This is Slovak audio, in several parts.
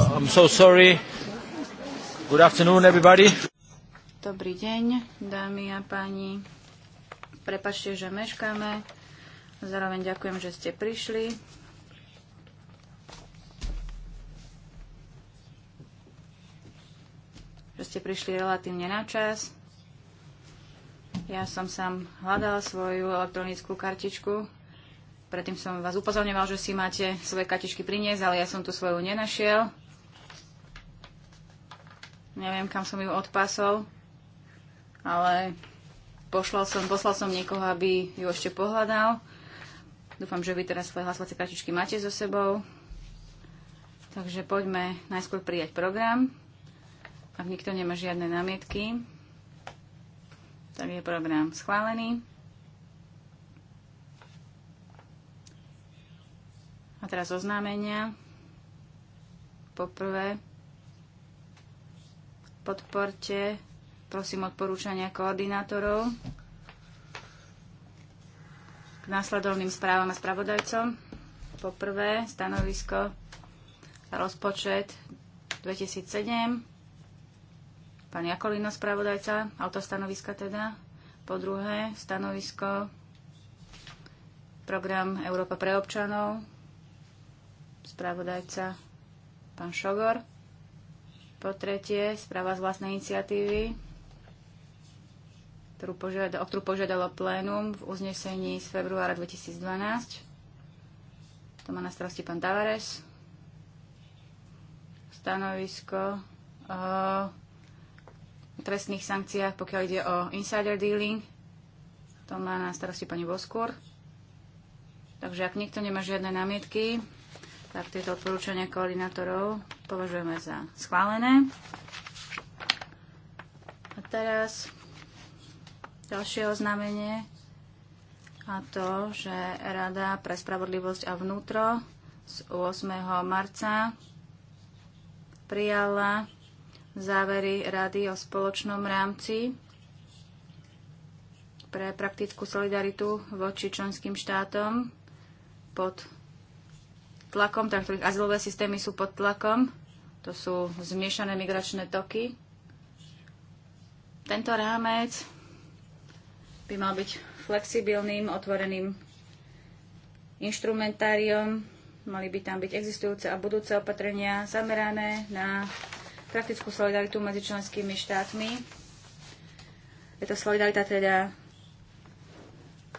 so, I'm so sorry. Good afternoon, everybody. Dobrý deň, dámy a páni. Prepačte, že meškáme. Zároveň ďakujem, že ste prišli. Že ste prišli relatívne na čas. Ja som sám hľadala svoju elektronickú kartičku. Predtým som vás upozorňoval, že si máte svoje kartičky priniesť, ale ja som tu svoju nenašiel. Neviem, kam som ju odpasol, ale poslal som, poslal som niekoho, aby ju ešte pohľadal. Dúfam, že vy teraz svoje hlasovacie kartičky máte so sebou. Takže poďme najskôr prijať program. Ak nikto nemá žiadne námietky, tak je program schválený. A teraz oznámenia. Poprvé, podporte, prosím, odporúčania koordinátorov k následovným správam a spravodajcom. Poprvé, stanovisko rozpočet 2007. Pán Jakolino, spravodajca, autostanoviska teda. Po druhé, stanovisko program Európa pre občanov, spravodajca pán Šogor. Po tretie, správa z vlastnej iniciatívy, ktorú požiadalo, o ktorú požiadalo plénum v uznesení z februára 2012. To má na starosti pán Tavares. Stanovisko o trestných sankciách, pokiaľ ide o insider dealing. To má na starosti pani Voskur. Takže ak niekto nemá žiadne námietky, tak tieto odporúčania koordinátorov považujeme za schválené. A teraz ďalšie oznámenie a to, že Rada pre spravodlivosť a vnútro z 8. marca prijala závery Rady o spoločnom rámci pre praktickú solidaritu voči členským štátom pod tlakom, tak teda ktorých azylové systémy sú pod tlakom. To sú zmiešané migračné toky. Tento rámec by mal byť flexibilným, otvoreným inštrumentáriom. Mali by tam byť existujúce a budúce opatrenia zamerané na praktickú solidaritu medzi členskými štátmi. Je to solidarita teda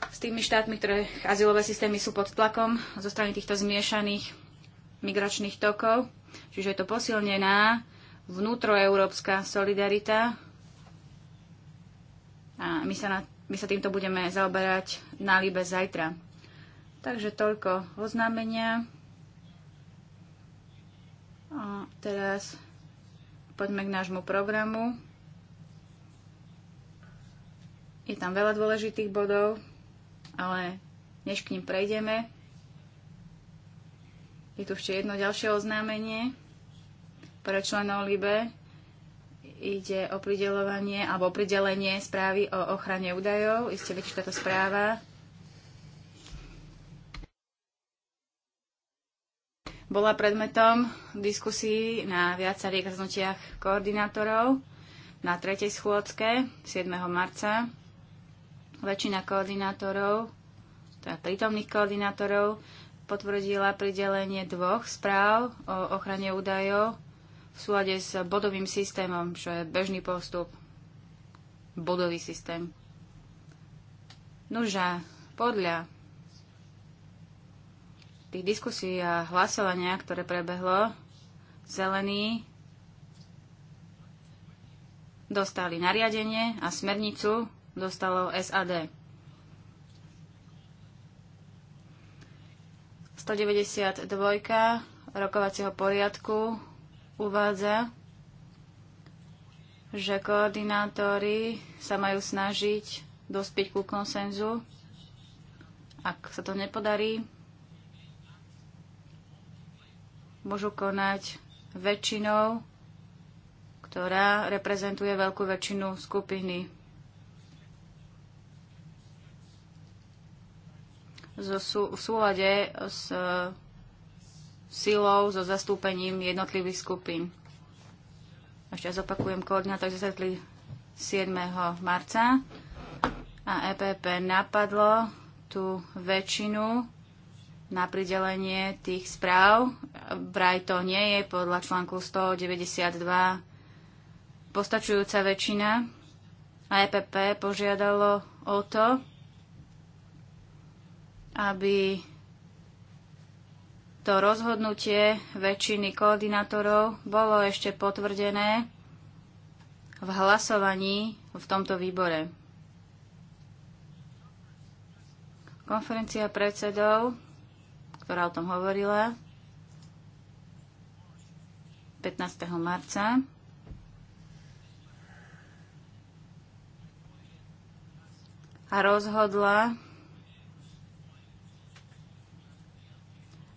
s tými štátmi, ktoré azylové systémy sú pod tlakom zo strany týchto zmiešaných migračných tokov. Čiže je to posilnená vnútroeurópska solidarita a my sa, na, my sa týmto budeme zaoberať na Libe zajtra. Takže toľko oznámenia. A teraz poďme k nášmu programu. Je tam veľa dôležitých bodov, ale než k ním prejdeme, je tu ešte jedno ďalšie oznámenie pre členov LIBE. Ide o pridelovanie alebo o pridelenie správy o ochrane údajov. Iste viete, táto správa bola predmetom diskusí na viacerých rozhodnutiach koordinátorov na tretej schôdzke 7. marca. Väčšina koordinátorov, teda prítomných koordinátorov, potvrdila pridelenie dvoch správ o ochrane údajov v súlade s bodovým systémom, čo je bežný postup. Bodový systém. Nuža, podľa tých diskusí a hlasovania, ktoré prebehlo, zelení dostali nariadenie a smernicu dostalo SAD. 192 rokovacieho poriadku uvádza, že koordinátori sa majú snažiť dospiť ku konsenzu. Ak sa to nepodarí, môžu konať väčšinou, ktorá reprezentuje veľkú väčšinu skupiny v súlade s e, silou, so zastúpením jednotlivých skupín. Ešte raz opakujem, koordinátor zasadli 7. marca a EPP napadlo tú väčšinu na pridelenie tých správ. Vraj to nie je podľa článku 192 postačujúca väčšina a EPP požiadalo o to, aby to rozhodnutie väčšiny koordinátorov bolo ešte potvrdené v hlasovaní v tomto výbore. Konferencia predsedov, ktorá o tom hovorila 15. marca, a rozhodla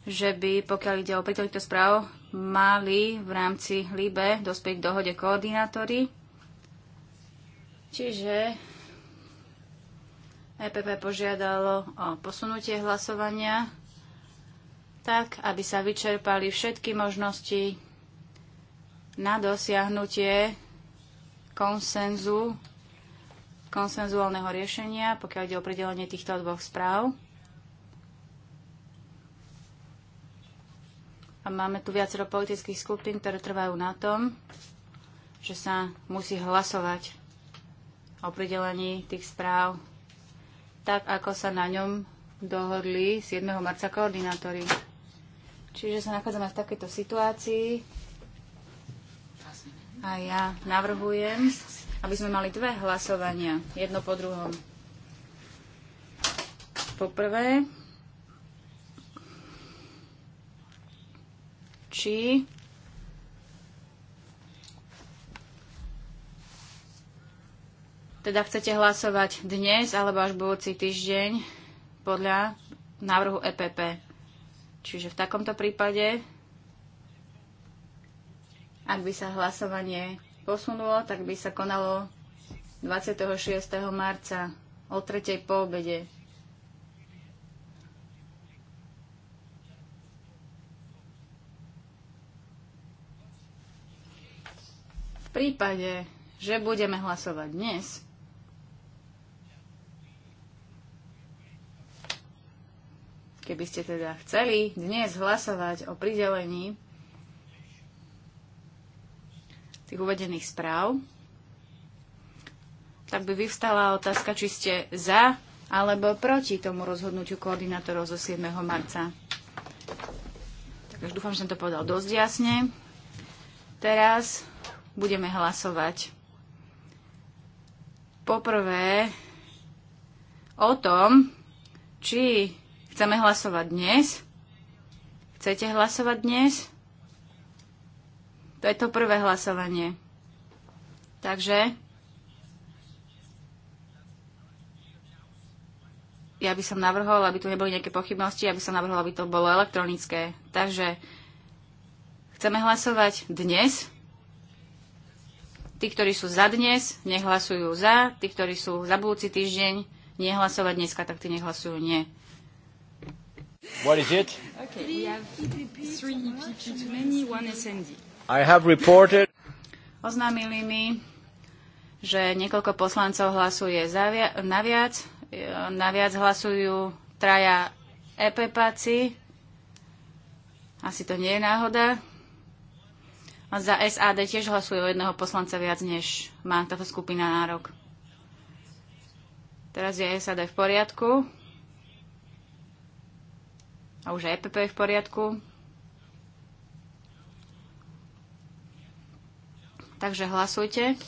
že by, pokiaľ ide o prítomnýchto správ, mali v rámci LIBE dospieť k dohode koordinátory. Čiže EPP požiadalo o posunutie hlasovania tak, aby sa vyčerpali všetky možnosti na dosiahnutie konsenzu, konsenzuálneho riešenia, pokiaľ ide o pridelenie týchto dvoch správ. A máme tu viacero politických skupín, ktoré trvajú na tom, že sa musí hlasovať o pridelení tých správ tak, ako sa na ňom dohodli 7. marca koordinátori. Čiže sa nachádzame v takejto situácii a ja navrhujem, aby sme mali dve hlasovania, jedno po druhom. Poprvé, či teda chcete hlasovať dnes alebo až budúci týždeň podľa návrhu EPP. Čiže v takomto prípade, ak by sa hlasovanie posunulo, tak by sa konalo 26. marca o tretej po obede. prípade, že budeme hlasovať dnes, keby ste teda chceli dnes hlasovať o pridelení tých uvedených správ, tak by vyvstala otázka, či ste za alebo proti tomu rozhodnutiu koordinátorov zo 7. marca. Takže dúfam, že som to povedal dosť jasne. Teraz budeme hlasovať. Poprvé o tom, či chceme hlasovať dnes. Chcete hlasovať dnes? To je to prvé hlasovanie. Takže ja by som navrhol, aby tu neboli nejaké pochybnosti, aby som navrhol, aby to bolo elektronické. Takže chceme hlasovať dnes. Tí, ktorí sú za dnes, nehlasujú za. Tí, ktorí sú za budúci týždeň, nehlasovať dneska, tak tí nehlasujú nie. What is it? Okay, we have three EPP too many, one SND. I have reported... Oznámili mi, že niekoľko poslancov hlasuje zavia- naviac, naviac hlasujú traja EPPáci. Asi to nie je náhoda. Za SAD tiež hlasuje o jedného poslanca viac, než má táto skupina nárok. Teraz je SAD v poriadku. A už aj EPP je v poriadku. Takže hlasujte.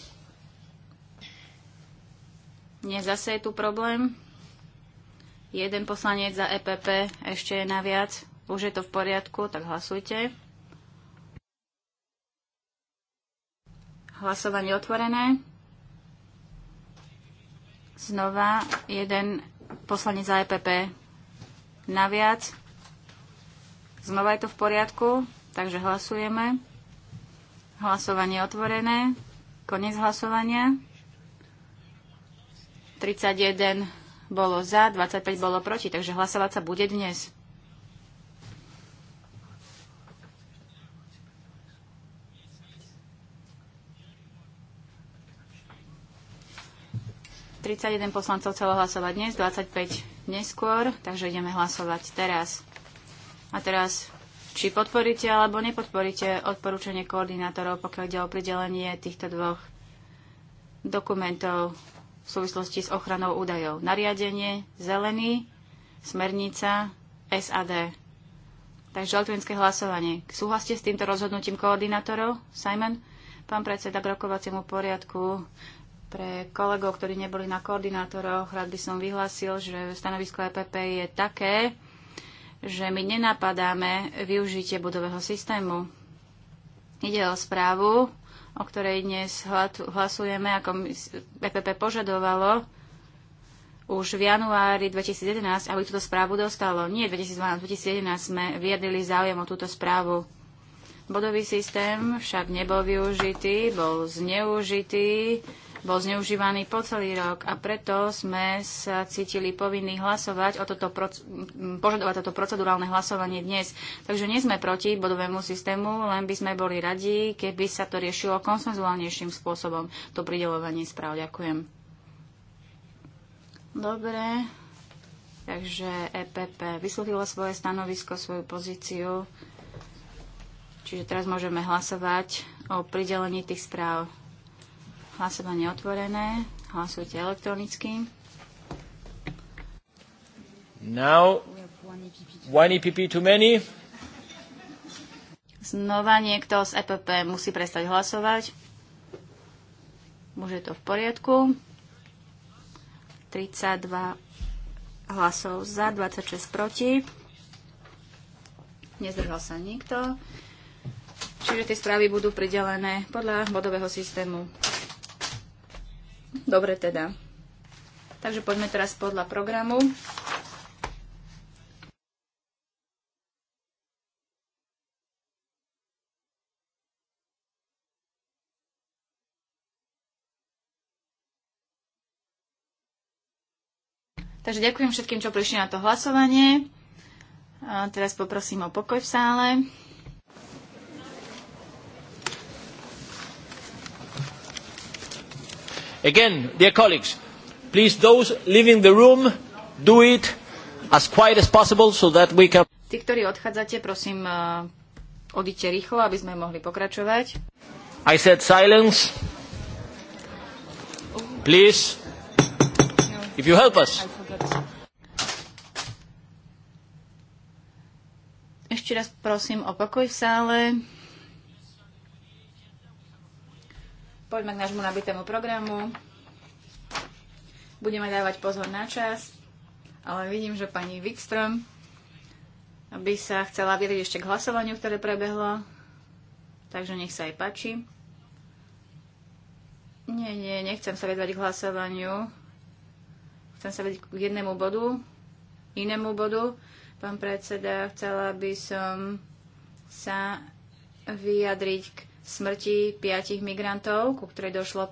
Nie, zase je tu problém. Jeden poslanec za EPP ešte je naviac. Už je to v poriadku, tak hlasujte. Hlasovanie otvorené. Znova jeden poslanec za EPP naviac. Znova je to v poriadku, takže hlasujeme. Hlasovanie otvorené. Konec hlasovania. 31 bolo za, 25 bolo proti, takže hlasovať sa bude dnes. 31 poslancov chcelo hlasovať dnes, 25 neskôr, takže ideme hlasovať teraz. A teraz, či podporíte alebo nepodporíte odporúčanie koordinátorov, pokiaľ ide o pridelenie týchto dvoch dokumentov v súvislosti s ochranou údajov. Nariadenie, zelený, smernica, SAD. Takže elektronické hlasovanie. Súhlasíte s týmto rozhodnutím koordinátorov, Simon? Pán predseda, k rokovaciemu poriadku pre kolegov, ktorí neboli na koordinátoroch, rád by som vyhlásil, že stanovisko EPP je také, že my nenapadáme využitie budového systému. Ide o správu, o ktorej dnes hlasujeme, ako EPP požadovalo už v januári 2011, aby túto správu dostalo. Nie 2012, 2011 sme vyjadrili záujem o túto správu. Bodový systém však nebol využitý, bol zneužitý bol zneužívaný po celý rok a preto sme sa cítili povinní hlasovať o toto, požadovať toto procedurálne hlasovanie dnes. Takže nie sme proti bodovému systému, len by sme boli radi, keby sa to riešilo konsenzuálnejším spôsobom, to pridelovanie správ. Ďakujem. Dobre. Takže EPP vyslovilo svoje stanovisko, svoju pozíciu. Čiže teraz môžeme hlasovať o pridelení tých správ. Hlasovanie otvorené. Hlasujte elektronicky. Now, one EPP too many. Znova niekto z EPP musí prestať hlasovať. Môže to v poriadku. 32 hlasov za, 26 proti. Nezdržal sa nikto. Čiže tie správy budú pridelené podľa bodového systému. Dobre teda. Takže poďme teraz podľa programu. Takže ďakujem všetkým, čo prišli na to hlasovanie. A teraz poprosím o pokoj v sále. Again, dear colleagues, please those leaving the room, do it as quiet as possible so that we can... Tí, ktorí odchádzate, prosím, uh, odíte rýchlo, aby sme mohli pokračovať. I said silence. Please, if you help us. Ešte raz prosím o pokoj v sále. Poďme k nášmu nabitému programu. Budeme dávať pozor na čas, ale vidím, že pani Wikström by sa chcela vyrieť ešte k hlasovaniu, ktoré prebehlo. Takže nech sa aj páči. Nie, nie, nechcem sa vedvať k hlasovaniu. Chcem sa vedieť k jednému bodu, inému bodu. Pán predseda, chcela by som sa vyjadriť k smrti piatich migrantov, ku ktorej došlo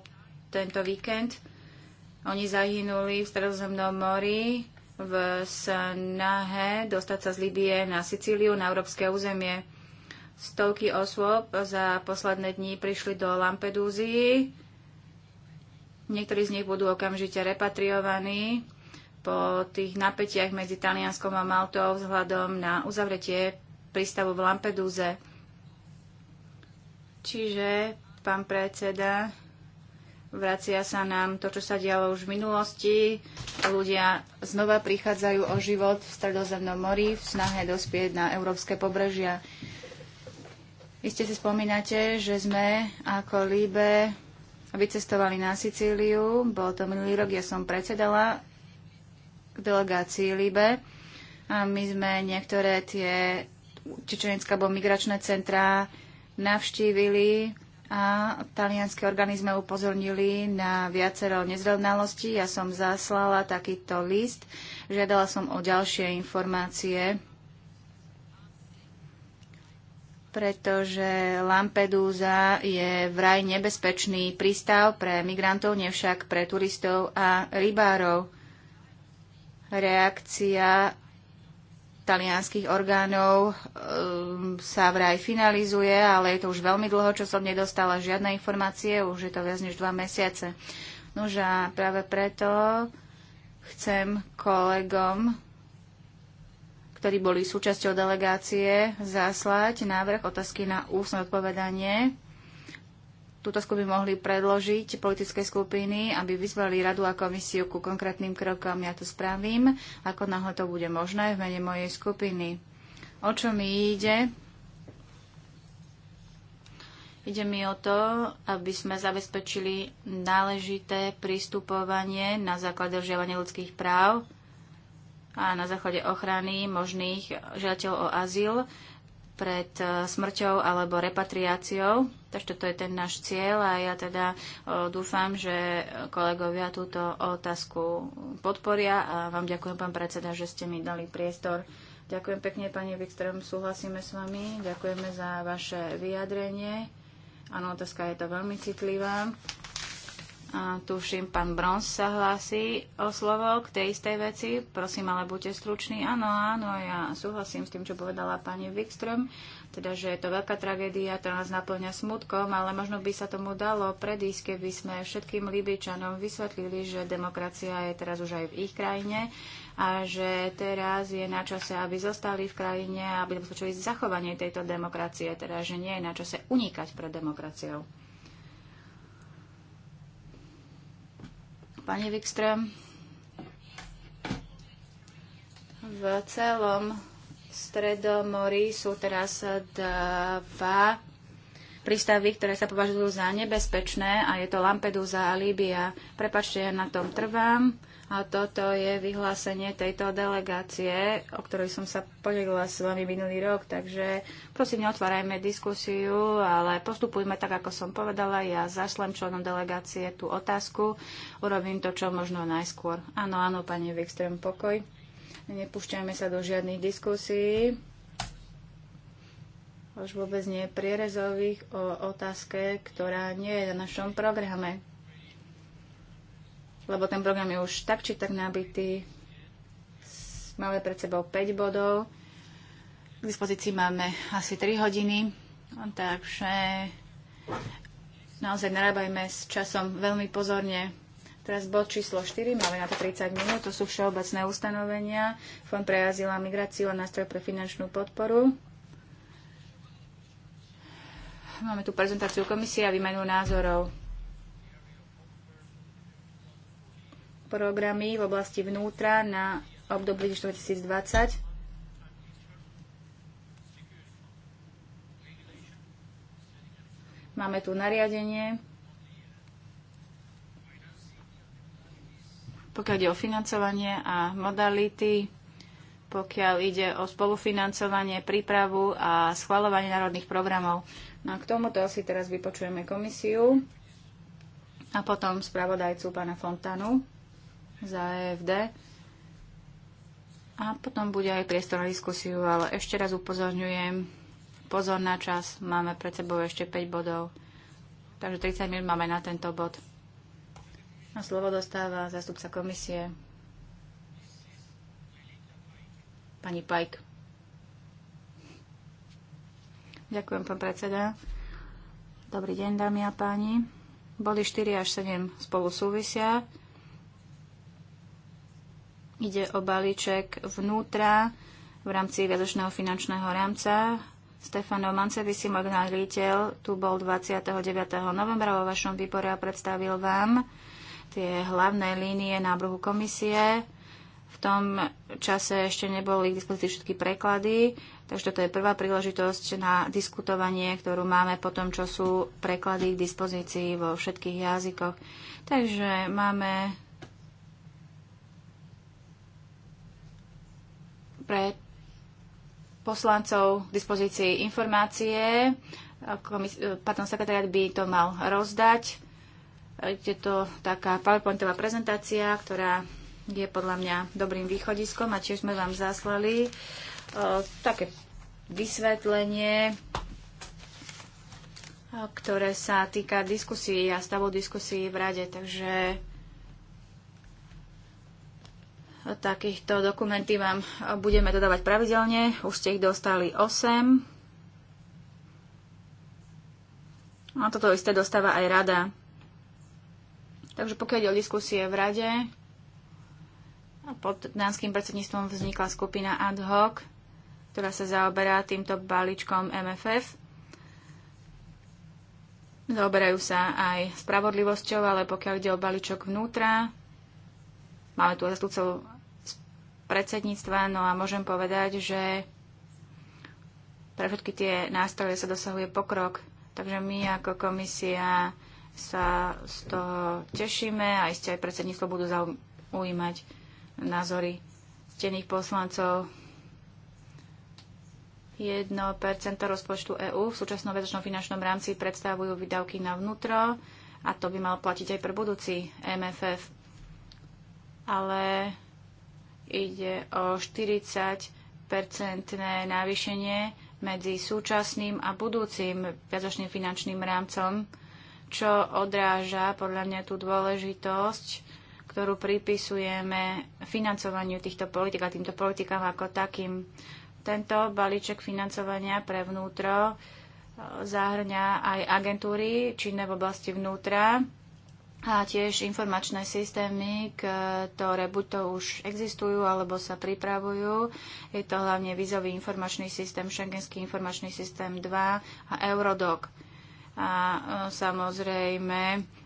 tento víkend. Oni zahynuli v Stredozemnom mori v snahe dostať sa z Libie na Sicíliu, na európske územie. Stovky osôb za posledné dní prišli do Lampedúzy. Niektorí z nich budú okamžite repatriovaní po tých napätiach medzi Talianskom a Maltou vzhľadom na uzavretie prístavu v Lampedúze. Čiže, pán predseda, vracia sa nám to, čo sa dialo už v minulosti. Ľudia znova prichádzajú o život v Stredozemnom mori v snahe dospieť na európske pobrežia. ste si spomínate, že sme ako Líbe vycestovali na Sicíliu. Bol to minulý rok, ja som predsedala delegácii Líbe. A my sme niektoré tie čečenská alebo migračné centrá navštívili a talianské organizme upozornili na viacero nezrovnalostí. Ja som zaslala takýto list, žiadala som o ďalšie informácie, pretože Lampedusa je vraj nebezpečný prístav pre migrantov, nevšak pre turistov a rybárov. Reakcia talianských orgánov e, sa vraj finalizuje, ale je to už veľmi dlho, čo som nedostala žiadne informácie, už je to viac než dva mesiace. No a práve preto chcem kolegom, ktorí boli súčasťou delegácie, zaslať návrh otázky na ústne odpovedanie túto skupy mohli predložiť politické skupiny, aby vyzvali radu a komisiu ku konkrétnym krokom. Ja to spravím, ako náhle to bude možné v mene mojej skupiny. O čo mi ide? Ide mi o to, aby sme zabezpečili náležité prístupovanie na základe žiavania ľudských práv a na základe ochrany možných žiadateľov o azyl pred eh, smrťou alebo repatriáciou Takže toto je ten náš cieľ a ja teda e, dúfam, že kolegovia túto otázku podporia a vám ďakujem, pán predseda, že ste mi dali priestor. Ďakujem pekne, pani Wikström, súhlasíme s vami. Ďakujeme za vaše vyjadrenie. Áno, otázka je to veľmi citlivá. A tuším, pán Brons sa hlási o slovo k tej istej veci. Prosím, ale buďte struční. Áno, áno, ja súhlasím s tým, čo povedala pani Wikström teda, že je to veľká tragédia, ktorá nás naplňa smutkom, ale možno by sa tomu dalo predísť, keby sme všetkým Libyčanom vysvetlili, že demokracia je teraz už aj v ich krajine a že teraz je na čase, aby zostali v krajine a aby zabezpečili zachovanie tejto demokracie, teda, že nie je na čase unikať pred demokraciou. Pani Wikström, v celom Stredomorí sú teraz dva prístavy, ktoré sa považujú za nebezpečné a je to Lampedusa a Líbia. Prepačte, ja na tom trvám. A toto je vyhlásenie tejto delegácie, o ktorej som sa podelila s vami minulý rok, takže prosím, neotvárajme diskusiu, ale postupujme tak, ako som povedala. Ja zašlem členom delegácie tú otázku, urobím to, čo možno najskôr. Áno, áno, pani Wikström, pokoj. Nepúšťajme sa do žiadnych diskusí, už vôbec nie prierezových, o otázke, ktorá nie je na našom programe. Lebo ten program je už tak či tak nabitý. Máme pred sebou 5 bodov. K dispozícii máme asi 3 hodiny. Takže naozaj narábajme s časom veľmi pozorne Teraz bod číslo 4, máme na to 30 minút, to sú všeobecné ustanovenia, Fond pre azyl a migráciu a nástroj pre finančnú podporu. Máme tu prezentáciu komisie a výmenu názorov. Programy v oblasti vnútra na obdobie 2020. Máme tu nariadenie pokiaľ ide o financovanie a modality, pokiaľ ide o spolufinancovanie, prípravu a schvalovanie národných programov. No a k tomuto asi teraz vypočujeme komisiu a potom spravodajcu pána Fontanu za EFD. A potom bude aj priestor na diskusiu, ale ešte raz upozorňujem, pozor na čas, máme pred sebou ešte 5 bodov. Takže 30 minút máme na tento bod. A slovo dostáva zastupca komisie pani Pajk. Ďakujem, pán predseda. Dobrý deň, dámy a páni. Boli 4 až 7 spolu súvisia. Ide o balíček vnútra v rámci viedočného finančného rámca. Stefano Mancevisi, regionálny riaditeľ, tu bol 29. novembra vo vašom výbore a predstavil vám tie hlavné línie návrhu komisie. V tom čase ešte neboli k dispozícii všetky preklady, takže toto je prvá príležitosť na diskutovanie, ktorú máme po tom, čo sú preklady k dispozícii vo všetkých jazykoch. Takže máme pre poslancov k dispozícii informácie. Komis- pardon, sekretariat by to mal rozdať. Je to taká PowerPointová prezentácia, ktorá je podľa mňa dobrým východiskom a tiež sme vám zaslali e, také vysvetlenie, e, ktoré sa týka diskusí a stavu diskusí v rade. Takže takýchto dokumenty vám budeme dodávať pravidelne. Už ste ich dostali 8. A toto isté dostáva aj rada. Takže pokiaľ ide o diskusie v rade, pod dánským predsedníctvom vznikla skupina ad hoc, ktorá sa zaoberá týmto balíčkom MFF. Zaoberajú sa aj spravodlivosťou, ale pokiaľ ide o balíčok vnútra, máme tu zastupcov predsedníctva, no a môžem povedať, že pre všetky tie nástroje sa dosahuje pokrok. Takže my ako komisia sa z toho tešíme a iste aj predsedníctvo budú zaujímať názory stených poslancov. 1% rozpočtu EÚ v súčasnom väzočnom finančnom rámci predstavujú výdavky na vnútro a to by malo platiť aj pre budúci MFF. Ale ide o 40-percentné navýšenie medzi súčasným a budúcim viacočným finančným rámcom čo odráža podľa mňa tú dôležitosť, ktorú pripisujeme financovaniu týchto politik a týmto politikám ako takým. Tento balíček financovania pre vnútro e, zahrňa aj agentúry činné v oblasti vnútra a tiež informačné systémy, ktoré buď to už existujú alebo sa pripravujú. Je to hlavne vízový informačný systém, šengenský informačný systém 2 a Eurodoc a e, samozrejme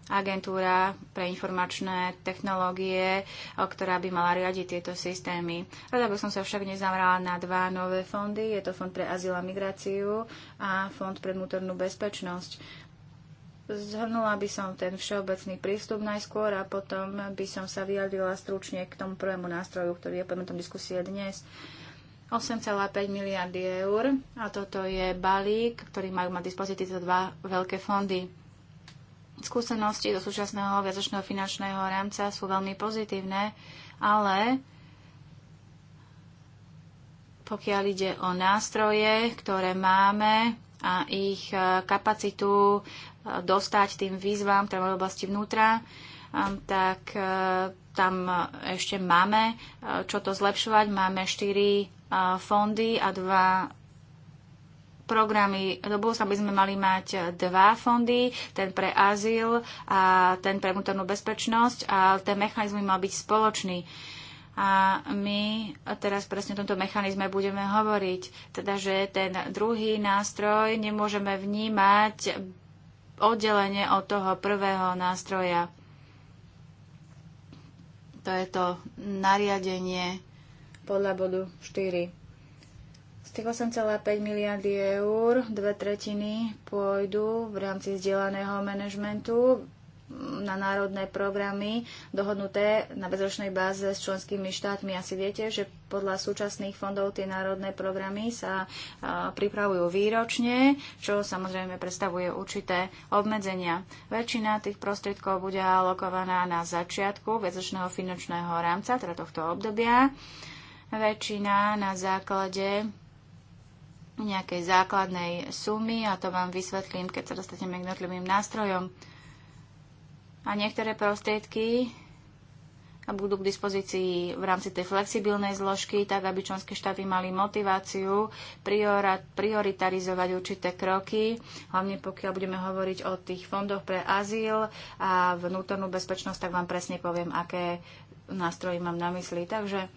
agentúra pre informačné technológie, e, ktorá by mala riadiť tieto systémy. Rada by som sa však nezamrala na dva nové fondy. Je to Fond pre azyl a migráciu a Fond pre vnútornú bezpečnosť. Zhrnula by som ten všeobecný prístup najskôr a potom by som sa vyjadrila stručne k tomu prvému nástroju, ktorý je predmetom diskusie dnes. Uh, 8,5 miliardy eur a toto je balík, ktorý majú mať dispozícii tieto dva veľké fondy. Skúsenosti do súčasného viacočného finančného rámca sú veľmi pozitívne, ale pokiaľ ide o nástroje, ktoré máme a ich e, kapacitu e, dostať tým výzvam, ktoré v oblasti vnútra, e, tak tam ešte máme čo to zlepšovať. Máme štyri fondy a dva programy do sa by sme mali mať dva fondy, ten pre azyl a ten pre vnútornú bezpečnosť a ten by mal byť spoločný. A my teraz presne o tomto mechanizme budeme hovoriť. Teda, že ten druhý nástroj nemôžeme vnímať oddelenie od toho prvého nástroja. To je to nariadenie podľa bodu 4. Z tých 8,5 miliardy eur dve tretiny pôjdu v rámci vzdielaného manažmentu na národné programy dohodnuté na bezročnej báze s členskými štátmi. Asi viete, že podľa súčasných fondov tie národné programy sa pripravujú výročne, čo samozrejme predstavuje určité obmedzenia. Väčšina tých prostriedkov bude alokovaná na začiatku bezročného finančného rámca, teda tohto obdobia väčšina na základe nejakej základnej sumy a to vám vysvetlím, keď sa dostaneme k jednotlivým nástrojom. A niektoré prostriedky budú k dispozícii v rámci tej flexibilnej zložky, tak aby členské štáty mali motiváciu prioritarizovať určité kroky, hlavne pokiaľ budeme hovoriť o tých fondoch pre azyl a vnútornú bezpečnosť, tak vám presne poviem, aké nástroje mám na mysli. Takže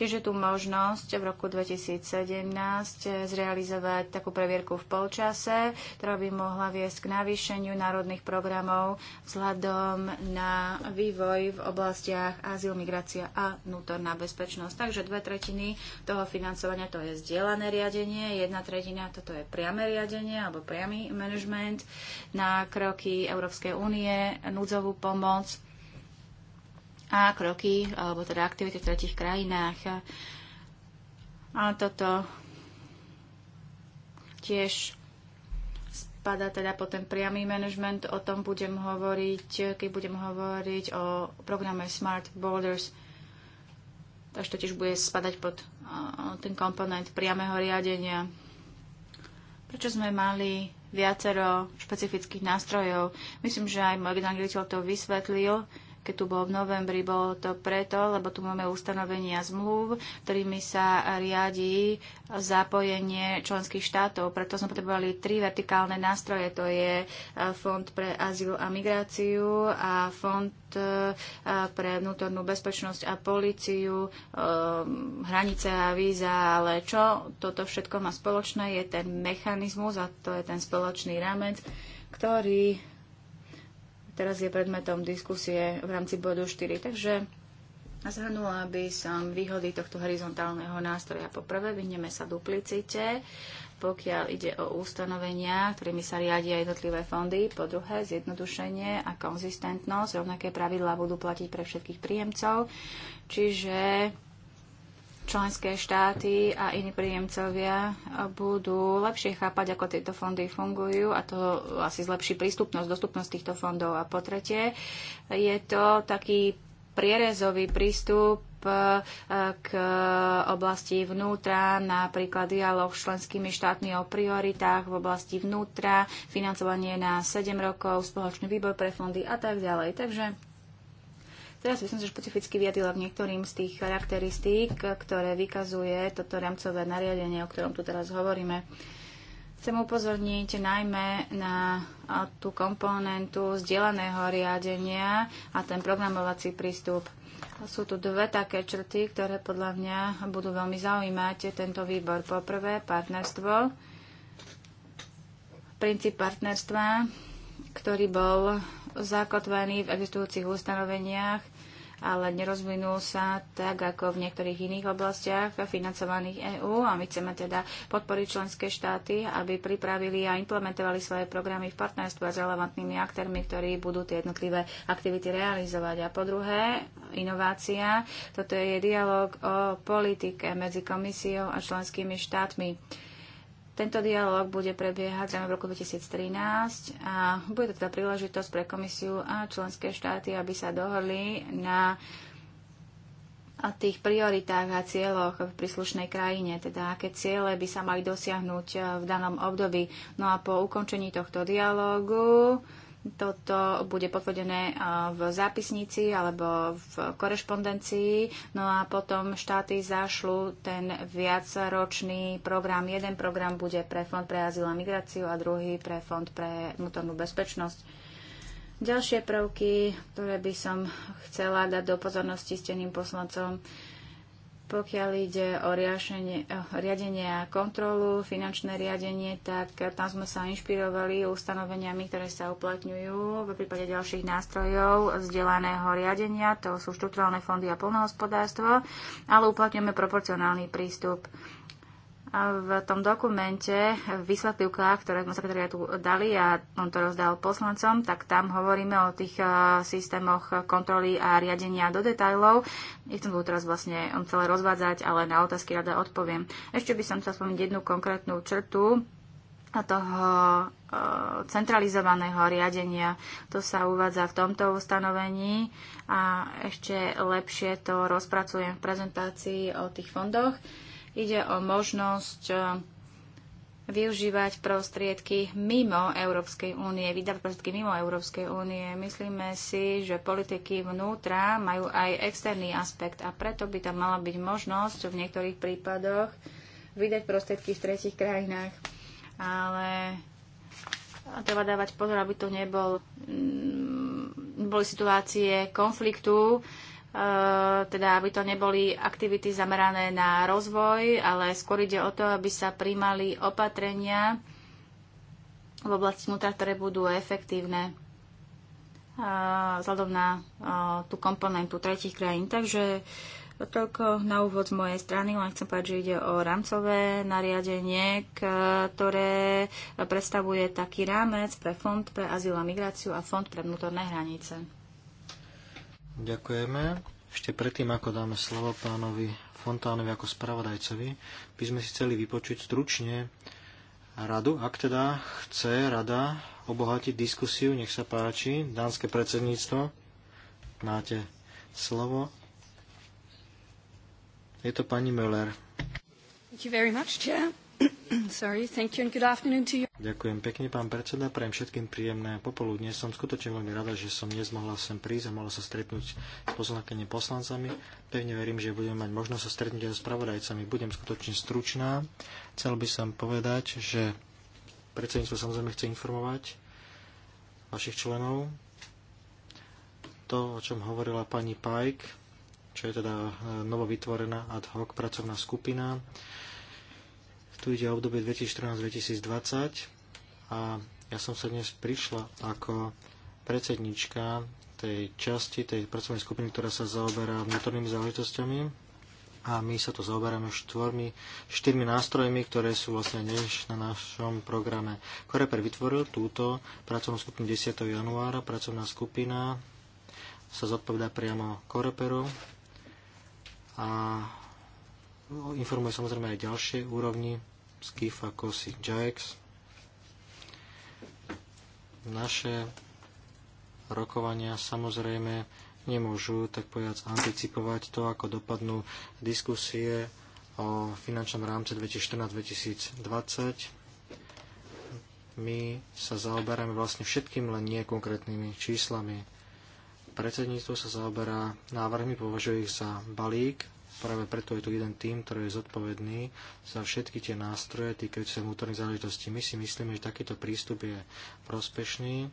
Tiež je tu možnosť v roku 2017 eh, zrealizovať takú previerku v polčase, ktorá by mohla viesť k navýšeniu národných programov vzhľadom na vývoj v oblastiach azyl, migrácia a vnútorná bezpečnosť. Takže dve tretiny toho financovania to je zdieľané riadenie, jedna tretina toto je priame riadenie alebo priamy management na kroky Európskej únie, núdzovú pomoc, a kroky, alebo teda aktivity v tretich krajinách. A toto tiež spada teda po ten priamy management. O tom budem hovoriť, keď budem hovoriť o programe Smart Borders. Takže to tiež bude spadať pod ten komponent priamého riadenia. Prečo sme mali viacero špecifických nástrojov? Myslím, že aj môj generálny to vysvetlil keď tu bol v novembri, bolo to preto, lebo tu máme ustanovenia zmluv, ktorými sa riadi zapojenie členských štátov. Preto sme potrebovali tri vertikálne nástroje. To je e, Fond pre azyl a migráciu a Fond e, e, pre vnútornú bezpečnosť a políciu, hranice a víza, ale čo toto všetko má spoločné, je ten mechanizmus a to je ten spoločný rámec, ktorý teraz je predmetom diskusie v rámci bodu 4. Takže zhrnula by som výhody tohto horizontálneho nástroja. Poprvé, vyhneme sa duplicite, pokiaľ ide o ustanovenia, ktorými sa riadia jednotlivé fondy. Po druhé, zjednodušenie a konzistentnosť. Rovnaké pravidlá budú platiť pre všetkých príjemcov. Čiže členské štáty a iní príjemcovia budú lepšie chápať, ako tieto fondy fungujú a to asi zlepší prístupnosť, dostupnosť týchto fondov. A po tretie, je to taký prierezový prístup eh, k oblasti vnútra, napríklad dialog s členskými štátmi o prioritách v oblasti vnútra, financovanie na 7 rokov, spoločný výbor pre fondy a tak ďalej. Takže Teraz by som sa špecificky vyjadila k niektorým z tých charakteristík, ktoré vykazuje toto rámcové nariadenie, o ktorom tu teraz hovoríme. Chcem upozorniť najmä na tú komponentu zdieľaného riadenia a ten programovací prístup. Sú tu dve také črty, ktoré podľa mňa budú veľmi zaujímať tento výbor. Poprvé, partnerstvo. Princíp partnerstva, ktorý bol zakotvený v existujúcich ustanoveniach, ale nerozvinul sa tak ako v niektorých iných oblastiach financovaných EÚ a my chceme teda podporiť členské štáty, aby pripravili a implementovali svoje programy v partnerstve s relevantnými aktérmi, ktorí budú tie jednotlivé aktivity realizovať. A po druhé, inovácia. Toto je dialog o politike medzi komisiou a členskými štátmi tento dialog bude prebiehať zrejme v roku 2013 a bude to teda príležitosť pre komisiu a členské štáty, aby sa dohodli na tých prioritách a cieľoch v príslušnej krajine, teda aké ciele by sa mali dosiahnuť v danom období. No a po ukončení tohto dialógu toto bude potvrdené v zápisnici alebo v korešpondencii. No a potom štáty zašlu ten viacročný program. Jeden program bude pre Fond pre azyl a migráciu a druhý pre Fond pre vnútornú bezpečnosť. Ďalšie prvky, ktoré by som chcela dať do pozornosti steným poslancom, pokiaľ ide o riašenie, riadenie a kontrolu, finančné riadenie, tak tam sme sa inšpirovali ustanoveniami, ktoré sa uplatňujú v prípade ďalších nástrojov vzdelaného riadenia, to sú štruktúralne fondy a plnohospodárstvo, ale uplatňujeme proporcionálny prístup v tom dokumente, v vysvetlivkách, ktoré sme sa tu dali a on to rozdal poslancom, tak tam hovoríme o tých e, systémoch kontroly a riadenia do detajlov. Nechcem tu teraz vlastne celé rozvádzať, ale na otázky rada odpoviem. Ešte by som chcel spomenúť jednu konkrétnu črtu toho e, centralizovaného riadenia. To sa uvádza v tomto ustanovení a ešte lepšie to rozpracujem v prezentácii o tých fondoch. Ide o možnosť e, využívať prostriedky mimo Európskej únie, vydávať prostriedky mimo Európskej únie. Myslíme si, že politiky vnútra majú aj externý aspekt a preto by tam mala byť možnosť v niektorých prípadoch vydať prostriedky v tretich krajinách. Ale treba dávať pozor, aby to nebol, boli situácie konfliktu, E, teda aby to neboli aktivity zamerané na rozvoj, ale skôr ide o to, aby sa príjmali opatrenia v oblasti vnútra, ktoré budú efektívne e, vzhľadom na e, tú komponentu tretich krajín. Takže toľko na úvod z mojej strany, len chcem povedať, že ide o rámcové nariadenie, ktoré predstavuje taký rámec pre Fond pre azyl a migráciu a Fond pre vnútorné hranice. Ďakujeme. Ešte predtým, ako dáme slovo pánovi Fontánovi ako spravodajcovi, by sme si chceli vypočuť stručne radu. Ak teda chce rada obohatiť diskusiu, nech sa páči, dánske predsedníctvo, máte slovo. Je to pani Möller. Thank you very much, Chair. Sorry, thank you and good afternoon to you. Ďakujem pekne, pán predseda. Prajem všetkým príjemné popoludne. Som skutočne veľmi rada, že som dnes mohla sem prísť a mohla sa stretnúť s poslankyne poslancami. Pevne verím, že budeme mať možnosť sa stretnúť aj s pravodajcami. Budem skutočne stručná. Chcel by som povedať, že predsedníctvo samozrejme chce informovať vašich členov. To, o čom hovorila pani Pike, čo je teda e, novovytvorená ad hoc pracovná skupina, tu ide o obdobie 2014-2020 a ja som sa dnes prišla ako predsednička tej časti, tej pracovnej skupiny, ktorá sa zaoberá vnútornými záležitosťami. A my sa to zaoberáme štvormi, štyrmi nástrojmi, ktoré sú vlastne dnes na našom programe. Koreper vytvoril túto pracovnú skupinu 10. januára. Pracovná skupina sa zodpovedá priamo Koreperu a informuje samozrejme aj ďalšie úrovni Skifa, Kosi, Jax. Naše rokovania samozrejme nemôžu, tak povedať, anticipovať to, ako dopadnú diskusie o finančnom rámci 2014-2020. My sa zaoberáme vlastne všetkým, len nie konkrétnymi číslami. Predsedníctvo sa zaoberá návrhmi, považuje ich za balík Práve preto je tu jeden tým, ktorý je zodpovedný za všetky tie nástroje týkajúce sa vnútorných záležitostí. My si myslíme, že takýto prístup je prospešný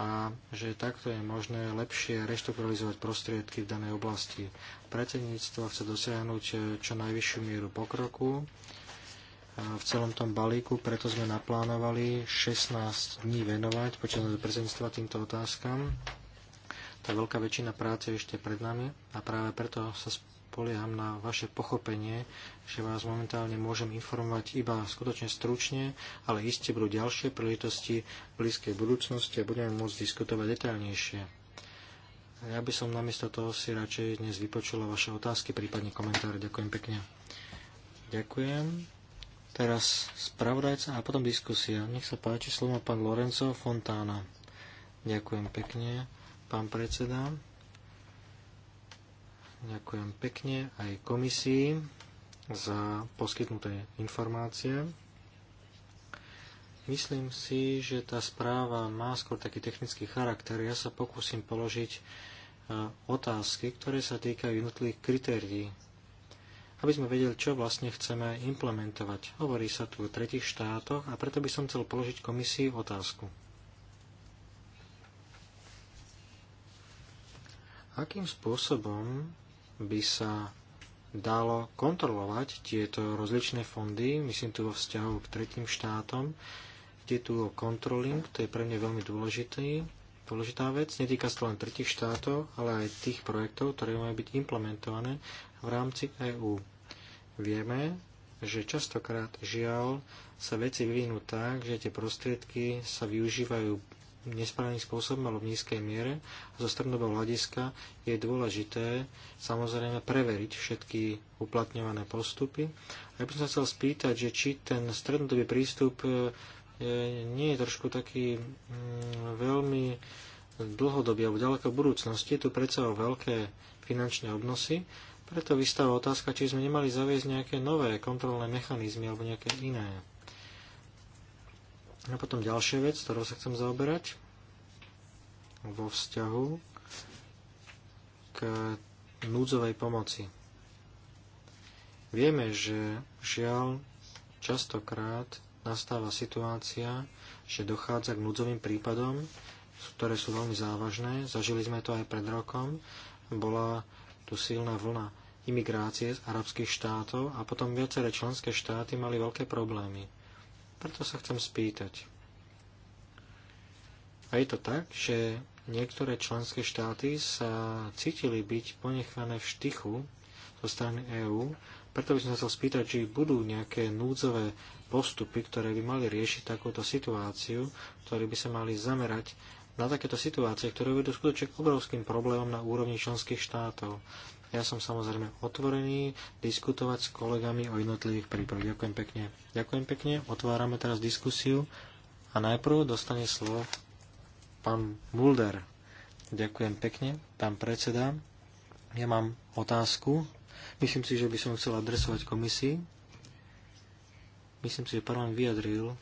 a že takto je možné lepšie reštrukturalizovať prostriedky v danej oblasti. Predsedníctvo chce dosiahnuť eh, čo najvyššiu mieru pokroku eh, v celom tom balíku, preto sme naplánovali 16 dní venovať počas predsedníctva týmto otázkam. Tá veľká väčšina práce je ešte pred nami a práve preto sa Polieham na vaše pochopenie, že vás momentálne môžem informovať iba skutočne stručne, ale iste budú ďalšie príležitosti v blízkej budúcnosti a budeme môcť diskutovať detaľnejšie. Ja by som namiesto toho si radšej dnes vypočula vaše otázky, prípadne komentáre. Ďakujem pekne. Ďakujem. Teraz spravodajca a potom diskusia. Nech sa páči, slovo pán Lorenzo Fontána. Ďakujem pekne, pán predseda. Ďakujem pekne aj komisii za poskytnuté informácie. Myslím si, že tá správa má skôr taký technický charakter. Ja sa pokúsim položiť e, otázky, ktoré sa týkajú jednotlivých kritérií, aby sme vedeli, čo vlastne chceme implementovať. Hovorí sa tu o tretich štátoch a preto by som chcel položiť komisii otázku. Akým spôsobom by sa dalo kontrolovať tieto rozličné fondy, myslím tu vo vzťahu k tretím štátom, kde tu o controlling, to je pre mňa veľmi dôležitý, dôležitá vec, netýka sa len tretich štátov, ale aj tých projektov, ktoré majú byť implementované v rámci EÚ. Vieme, že častokrát žiaľ sa veci vyvinú tak, že tie prostriedky sa využívajú nesprávnym spôsobom alebo v nízkej miere. A zo strednodobého hľadiska je dôležité samozrejme preveriť všetky uplatňované postupy. A ja by som sa chcel spýtať, že či ten strednodobý prístup e, e, nie je trošku taký mm, veľmi dlhodobý alebo ďaleko v budúcnosti. je Tu predsa o veľké finančné obnosy. Preto vystáva otázka, či sme nemali zaviesť nejaké nové kontrolné mechanizmy alebo nejaké iné. A potom ďalšia vec, ktorou sa chcem zaoberať vo vzťahu k núdzovej pomoci. Vieme, že žiaľ častokrát nastáva situácia, že dochádza k núdzovým prípadom, ktoré sú veľmi závažné. Zažili sme to aj pred rokom. Bola tu silná vlna imigrácie z arabských štátov a potom viaceré členské štáty mali veľké problémy. Preto sa chcem spýtať. A je to tak, že niektoré členské štáty sa cítili byť ponechané v štychu zo strany EÚ, preto by som sa chcel spýtať, či budú nejaké núdzové postupy, ktoré by mali riešiť takúto situáciu, ktoré by sa mali zamerať na takéto situácie, ktoré vedú skutočne k obrovským problémom na úrovni členských štátov. Ja som samozrejme otvorený diskutovať s kolegami o jednotlivých prípadoch. Ďakujem pekne. Ďakujem pekne. Otvárame teraz diskusiu a najprv dostane slovo pán Mulder. Ďakujem pekne, pán predseda. Ja mám otázku. Myslím si, že by som chcel adresovať komisii. Myslím si, že parlament vyjadril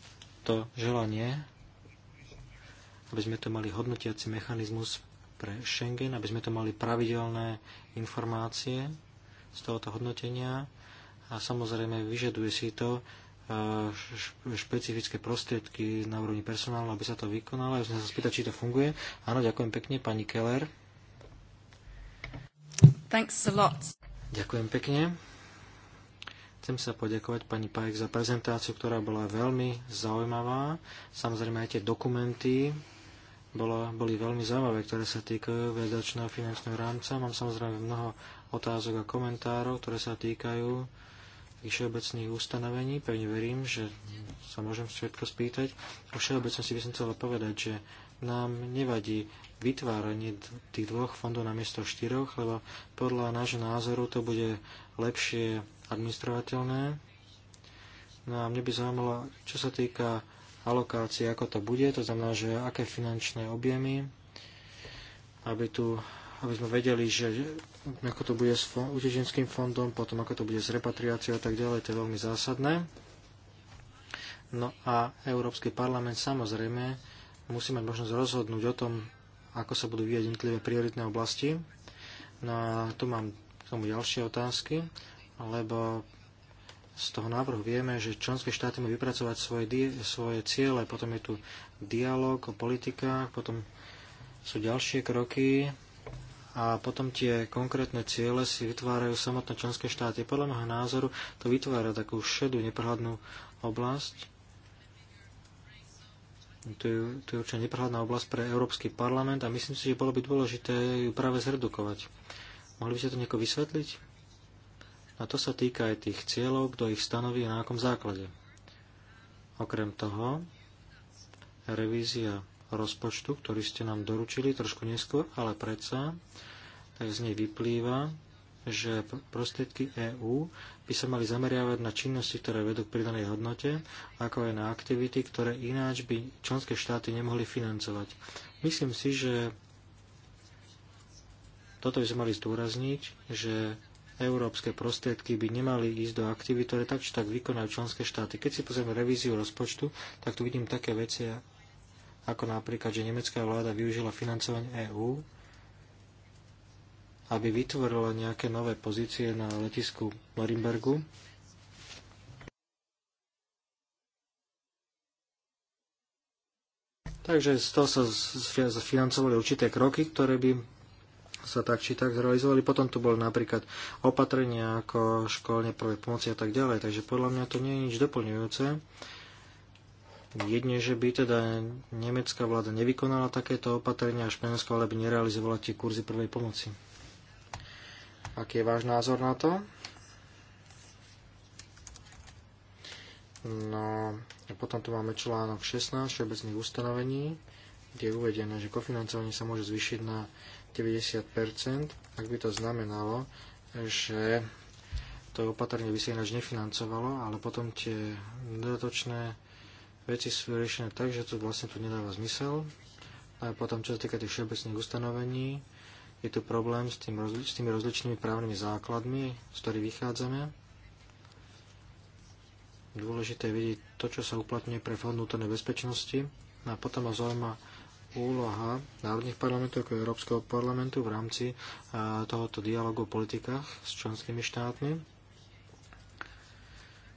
to želanie, aby sme tu mali hodnotiaci mechanizmus pre Schengen, aby sme to mali pravidelné informácie z tohoto hodnotenia a samozrejme vyžaduje si to e, špecifické prostriedky na úrovni personálu, aby sa to vykonalo. Ja som sa spýtať, či to funguje. Áno, ďakujem pekne, pani Keller. Thanks a lot. Ďakujem pekne. Chcem sa poďakovať pani Pajek za prezentáciu, ktorá bola veľmi zaujímavá. Samozrejme aj tie dokumenty, bolo, boli veľmi zaujímavé, ktoré sa týkajú vedačného finančného rámca. Mám samozrejme mnoho otázok a komentárov, ktoré sa týkajú všeobecných ustanovení. Pevne verím, že sa môžem všetko spýtať. O všeobecnosti by som chcel povedať, že nám nevadí vytváranie tých dvoch fondov na miesto štyroch, lebo podľa nášho názoru to bude lepšie administrovateľné. No a mne by zaujímalo, čo sa týka alokácie, ako to bude, to znamená, že aké finančné objemy, aby, tu, aby sme vedeli, že ako to bude s utečenským fondom, potom ako to bude s repatriáciou a tak ďalej, to je veľmi zásadné. No a Európsky parlament samozrejme musí mať možnosť rozhodnúť o tom, ako sa budú vyjať jednotlivé prioritné oblasti. No a tu mám k tomu ďalšie otázky, lebo z toho návrhu vieme, že členské štáty majú vypracovať svoje, svoje ciele, potom je tu dialog o politikách, potom sú ďalšie kroky a potom tie konkrétne ciele si vytvárajú samotné členské štáty. Podľa môjho názoru to vytvára takú šedú, neprehľadnú oblasť. To je, to je určite neprehľadná oblasť pre Európsky parlament a myslím si, že bolo by dôležité ju práve zredukovať. Mohli by ste to nieko vysvetliť? A to sa týka aj tých cieľov, kto ich stanoví a na akom základe. Okrem toho, revízia rozpočtu, ktorý ste nám doručili trošku neskôr, ale predsa, tak z nej vyplýva, že prostriedky EÚ by sa mali zameriavať na činnosti, ktoré vedú k pridanej hodnote, ako aj na aktivity, ktoré ináč by členské štáty nemohli financovať. Myslím si, že toto by sme mali zdôrazniť, že európske prostriedky by nemali ísť do aktivít, ktoré tak či tak vykonajú členské štáty. Keď si pozrieme revíziu rozpočtu, tak tu vidím také veci, ako napríklad, že nemecká vláda využila financovanie EÚ, aby vytvorila nejaké nové pozície na letisku Lorimbergu. Takže z toho sa financovali určité kroky, ktoré by sa tak či tak zrealizovali. Potom tu boli napríklad opatrenia ako školne prvé pomoci a tak ďalej. Takže podľa mňa to nie je nič doplňujúce. Jedne, že by teda nemecká vláda nevykonala takéto opatrenia a španielská vláda by nerealizovala tie kurzy prvej pomoci. Aký je váš názor na to? No a potom tu máme článok 16 všeobecných ustanovení, kde je uvedené, že kofinancovanie sa môže zvýšiť na 90%, tak by to znamenalo, že to opatrne by sa ináč nefinancovalo, ale potom tie dodatočné veci sú riešené tak, že to vlastne tu nedáva zmysel. No a potom, čo sa týka tých všeobecných ustanovení, je tu problém s, tým, s tými rozličnými právnymi základmi, z ktorých vychádzame. Dôležité je vidieť to, čo sa uplatňuje pre fond vnútornej bezpečnosti. No a potom ma zaujíma úloha národných parlamentov ako Európskeho parlamentu v rámci e, tohoto dialogu o politikách s členskými štátmi.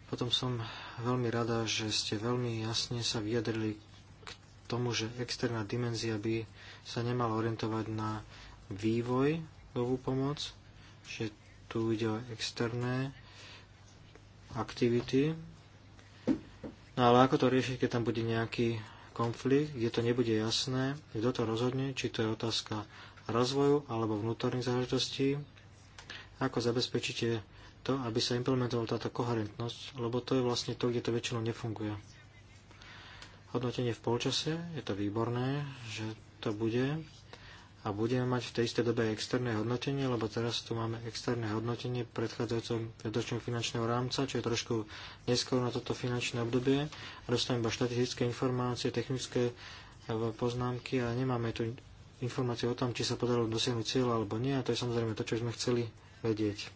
Potom som veľmi rada, že ste veľmi jasne sa vyjadrili k tomu, že externá dimenzia by sa nemala orientovať na vývoj novú pomoc, že tu ide o externé aktivity. No ale ako to riešiť, keď tam bude nejaký konflikt, kde to nebude jasné, kto to rozhodne, či to je otázka rozvoju alebo vnútorných záležitostí, ako zabezpečíte to, aby sa implementovala táto koherentnosť, lebo to je vlastne to, kde to väčšinou nefunguje. Hodnotenie v polčase, je to výborné, že to bude, a budeme mať v tej istej dobe externé hodnotenie, lebo teraz tu máme externé hodnotenie v predchádzajúcom vedočnom finančného rámca, čo je trošku neskôr na toto finančné obdobie. Dostávame iba štatistické informácie, technické e, poznámky a nemáme tu informácie o tom, či sa podarilo dosiahnuť cieľ alebo nie a to je samozrejme to, čo sme chceli vedieť.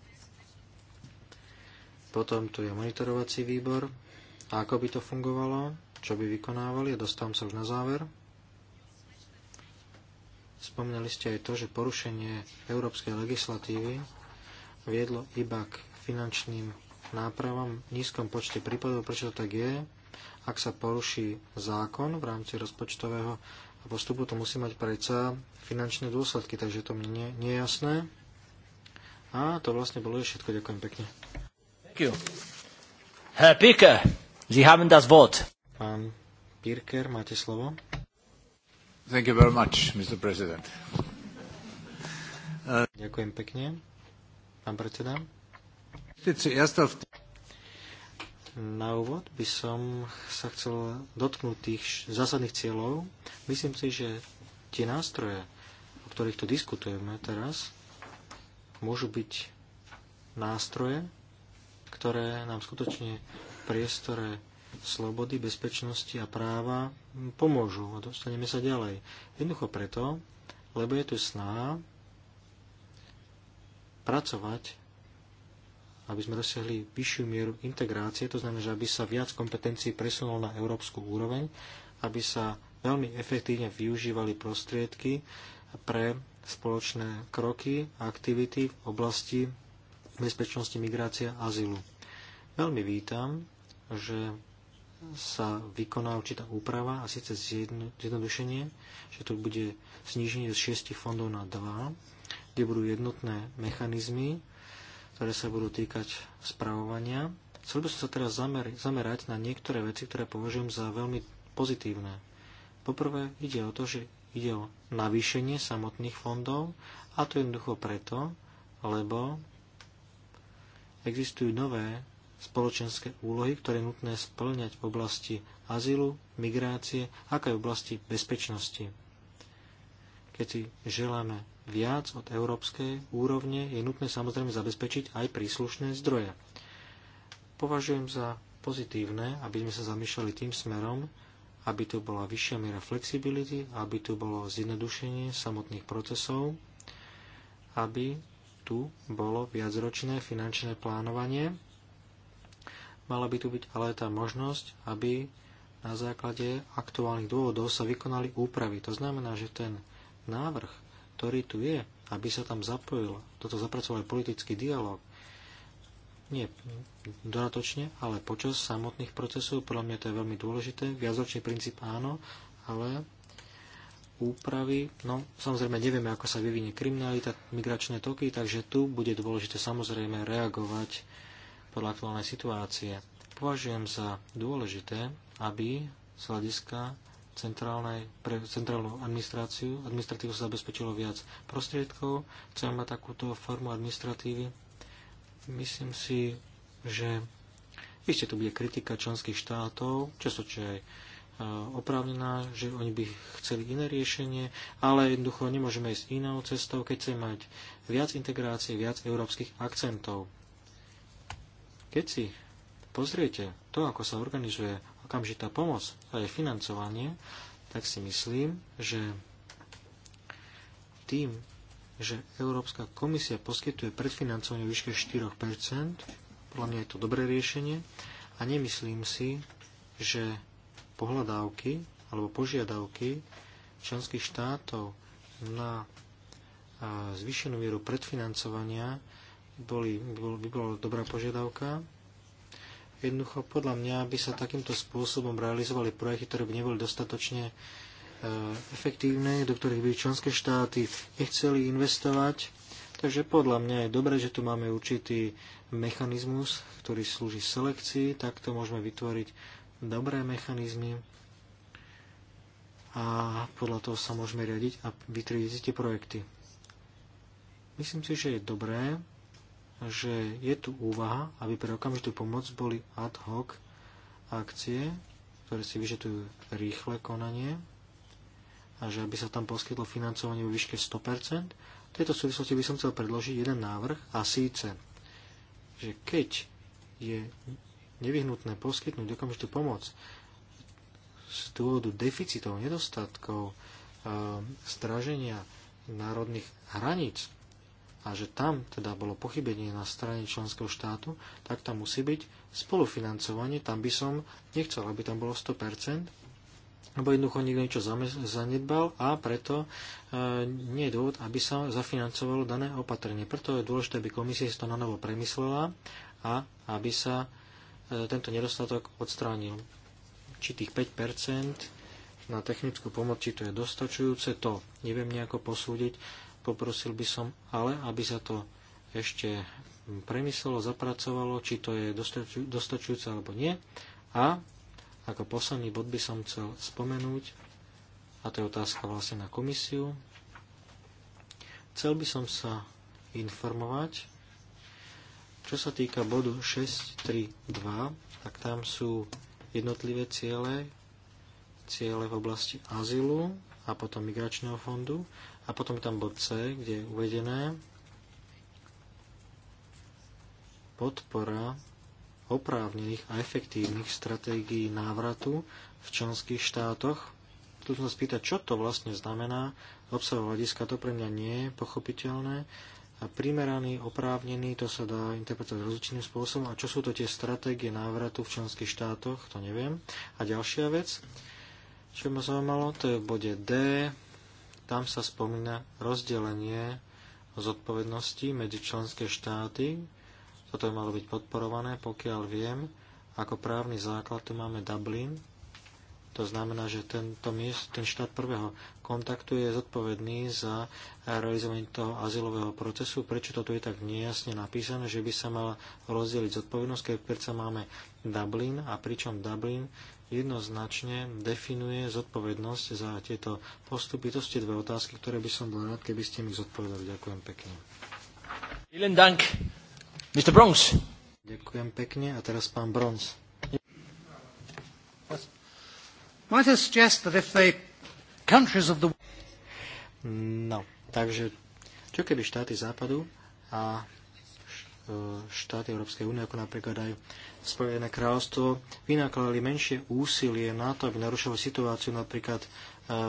Potom tu je monitorovací výbor a ako by to fungovalo, čo by vykonávali a dostávam sa už na záver. Spomínali ste aj to, že porušenie európskej legislatívy viedlo iba k finančným nápravom v nízkom počte prípadov. Prečo to tak je? Ak sa poruší zákon v rámci rozpočtového postupu, to musí mať predsa finančné dôsledky, takže to mne nie, nie je jasné. A to vlastne bolo všetko. Ďakujem pekne. Thank you. Herr Pirker, Sie haben das Wort. Pán Pirker, máte slovo. Thank you very much, Mr. President. Uh... Ďakujem pekne. Pán predseda. Na úvod by som sa chcel dotknúť tých zásadných cieľov. Myslím si, že tie nástroje, o ktorých tu diskutujeme teraz, môžu byť nástroje, ktoré nám skutočne priestore slobody, bezpečnosti a práva pomôžu a dostaneme sa ďalej. Jednoducho preto, lebo je tu sná pracovať, aby sme dosiahli vyššiu mieru integrácie, to znamená, že aby sa viac kompetencií presunulo na európsku úroveň, aby sa veľmi efektívne využívali prostriedky pre spoločné kroky a aktivity v oblasti bezpečnosti, migrácia a azylu. Veľmi vítam, že sa vykoná určitá úprava a síce zjednodušenie, že to bude zníženie z 6 fondov na 2, kde budú jednotné mechanizmy, ktoré sa budú týkať spravovania. Chcel by som sa teraz zamer- zamerať na niektoré veci, ktoré považujem za veľmi pozitívne. Poprvé ide o to, že ide o navýšenie samotných fondov a to jednoducho preto, lebo existujú nové spoločenské úlohy, ktoré je nutné splňať v oblasti azylu, migrácie, ako aj v oblasti bezpečnosti. Keď si želáme viac od európskej úrovne, je nutné samozrejme zabezpečiť aj príslušné zdroje. Považujem za pozitívne, aby sme sa zamýšľali tým smerom, aby tu bola vyššia miera flexibility, aby tu bolo zjednodušenie samotných procesov, aby tu bolo viacročné finančné plánovanie Mala by tu byť ale tá možnosť, aby na základe aktuálnych dôvodov sa vykonali úpravy. To znamená, že ten návrh, ktorý tu je, aby sa tam zapojil, toto zapracoval politický dialog, nie dodatočne, ale počas samotných procesov, podľa mňa to je veľmi dôležité, viacročný princíp áno, ale úpravy, no samozrejme nevieme, ako sa vyvinie kriminalita, migračné toky, takže tu bude dôležité samozrejme reagovať podľa aktuálnej situácie. Považujem za dôležité, aby z hľadiska centrálnej, pre centrálnu administráciu, administratívu sa zabezpečilo viac prostriedkov. Chcem mať takúto formu administratívy. Myslím si, že ešte tu bude kritika členských štátov, často čo aj e, oprávnená, že oni by chceli iné riešenie, ale jednoducho nemôžeme ísť inou cestou, keď chceme mať viac integrácie, viac európskych akcentov. Keď si pozriete to, ako sa organizuje okamžitá pomoc a aj financovanie, tak si myslím, že tým, že Európska komisia poskytuje predfinancovanie výške 4%, podľa mňa je to dobré riešenie a nemyslím si, že pohľadávky alebo požiadavky členských štátov na zvýšenú mieru predfinancovania boli, by bola dobrá požiadavka. Jednoducho, podľa mňa by sa takýmto spôsobom realizovali projekty, ktoré by neboli dostatočne e, efektívne, do ktorých by členské štáty nechceli investovať. Takže podľa mňa je dobré, že tu máme určitý mechanizmus, ktorý slúži selekcii, takto môžeme vytvoriť dobré mechanizmy a podľa toho sa môžeme riadiť a vytriediť tie projekty. Myslím si, že je dobré, že je tu úvaha, aby pre okamžitú pomoc boli ad hoc akcie, ktoré si vyžadujú rýchle konanie a že aby sa tam poskytlo financovanie vo výške 100%. V tejto súvislosti by som chcel predložiť jeden návrh a síce, že keď je nevyhnutné poskytnúť okamžitú pomoc z dôvodu deficitov, nedostatkov, ehm, straženia národných hraníc, a že tam teda bolo pochybenie na strane členského štátu, tak tam musí byť spolufinancovanie. Tam by som nechcel, aby tam bolo 100%, lebo jednoducho nikto niečo zanedbal a preto e, nie je dôvod, aby sa zafinancovalo dané opatrenie. Preto je dôležité, aby komisia si to na novo premyslela a aby sa e, tento nedostatok odstránil. Či tých 5% na technickú pomoc, či to je dostačujúce, to neviem nejako posúdiť Poprosil by som ale, aby sa to ešte premyslelo, zapracovalo, či to je dostačujúce alebo nie. A ako posledný bod by som chcel spomenúť, a to je otázka vlastne na komisiu, chcel by som sa informovať, čo sa týka bodu 6.3.2, tak tam sú jednotlivé ciele, ciele v oblasti azylu a potom migračného fondu. A potom je tam bod C, kde je uvedené podpora oprávnených a efektívnych stratégií návratu v členských štátoch. Tu sa spýta, čo to vlastne znamená. Obsahová hľadiska to pre mňa nie je pochopiteľné. A primeraný, oprávnený, to sa dá interpretovať rozličným spôsobom. A čo sú to tie stratégie návratu v členských štátoch, to neviem. A ďalšia vec, čo ma zaujímalo, to je v bode D, tam sa spomína rozdelenie zodpovedností medzi členské štáty. Toto by malo byť podporované, pokiaľ viem. Ako právny základ tu máme Dublin. To znamená, že tento miest, ten štát prvého kontaktu je zodpovedný za realizovanie toho azylového procesu. Prečo toto je tak nejasne napísané, že by sa mala rozdeliť zodpovednosť, keď predsa máme Dublin a pričom Dublin jednoznačne definuje zodpovednosť za tieto postupy. To ste dve otázky, ktoré by som bol rád, keby ste mi zodpovedali. Ďakujem pekne. Vielen Dank, Mr. Bronx. Ďakujem pekne. A teraz pán Bronx. No, takže čo keby štáty západu a E, štáty Európskej únie, ako napríklad aj Spojené kráľovstvo, vynakladali menšie úsilie na to, aby narušovali situáciu napríklad e,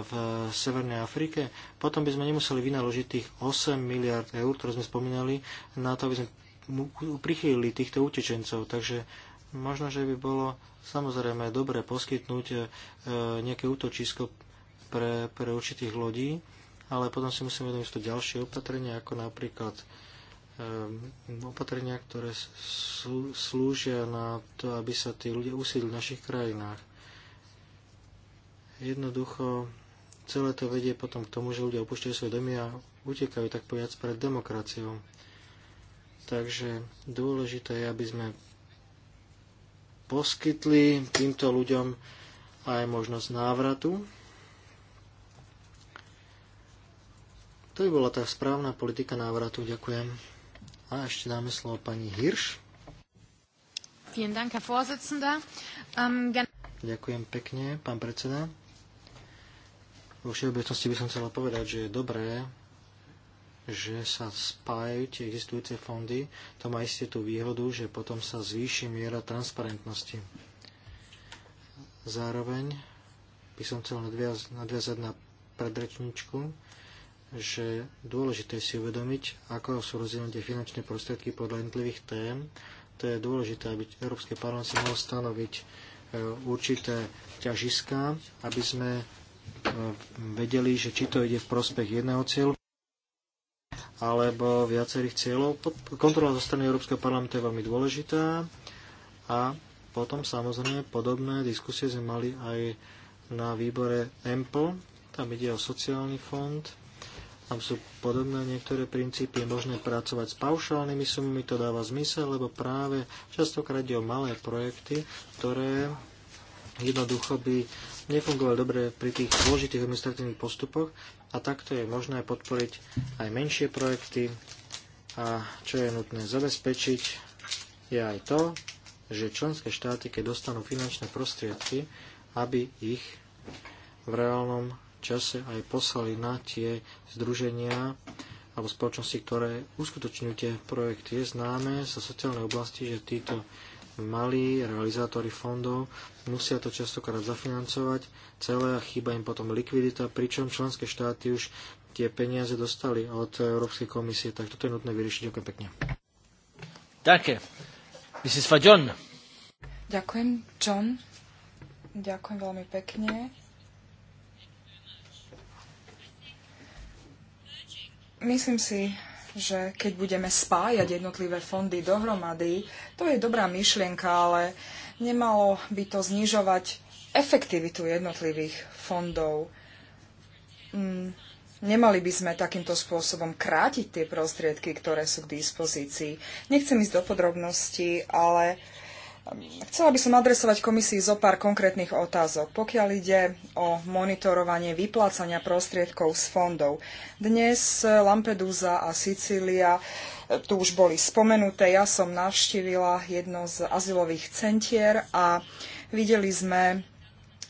v Severnej Afrike, potom by sme nemuseli vynaložiť tých 8 miliard eur, ktoré sme spomínali, na to, aby sme prichýlili týchto utečencov. Takže možno, že by bolo samozrejme dobre poskytnúť e, nejaké útočisko pre, pre určitých lodí, ale potom si musíme vedomiť to ďalšie opatrenia, ako napríklad Ehm, opatrenia, ktoré slúžia na to, aby sa tí ľudia usídli v našich krajinách. Jednoducho, celé to vedie potom k tomu, že ľudia opúšťajú svoje domy a utekajú tak povedať pred demokraciou. Takže dôležité je, aby sme poskytli týmto ľuďom aj možnosť návratu. To by bola tá správna politika návratu. Ďakujem. A ešte dáme slovo pani Hirš. Ähm, Ďakujem pekne, pán predseda. Vo všeobecnosti by som chcela povedať, že je dobré, že sa spájajú tie existujúce fondy. To má isté tú výhodu, že potom sa zvýši miera transparentnosti. Zároveň by som chcel nadviazať na predrečničku že dôležité si uvedomiť, ako sú rozdelené finančné prostriedky podľa jednotlivých tém. To je dôležité, aby Európske parlament si mohol stanoviť e, určité ťažiska, aby sme e, vedeli, že či to ide v prospech jedného cieľu alebo viacerých cieľov. Kontrola zo strany Európskeho parlamentu je veľmi dôležitá a potom samozrejme podobné diskusie sme mali aj na výbore EMPL, tam ide o sociálny fond, tam sú podobné niektoré princípy, je možné pracovať s paušálnymi sumami, to dáva zmysel, lebo práve častokrát je o malé projekty, ktoré jednoducho by nefungovali dobre pri tých zložitých administratívnych postupoch a takto je možné podporiť aj menšie projekty a čo je nutné zabezpečiť je aj to, že členské štáty, keď dostanú finančné prostriedky, aby ich v reálnom čase aj poslali na tie združenia alebo spoločnosti, ktoré uskutočňujú tie projekty. Je známe sa sociálnej oblasti, že títo malí realizátori fondov musia to častokrát zafinancovať celé a chýba im potom likvidita, pričom členské štáty už tie peniaze dostali od Európskej komisie, tak toto je nutné vyriešiť. Ďakujem pekne. Také. Mrs. Fajon. Ďakujem, John. Ďakujem veľmi pekne. Myslím si, že keď budeme spájať jednotlivé fondy dohromady, to je dobrá myšlienka, ale nemalo by to znižovať efektivitu jednotlivých fondov. Mm, nemali by sme takýmto spôsobom krátiť tie prostriedky, ktoré sú k dispozícii. Nechcem ísť do podrobností, ale Chcela by som adresovať komisii zo pár konkrétnych otázok, pokiaľ ide o monitorovanie vyplácania prostriedkov z fondov. Dnes Lampedusa a Sicília e, tu už boli spomenuté. Ja som navštívila jedno z azylových centier a videli sme,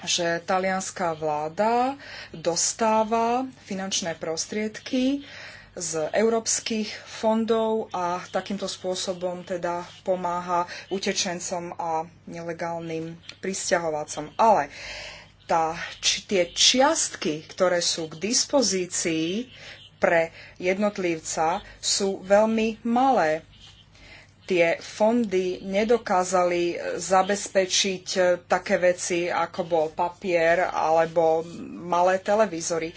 že talianská vláda dostáva finančné prostriedky z európskych fondov a takýmto spôsobom teda pomáha utečencom a nelegálnym pristahovacom. Ale tá, či tie čiastky, ktoré sú k dispozícii pre jednotlivca, sú veľmi malé. Tie fondy nedokázali zabezpečiť e, také veci, ako bol papier alebo malé televízory.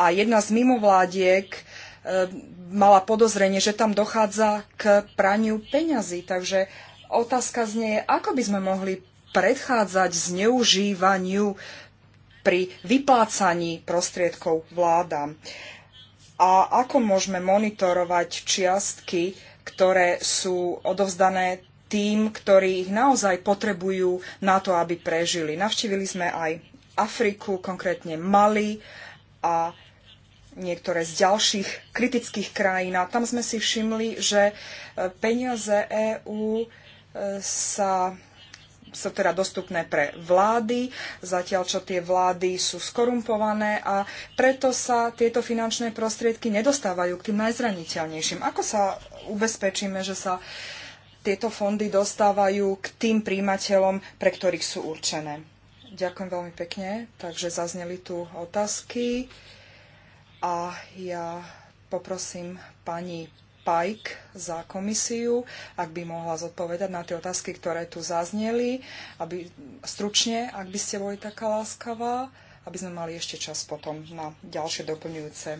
A jedna z mimovládiek E, mala podozrenie, že tam dochádza k praniu peňazí. Takže otázka znie, ako by sme mohli predchádzať zneužívaniu pri vyplácaní prostriedkov vládam. A ako môžeme monitorovať čiastky, ktoré sú odovzdané tým, ktorí ich naozaj potrebujú na to, aby prežili. Navštívili sme aj Afriku, konkrétne Mali a niektoré z ďalších kritických krajín. A tam sme si všimli, že e, peniaze EÚ e, sa sú teda dostupné pre vlády, zatiaľ čo tie vlády sú skorumpované a preto sa tieto finančné prostriedky nedostávajú k tým najzraniteľnejším. Ako sa ubezpečíme, že sa tieto fondy dostávajú k tým príjimateľom, pre ktorých sú určené? Ďakujem veľmi pekne. Takže zazneli tu otázky a ja poprosím pani Pajk za komisiu, ak by mohla zodpovedať na tie otázky, ktoré tu zazneli, aby, stručne, ak by ste boli taká láskavá, aby sme mali ešte čas potom na ďalšie doplňujúce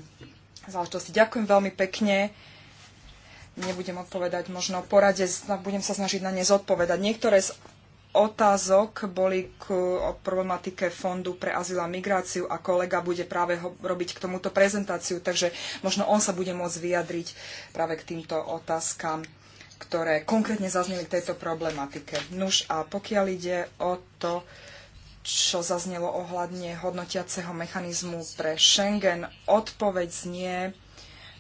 záležitosti. Ďakujem veľmi pekne. Nebudem odpovedať možno porade, budem sa snažiť na ne zodpovedať. Niektoré z otázok boli k, problematike Fondu pre azyl a migráciu a kolega bude práve ho, robiť k tomuto prezentáciu, takže možno on sa bude môcť vyjadriť práve k týmto otázkam, ktoré konkrétne zazneli k tejto problematike. Nuž a pokiaľ ide o to, čo zaznelo ohľadne hodnotiaceho mechanizmu pre Schengen, odpoveď znie,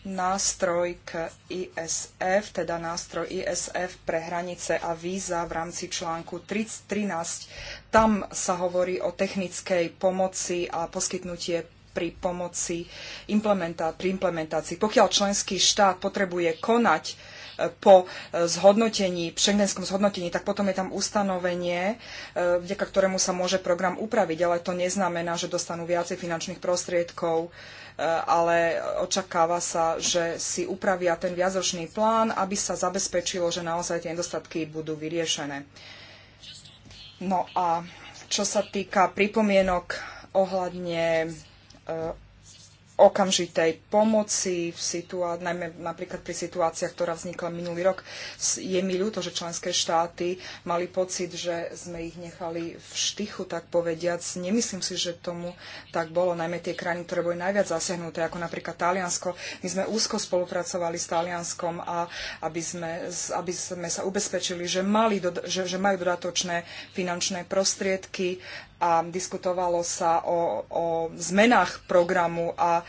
nástroj k ISF, teda nástroj ISF pre hranice a víza v rámci článku 13. Tam sa hovorí o technickej pomoci a poskytnutie pri pomoci implementá- pri implementácii. Pokiaľ členský štát potrebuje konať e, po e, zhodnotení, šengenskom zhodnotení, tak potom je tam ustanovenie, e, vďaka ktorému sa môže program upraviť, ale to neznamená, že dostanú viacej finančných prostriedkov Eh, ale očakáva sa, že si upravia ten viacročný plán, aby sa zabezpečilo, že naozaj tie nedostatky budú vyriešené. No a čo sa týka pripomienok ohľadne eh, okamžitej pomoci, v situá- najmä napríklad pri situáciách, ktorá vznikla minulý rok. Je mi ľúto, že členské štáty mali pocit, že sme ich nechali v štychu, tak povediac. Nemyslím si, že tomu tak bolo, najmä tie krajiny, ktoré boli najviac zasiahnuté, ako napríklad Taliansko. My sme úzko spolupracovali s Talianskom, a aby, sme, aby sme sa ubezpečili, že, mali, že, že majú dodatočné finančné prostriedky a diskutovalo sa o, o zmenách programu a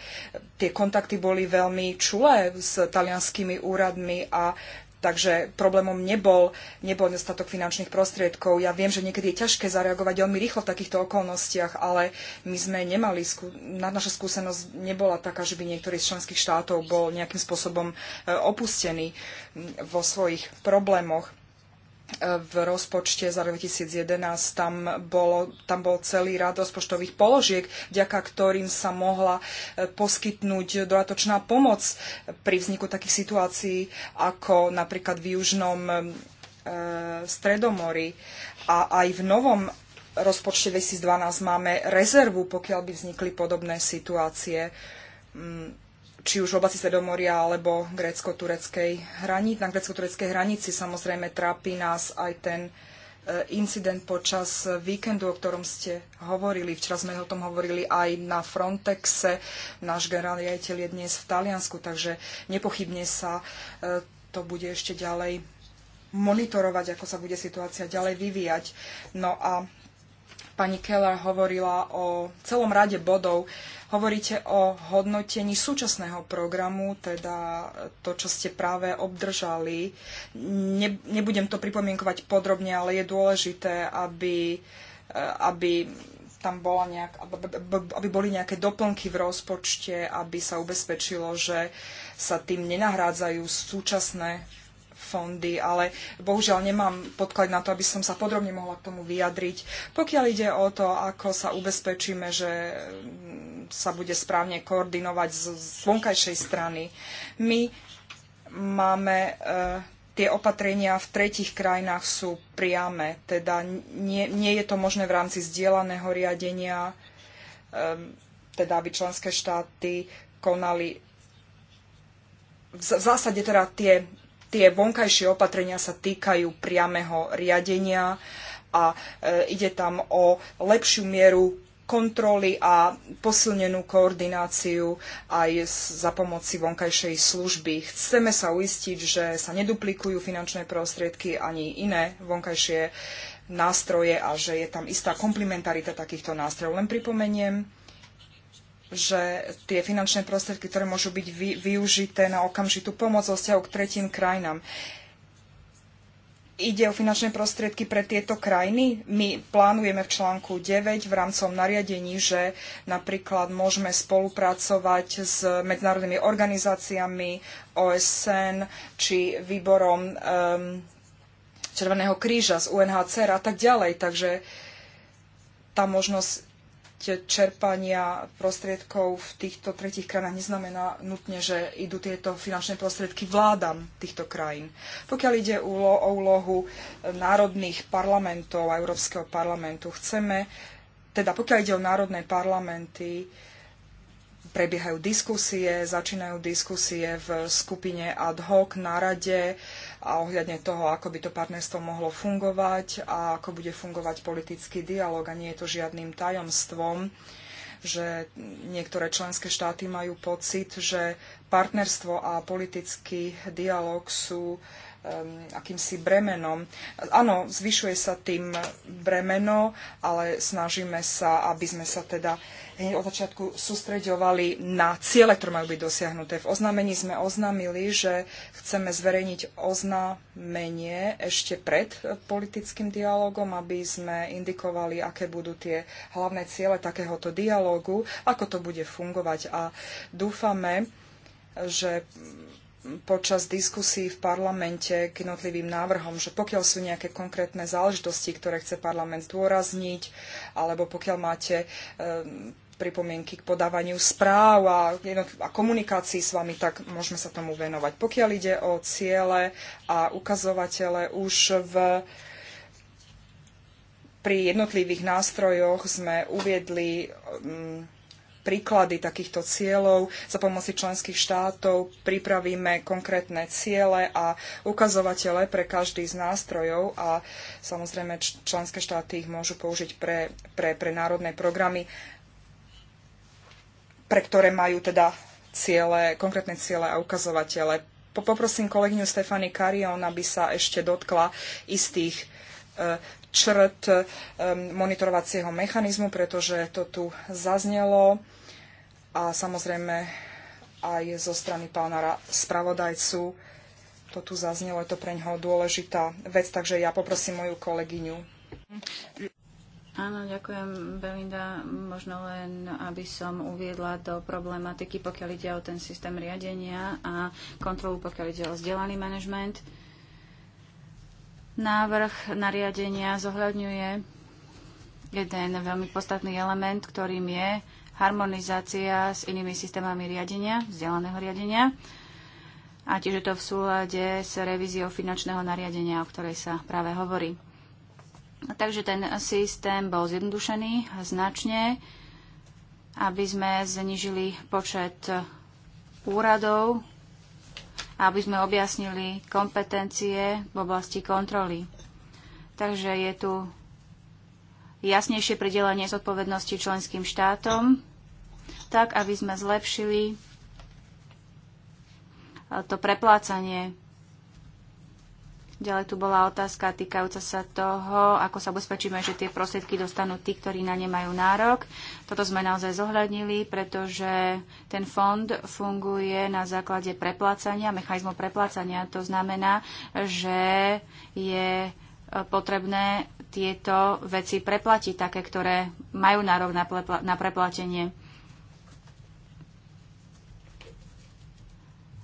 tie kontakty boli veľmi čulé s talianskými úradmi a Takže problémom nebol, nebol nedostatok finančných prostriedkov. Ja viem, že niekedy je ťažké zareagovať veľmi rýchlo v takýchto okolnostiach, ale my sme nemali, naša skúsenosť nebola taká, že by niektorý z členských štátov bol nejakým spôsobom e, opustený vo svojich problémoch v rozpočte za rok 2011 tam, bolo, tam bol celý rad rozpočtových položiek, vďaka ktorým sa mohla e, poskytnúť dodatočná pomoc pri vzniku takých situácií, ako napríklad v Južnom e, Stredomori a aj v novom rozpočte 2012 máme rezervu, pokiaľ by vznikli podobné situácie. Mm, či už v oblasti Sedomoria alebo grécko-tureckej hranici. Na grécko-tureckej hranici samozrejme trápi nás aj ten e, incident počas víkendu, o ktorom ste hovorili. Včera sme o tom hovorili aj na Frontexe. Náš generál riaditeľ je dnes v Taliansku, takže nepochybne sa e, to bude ešte ďalej monitorovať, ako sa bude situácia ďalej vyvíjať. No a pani Keller hovorila o celom rade bodov, Hovoríte o hodnotení súčasného programu, teda to, čo ste práve obdržali. Ne, nebudem to pripomienkovať podrobne, ale je dôležité, aby, eh, aby tam bola nejak, aby boli nejaké doplnky v rozpočte, aby sa ubezpečilo, že sa tým nenahrádzajú súčasné fondy, ale bohužiaľ nemám podklad na to, aby som sa podrobne mohla k tomu vyjadriť. Pokiaľ ide o to, ako sa ubezpečíme, že sa bude správne koordinovať z, z vonkajšej strany. My máme e, tie opatrenia v tretich krajinách sú priame, teda nie, nie je to možné v rámci zdieľaného riadenia, teda aby členské štáty konali. V, zásade teda tie, tie vonkajšie opatrenia sa týkajú priameho riadenia a e, ide tam o lepšiu mieru kontroly a posilnenú koordináciu aj za pomoci vonkajšej služby. Chceme sa uistiť, že sa neduplikujú finančné prostriedky ani iné vonkajšie nástroje a že je tam istá komplementarita takýchto nástrojov. Len pripomeniem, že tie finančné prostriedky, ktoré môžu byť vy, využité na okamžitú pomoc vo vzťahu k tretím krajinám ide o finančné prostriedky pre tieto krajiny. My plánujeme v článku 9 v rámcom nariadení, že napríklad môžeme spolupracovať s medzinárodnými organizáciami OSN či výborom um, Červeného kríža z UNHCR a tak ďalej. Takže tá možnosť čerpania prostriedkov v týchto tretich krajinách neznamená nutne, že idú tieto finančné prostriedky vládam týchto krajín. Pokiaľ ide o úlohu e, národných parlamentov a Európskeho parlamentu, chceme, teda pokiaľ ide o národné parlamenty, prebiehajú diskusie, začínajú diskusie v skupine ad hoc na rade, a ohľadne toho, ako by to partnerstvo mohlo fungovať a ako bude fungovať politický dialog. A nie je to žiadnym tajomstvom, že niektoré členské štáty majú pocit, že partnerstvo a politický dialog sú Um, akýmsi bremenom. Áno, zvyšuje sa tým bremeno, ale snažíme sa, aby sme sa teda od začiatku sústreďovali na ciele, ktoré majú byť dosiahnuté. V oznámení sme oznámili, že chceme zverejniť oznámenie ešte pred politickým dialogom, aby sme indikovali, aké budú tie hlavné ciele takéhoto dialogu, ako to bude fungovať a dúfame, že počas diskusí v parlamente k jednotlivým návrhom, že pokiaľ sú nejaké konkrétne záležitosti, ktoré chce parlament zdôrazniť, alebo pokiaľ máte e, pripomienky k podávaniu správ a, a komunikácii s vami, tak môžeme sa tomu venovať. Pokiaľ ide o ciele a ukazovatele, už v, pri jednotlivých nástrojoch sme uviedli um, príklady takýchto cieľov. Za pomoci členských štátov pripravíme konkrétne ciele a ukazovatele pre každý z nástrojov a samozrejme členské štáty ich môžu použiť pre, pre, pre národné programy, pre ktoré majú teda ciele, konkrétne ciele a ukazovatele. Poprosím kolegyňu Stefany Karion, aby sa ešte dotkla istých e, črt e, monitorovacieho mechanizmu, pretože to tu zaznelo a samozrejme aj zo strany pána spravodajcu. To tu zaznelo, je to pre ňoho dôležitá vec, takže ja poprosím moju kolegyňu. Áno, ďakujem, Belinda. Možno len, aby som uviedla do problematiky, pokiaľ ide o ten systém riadenia a kontrolu, pokiaľ ide o vzdelaný manažment. Návrh nariadenia zohľadňuje jeden veľmi podstatný element, ktorým je harmonizácia s inými systémami riadenia, vzdelaného riadenia. A tiež je to v súlade s revíziou finančného nariadenia, o ktorej sa práve hovorí. Takže ten systém bol zjednodušený značne, aby sme znižili počet úradov, aby sme objasnili kompetencie v oblasti kontroly. Takže je tu jasnejšie predelanie zodpovednosti členským štátom, tak aby sme zlepšili eh, to preplácanie. Ďalej tu bola otázka týkajúca sa toho, ako sa ubezpečíme, že tie prostriedky dostanú tí, ktorí na ne majú nárok. Toto sme naozaj zohľadnili, pretože ten fond funguje na základe preplácania, mechanizmu preplácania. To znamená, že je eh, potrebné tieto veci preplatiť, také, ktoré majú nárok na, prepla- na preplatenie.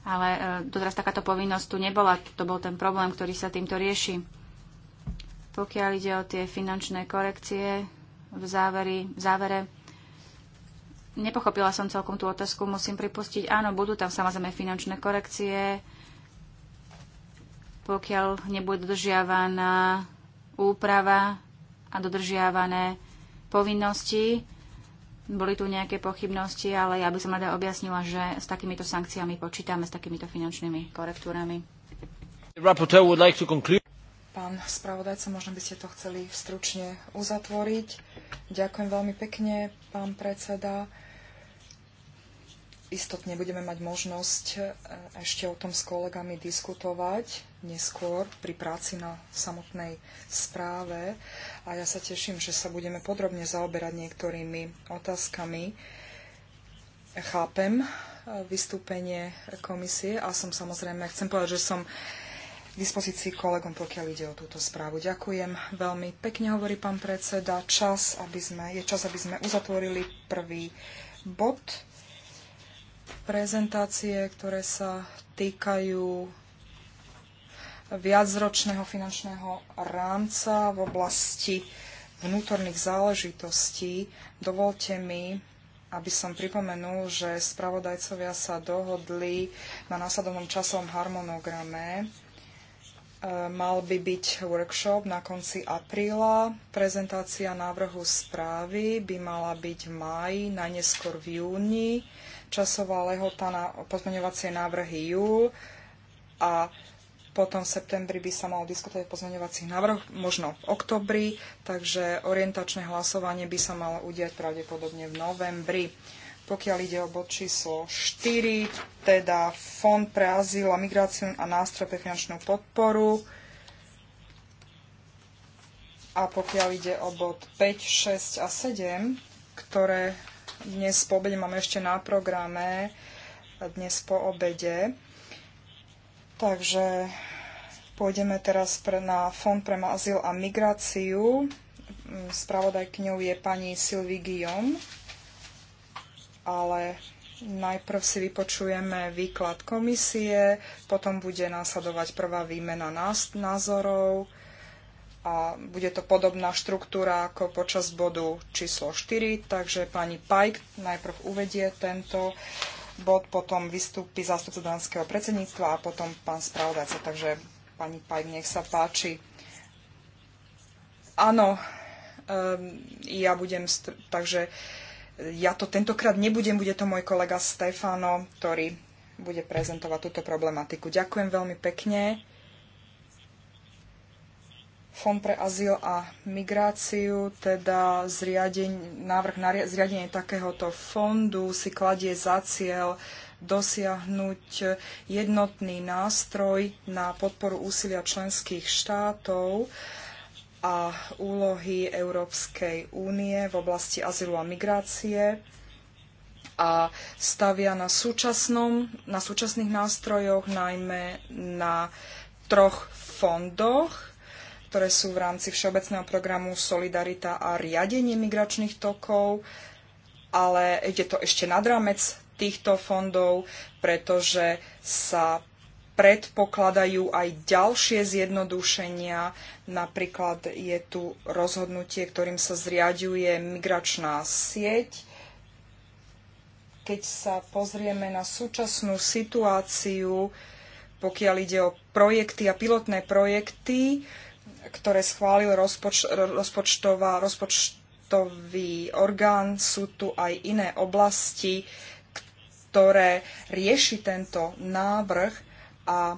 Ale e, doteraz takáto povinnosť tu nebola. To bol ten problém, ktorý sa týmto rieši. Pokiaľ ide o tie finančné korekcie v, záveri, v závere, nepochopila som celkom tú otázku, musím pripustiť. Áno, budú tam samozrejme finančné korekcie, pokiaľ nebude dodržiavaná úprava a dodržiavané povinnosti. Boli tu nejaké pochybnosti, ale ja by som rada objasnila, že s takýmito sankciami počítame, s takýmito finančnými korektúrami. Pán spravodajca, možno by ste to chceli stručne uzatvoriť. Ďakujem veľmi pekne, pán predseda. Istotne budeme mať možnosť eh, ešte o tom s kolegami diskutovať neskôr pri práci na samotnej správe a ja sa teším, že sa budeme podrobne zaoberať niektorými otázkami. Chápem eh, vystúpenie komisie a som samozrejme, chcem povedať, že som k dispozícii kolegom, pokiaľ ide o túto správu. Ďakujem veľmi pekne, hovorí pán predseda. Čas, aby sme, je čas, aby sme uzatvorili prvý bod prezentácie, ktoré sa týkajú viacročného finančného rámca v oblasti vnútorných záležitostí. Dovolte mi, aby som pripomenul, že spravodajcovia sa dohodli na následovnom časovom harmonograme. E, mal by byť workshop na konci apríla. Prezentácia návrhu správy by mala byť v máji, najneskôr v júni. Časová lehota na pozmeňovacie návrhy júl a potom v septembri by sa malo diskutovať pozmeňovací návrh, možno v oktobri, takže orientačné hlasovanie by sa malo udiať pravdepodobne v novembri. Pokiaľ ide o bod číslo 4, teda Fond pre azyl a migráciu a nástroj pre finančnú podporu, a pokiaľ ide o bod 5, 6 a 7, ktoré dnes po obede máme ešte na programe, dnes po obede, Takže pôjdeme teraz pre, na Fond pre azyl a migráciu. Spravodajkňou je pani Sylvie Guillaume, ale najprv si vypočujeme výklad komisie, potom bude následovať prvá výmena názorov a bude to podobná štruktúra ako počas bodu číslo 4, takže pani Pajk najprv uvedie tento bod, potom vystúpi zástupca dánskeho predsedníctva a potom pán spravodajca. Takže pani Pajk, nech sa páči. Áno, um, ja budem, takže ja to tentokrát nebudem, bude to môj kolega Stefano, ktorý bude prezentovať túto problematiku. Ďakujem veľmi pekne. Fond pre azyl a migráciu, teda zriadeň, návrh na zriadenie takéhoto fondu si kladie za cieľ dosiahnuť jednotný nástroj na podporu úsilia členských štátov a úlohy Európskej únie v oblasti azylu a migrácie a stavia na, súčasnom, na súčasných nástrojoch, najmä na troch fondoch ktoré sú v rámci Všeobecného programu Solidarita a riadenie migračných tokov, ale ide to ešte nad rámec týchto fondov, pretože sa predpokladajú aj ďalšie zjednodušenia. Napríklad je tu rozhodnutie, ktorým sa zriaďuje migračná sieť. Keď sa pozrieme na súčasnú situáciu, pokiaľ ide o projekty a pilotné projekty, ktoré schválil rozpoč, rozpočtová, rozpočtový orgán. Sú tu aj iné oblasti, ktoré rieši tento návrh a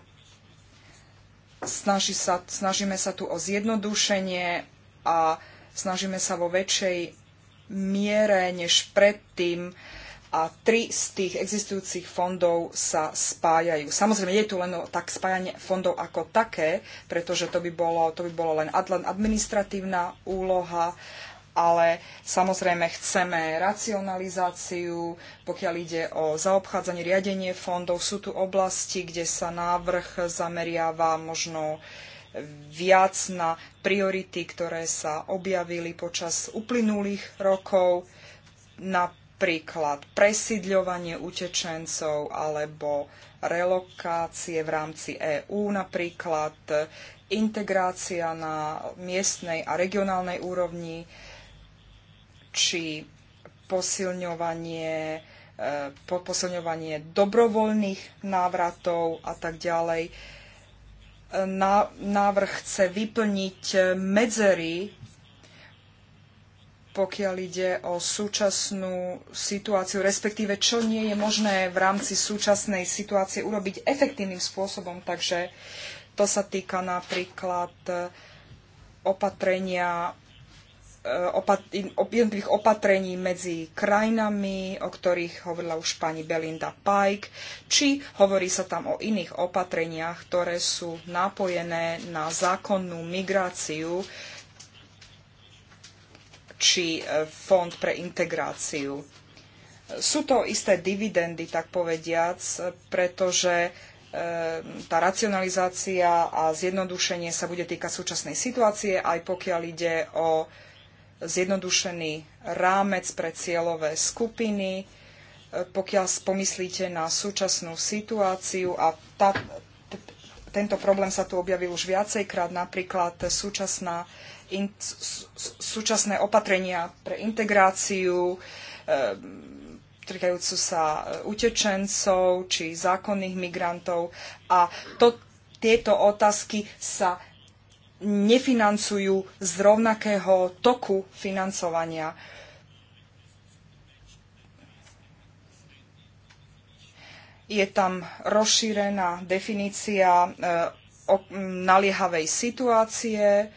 snaží sa, snažíme sa tu o zjednodušenie a snažíme sa vo väčšej miere než predtým a tri z tých existujúcich fondov sa spájajú. Samozrejme, nie je tu len tak spájanie fondov ako také, pretože to by bolo, to by bolo len administratívna úloha, ale samozrejme chceme racionalizáciu, pokiaľ ide o zaobchádzanie, riadenie fondov. Sú tu oblasti, kde sa návrh zameriava možno viac na priority, ktoré sa objavili počas uplynulých rokov. Na príklad presídľovanie utečencov alebo relokácie v rámci EÚ napríklad, integrácia na miestnej a regionálnej úrovni, či posilňovanie, e, posilňovanie dobrovoľných návratov a tak ďalej e, návrh chce vyplniť medzery pokiaľ ide o súčasnú situáciu, respektíve čo nie je možné v rámci súčasnej situácie urobiť efektívnym spôsobom. Takže to sa týka napríklad e, opatrenia e, jednotlivých opatrení medzi krajinami, o ktorých hovorila už pani Belinda Pike, či hovorí sa tam o iných opatreniach, ktoré sú napojené na zákonnú migráciu či e, Fond pre integráciu. Sú to isté dividendy, tak povediac, pretože e, tá racionalizácia a zjednodušenie sa bude týkať súčasnej situácie, aj pokiaľ ide o zjednodušený rámec pre cieľové skupiny, e, pokiaľ pomyslíte na súčasnú situáciu a tá, tento problém sa tu objavil už viacejkrát, napríklad súčasná in, súčasné opatrenia pre integráciu, e, trikajúcu sa e, utečencov či zákonných migrantov. A to, tieto otázky sa nefinancujú z rovnakého toku financovania. Je tam rozšírená definícia e, o, naliehavej situácie,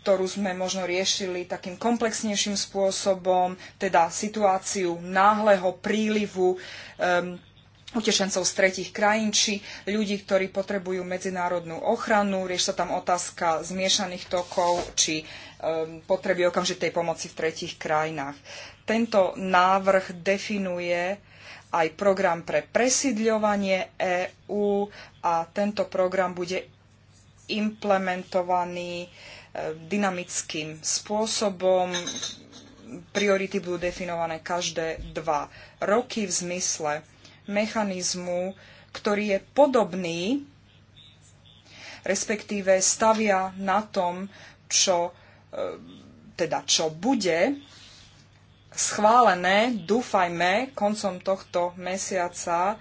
ktorú sme možno riešili takým komplexnejším spôsobom, teda situáciu náhleho prílivu um, utečencov z tretich krajín či ľudí, ktorí potrebujú medzinárodnú ochranu. Rieš sa tam otázka zmiešaných tokov či um, potreby okamžitej pomoci v tretich krajinách. Tento návrh definuje aj program pre presidľovanie EÚ a tento program bude implementovaný uh, dynamickým spôsobom. Priority budú definované každé dva roky v zmysle mechanizmu, ktorý je podobný, respektíve stavia na tom, čo, e, teda čo bude schválené, dúfajme, koncom tohto mesiaca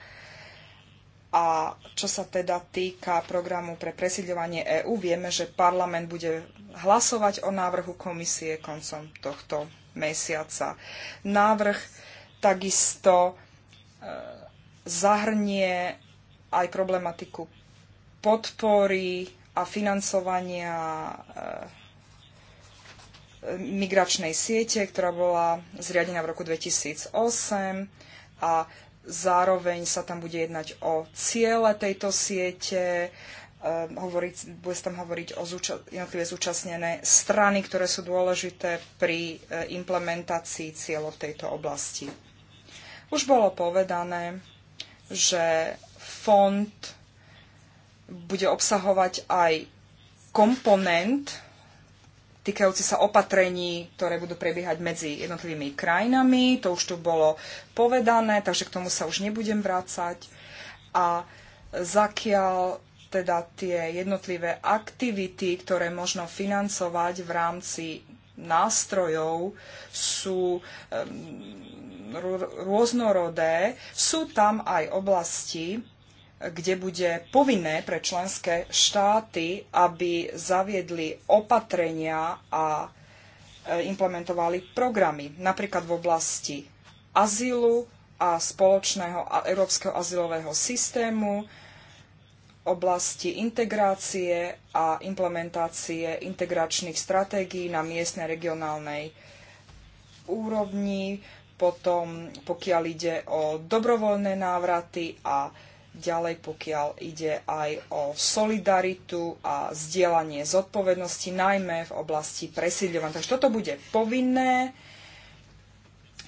a čo sa teda týka programu pre presídľovanie EÚ, vieme, že parlament bude hlasovať o návrhu komisie koncom tohto mesiaca. Návrh takisto e, zahrnie aj problematiku podpory a financovania e, migračnej siete, ktorá bola zriadená v roku 2008 a Zároveň sa tam bude jednať o ciele tejto siete, ehm, hovoriť, bude sa tam hovoriť o zúča- jednotlivé zúčastnené strany, ktoré sú dôležité pri eh, implementácii cieľov tejto oblasti. Už bolo povedané, že fond bude obsahovať aj komponent týkajúci sa opatrení, ktoré budú prebiehať medzi jednotlivými krajinami. To už tu bolo povedané, takže k tomu sa už nebudem vrácať. A zakiaľ teda tie jednotlivé aktivity, ktoré možno financovať v rámci nástrojov sú rôznorodé, sú tam aj oblasti, kde bude povinné pre členské štáty, aby zaviedli opatrenia a e, implementovali programy, napríklad v oblasti azylu a spoločného európskeho azylového systému, oblasti integrácie a implementácie integračných stratégií na miestnej regionálnej úrovni, potom pokiaľ ide o dobrovoľné návraty a Ďalej, pokiaľ ide aj o solidaritu a zdieľanie zodpovednosti, najmä v oblasti presídľovania. Takže toto bude povinné.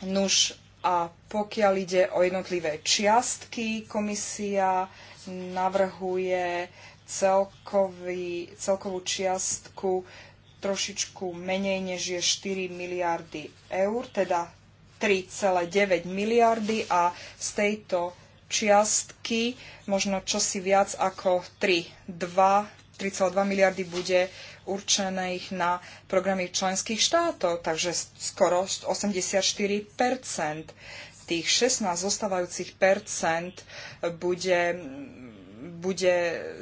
Nuž a pokiaľ ide o jednotlivé čiastky, komisia navrhuje celkový, celkovú čiastku trošičku menej než je 4 miliardy eur, teda 3,9 miliardy a z tejto čiastky, možno čosi viac ako 3,2 miliardy bude určených na programy členských štátov, takže skoro 84 Tých 16 zostávajúcich percent bude, bude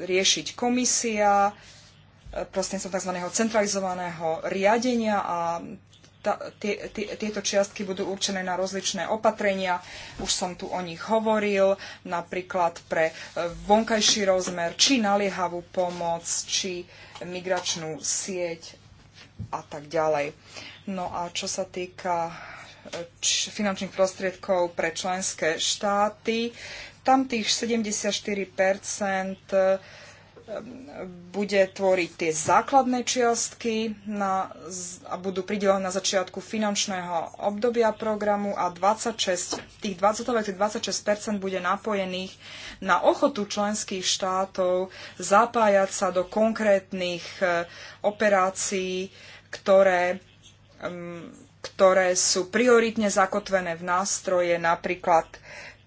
riešiť komisia, prostredníctvom tzv. centralizovaného riadenia a ta, tie, tie, tieto čiastky budú určené na rozličné opatrenia. Už som tu o nich hovoril, napríklad pre e, vonkajší rozmer, či naliehavú pomoc, či migračnú sieť a tak ďalej. No a čo sa týka e, finančných prostriedkov pre členské štáty, tam tých 74 bude tvoriť tie základné čiastky na, a budú pridelené na začiatku finančného obdobia programu a 26, tých 26 bude napojených na ochotu členských štátov zapájať sa do konkrétnych eh, operácií, ktoré, mm, ktoré sú prioritne zakotvené v nástroje, napríklad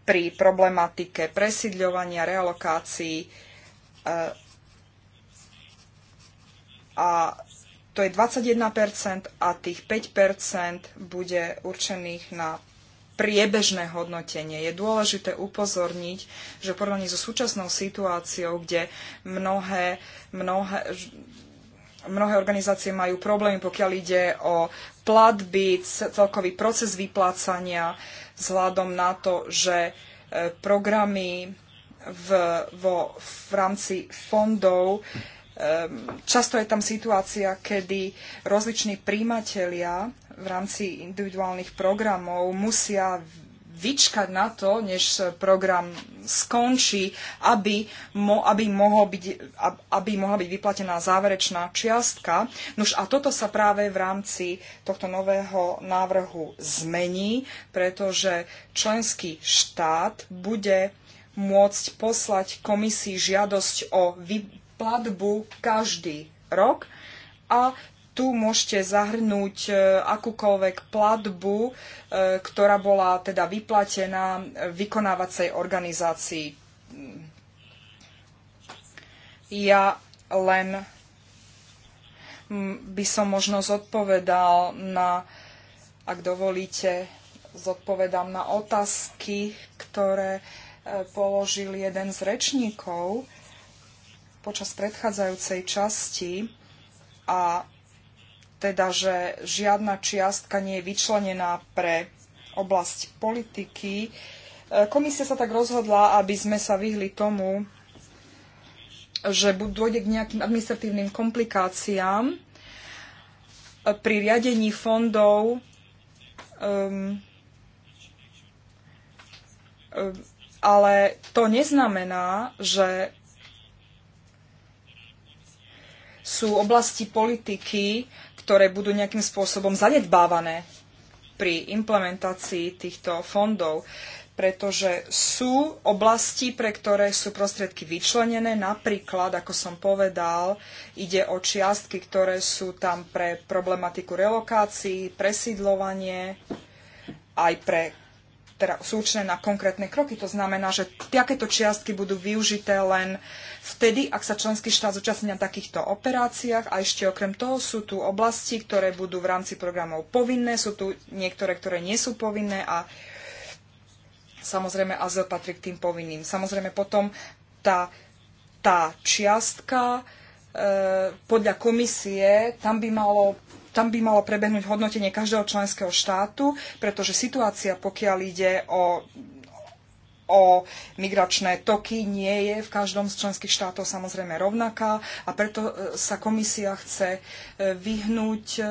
pri problematike presídľovania, realokácií eh, a to je 21% a tých 5% bude určených na priebežné hodnotenie. Je dôležité upozorniť, že v porovnaní so súčasnou situáciou, kde mnohé, mnohé, mnohé organizácie majú problémy, pokiaľ ide o platby, celkový proces vyplácania, vzhľadom na to, že e, programy v, vo, v rámci fondov Ehm, často je tam situácia, kedy rozliční príjimatelia v rámci individuálnych programov musia vyčkať na to, než program skončí, aby, mo, aby, mohol byť, aby mohla byť vyplatená záverečná čiastka. Nož a toto sa práve v rámci tohto nového návrhu zmení, pretože členský štát bude môcť poslať komisii žiadosť o vy, platbu každý rok a tu môžete zahrnúť e, akúkoľvek platbu, e, ktorá bola teda vyplatená vykonávacej organizácii. Ja len by som možno zodpovedal na, ak dovolíte, zodpovedám na otázky, ktoré e, položil jeden z rečníkov počas predchádzajúcej časti a teda, že žiadna čiastka nie je vyčlenená pre oblasť politiky. E, komisia sa tak rozhodla, aby sme sa vyhli tomu, že dôjde k nejakým administratívnym komplikáciám e, pri riadení fondov um, um, ale to neznamená, že sú oblasti politiky, ktoré budú nejakým spôsobom zanedbávané pri implementácii týchto fondov, pretože sú oblasti, pre ktoré sú prostriedky vyčlenené. Napríklad, ako som povedal, ide o čiastky, ktoré sú tam pre problematiku relokácií, presídlovanie, aj pre teda sú na konkrétne kroky. To znamená, že takéto čiastky budú využité len uh, vtedy, ak sa členský štát zúčastní na takýchto operáciách. A ešte okrem toho sú tu oblasti, ktoré budú v rámci programov povinné, sú tu niektoré, ktoré nie sú povinné a samozrejme azyl patrí k tým povinným. Samozrejme potom tá, tá čiastka e, podľa komisie, tam by malo tam by malo prebehnúť hodnotenie každého členského štátu, pretože situácia, pokiaľ ide o o migračné toky nie je v každom z členských štátov samozrejme rovnaká a preto e, sa komisia chce e, vyhnúť e,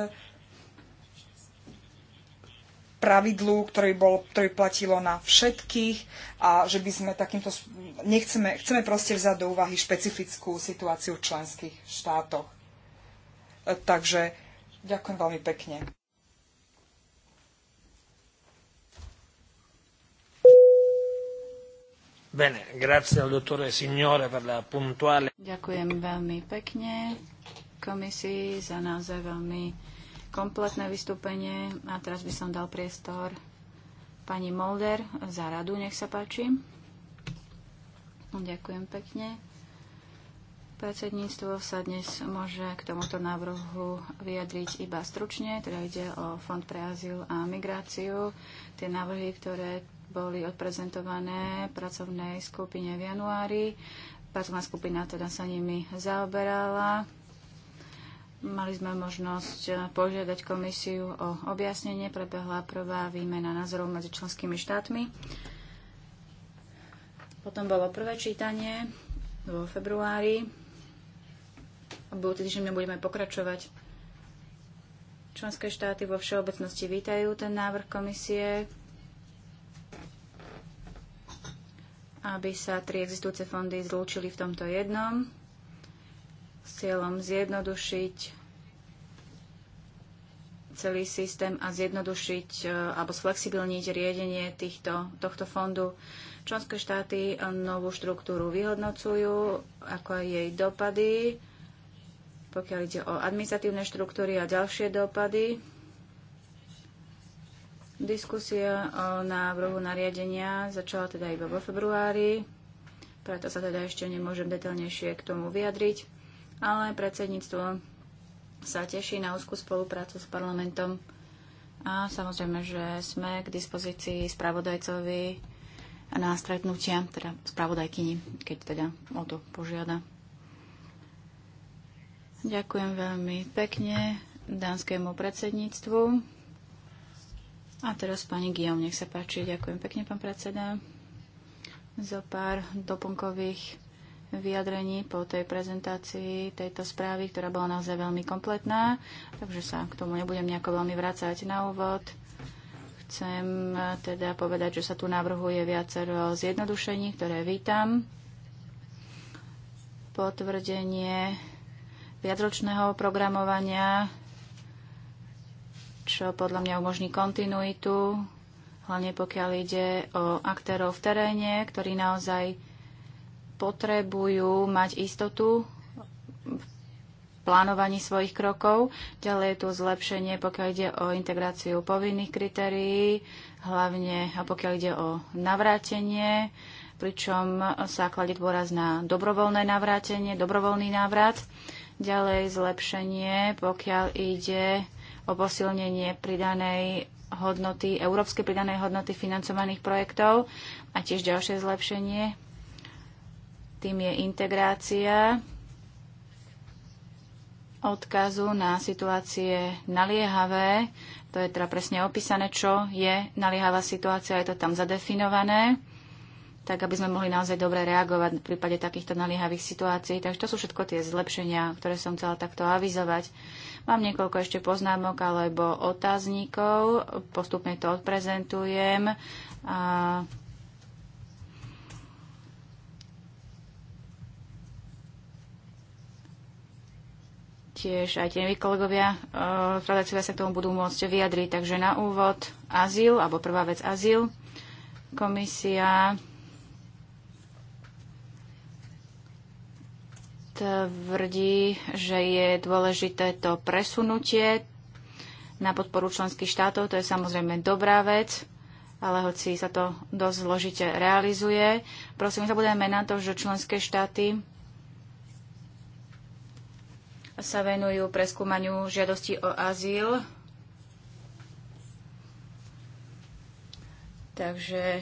pravidlu, ktorý, bol, platilo na všetkých a že by sme takýmto... Nechceme, chceme proste vzať do úvahy špecifickú situáciu v členských štátoch. Takže ďakujem veľmi pekne. Bene, grazie al dottore Signore per la puntuale... Ďakujem veľmi pekne komisii za naozaj veľmi kompletné vystúpenie a teraz by som dal priestor pani Molder za radu, nech sa páči. Ďakujem pekne. Predsedníctvo sa dnes môže k tomuto návrhu vyjadriť iba stručne, teda ide o Fond pre azyl a migráciu. Tie návrhy, ktoré boli odprezentované pracovnej skupine v januári. Pracovná skupina teda sa nimi zaoberala. Mali sme možnosť požiadať komisiu o objasnenie. Prebehla prvá výmena názorov medzi členskými štátmi. Potom bolo prvé čítanie vo februári. Budúci týždeň budeme pokračovať Členské štáty vo všeobecnosti vítajú ten návrh komisie. aby sa tri existujúce fondy zlúčili v tomto jednom s cieľom zjednodušiť celý systém a zjednodušiť e, alebo sflexibilniť riedenie týchto, tohto fondu. Členské štáty e, novú štruktúru vyhodnocujú, ako aj jej dopady, pokiaľ ide o administratívne štruktúry a ďalšie dopady Diskusia o návrhu nariadenia začala teda iba vo februári, preto sa teda ešte nemôžem detaľnejšie k tomu vyjadriť, ale predsedníctvo sa teší na úzkú spoluprácu s parlamentom a samozrejme, že sme k dispozícii spravodajcovi na stretnutia, teda spravodajkyni, keď teda o to požiada. Ďakujem veľmi pekne dánskému predsedníctvu. A teraz pani Guillaume, nech sa páči. Ďakujem pekne, pán predseda, za pár doplnkových vyjadrení po tej prezentácii tejto správy, ktorá bola naozaj veľmi kompletná, takže sa k tomu nebudem nejako veľmi vrácať na úvod. Chcem eh, teda povedať, že sa tu navrhuje viacero zjednodušení, ktoré vítam. Potvrdenie viacročného programovania čo podľa mňa umožní kontinuitu, hlavne pokiaľ ide o aktérov v teréne, ktorí naozaj potrebujú mať istotu v plánovaní svojich krokov. Ďalej je tu zlepšenie, pokiaľ ide o integráciu povinných kritérií, hlavne a pokiaľ ide o navrátenie, pričom sa kladie dôraz na dobrovoľné navrátenie, dobrovoľný návrat. Ďalej zlepšenie, pokiaľ ide o posilnenie pridanej hodnoty, európskej pridanej hodnoty financovaných projektov a tiež ďalšie zlepšenie. Tým je integrácia odkazu na situácie naliehavé. To je teda presne opísané, čo je naliehavá situácia, je to tam zadefinované tak aby sme mohli naozaj dobre reagovať v prípade takýchto naliehavých situácií. Takže to sú všetko tie zlepšenia, ktoré som chcela takto avizovať. Mám niekoľko ešte poznámok alebo otázníkov. Postupne to odprezentujem. A tiež aj tie kolegovia, predajcovia e, sa k tomu budú môcť vyjadriť. Takže na úvod azyl, alebo prvá vec azyl. Komisia tvrdí, že je dôležité to presunutie na podporu členských štátov. To je samozrejme dobrá vec, ale hoci sa to dosť zložite realizuje. Prosím, zabudajme na to, že členské štáty sa venujú preskúmaniu žiadosti o azyl. Takže e,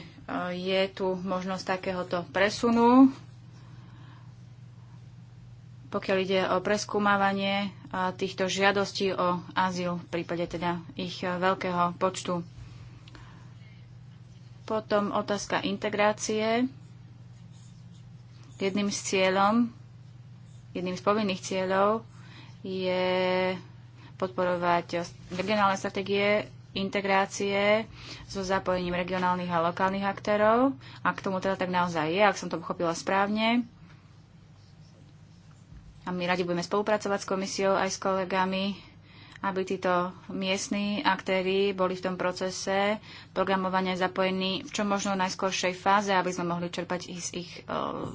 je tu možnosť takéhoto presunu pokiaľ ide o preskúmávanie týchto žiadostí o azyl, v prípade teda ich veľkého počtu. Potom otázka integrácie. Jedným z cieľom, jedným z povinných cieľov je podporovať regionálne stratégie integrácie so zapojením regionálnych a lokálnych aktérov. A k tomu teda tak naozaj je, ak som to pochopila správne. A my radi budeme spolupracovať s komisiou aj s kolegami, aby títo miestni aktéry boli v tom procese programovania zapojení v čo možno najskoršej fáze, aby sme mohli čerpať z ich e,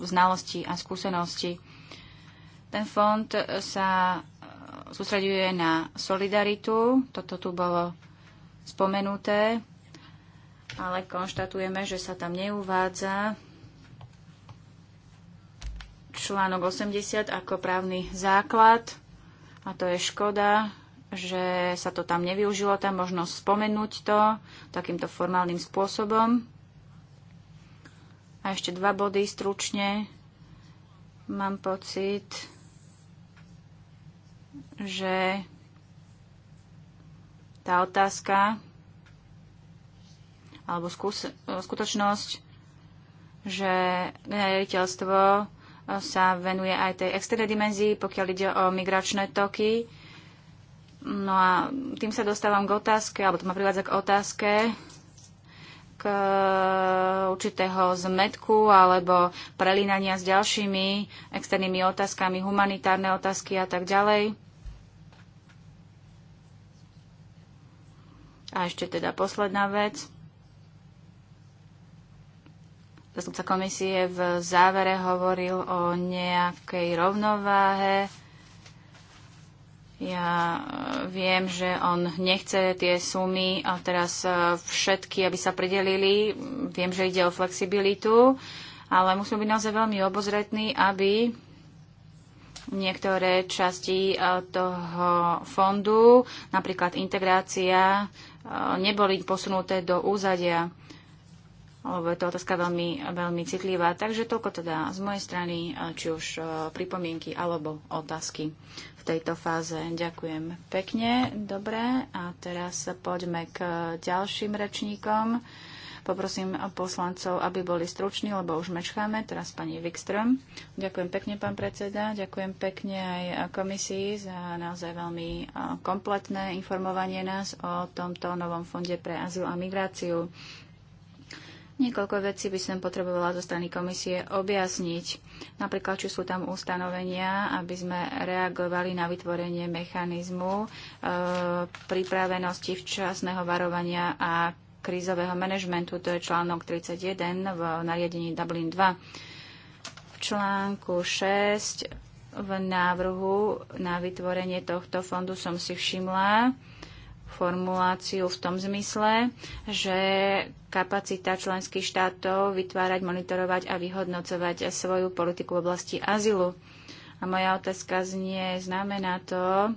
znalostí a skúseností. Ten fond sa e, sústreďuje na solidaritu, toto tu bolo spomenuté, ale konštatujeme, že sa tam neuvádza článok 80 ako právny základ a to je škoda, že sa to tam nevyužilo, tam možnosť spomenúť to takýmto formálnym spôsobom. A ešte dva body stručne. Mám pocit, že tá otázka alebo e, skutočnosť, že generiteľstvo sa venuje aj tej externej dimenzii, pokiaľ ide o migračné toky. No a tým sa dostávam k otázke, alebo to ma privádza k otázke, k určitého zmetku alebo prelínania s ďalšími externými otázkami, humanitárne otázky a tak ďalej. A ešte teda posledná vec. Zastupca komisie v závere hovoril o nejakej rovnováhe. Ja e, viem, že on nechce tie sumy a teraz e, všetky, aby sa predelili. Viem, že ide o flexibilitu, ale musíme byť naozaj veľmi obozretní, aby niektoré časti e, toho fondu, napríklad integrácia, neboli posunuté do úzadia lebo je to otázka veľmi, veľmi citlivá. Takže toľko teda z mojej strany, e, či už e, pripomienky alebo otázky v tejto fáze. Ďakujem pekne, dobre. A teraz poďme k ďalším rečníkom. Poprosím poslancov, aby boli struční, lebo už mečkáme. Teraz pani Wikström. Ďakujem pekne, pán predseda. Ďakujem pekne aj komisii za naozaj veľmi e, kompletné informovanie nás o tomto novom fonde pre azyl a migráciu. Niekoľko vecí by som potrebovala zo strany komisie objasniť. Napríklad, či sú tam ustanovenia, aby sme reagovali na vytvorenie mechanizmu e, pripravenosti včasného varovania a krízového manažmentu. To je článok 31 v nariadení Dublin 2. V článku 6 v návrhu na vytvorenie tohto fondu som si všimla, formuláciu v tom zmysle, že kapacita členských štátov vytvárať, monitorovať a vyhodnocovať svoju politiku v oblasti azylu. A moja otázka znie, znamená to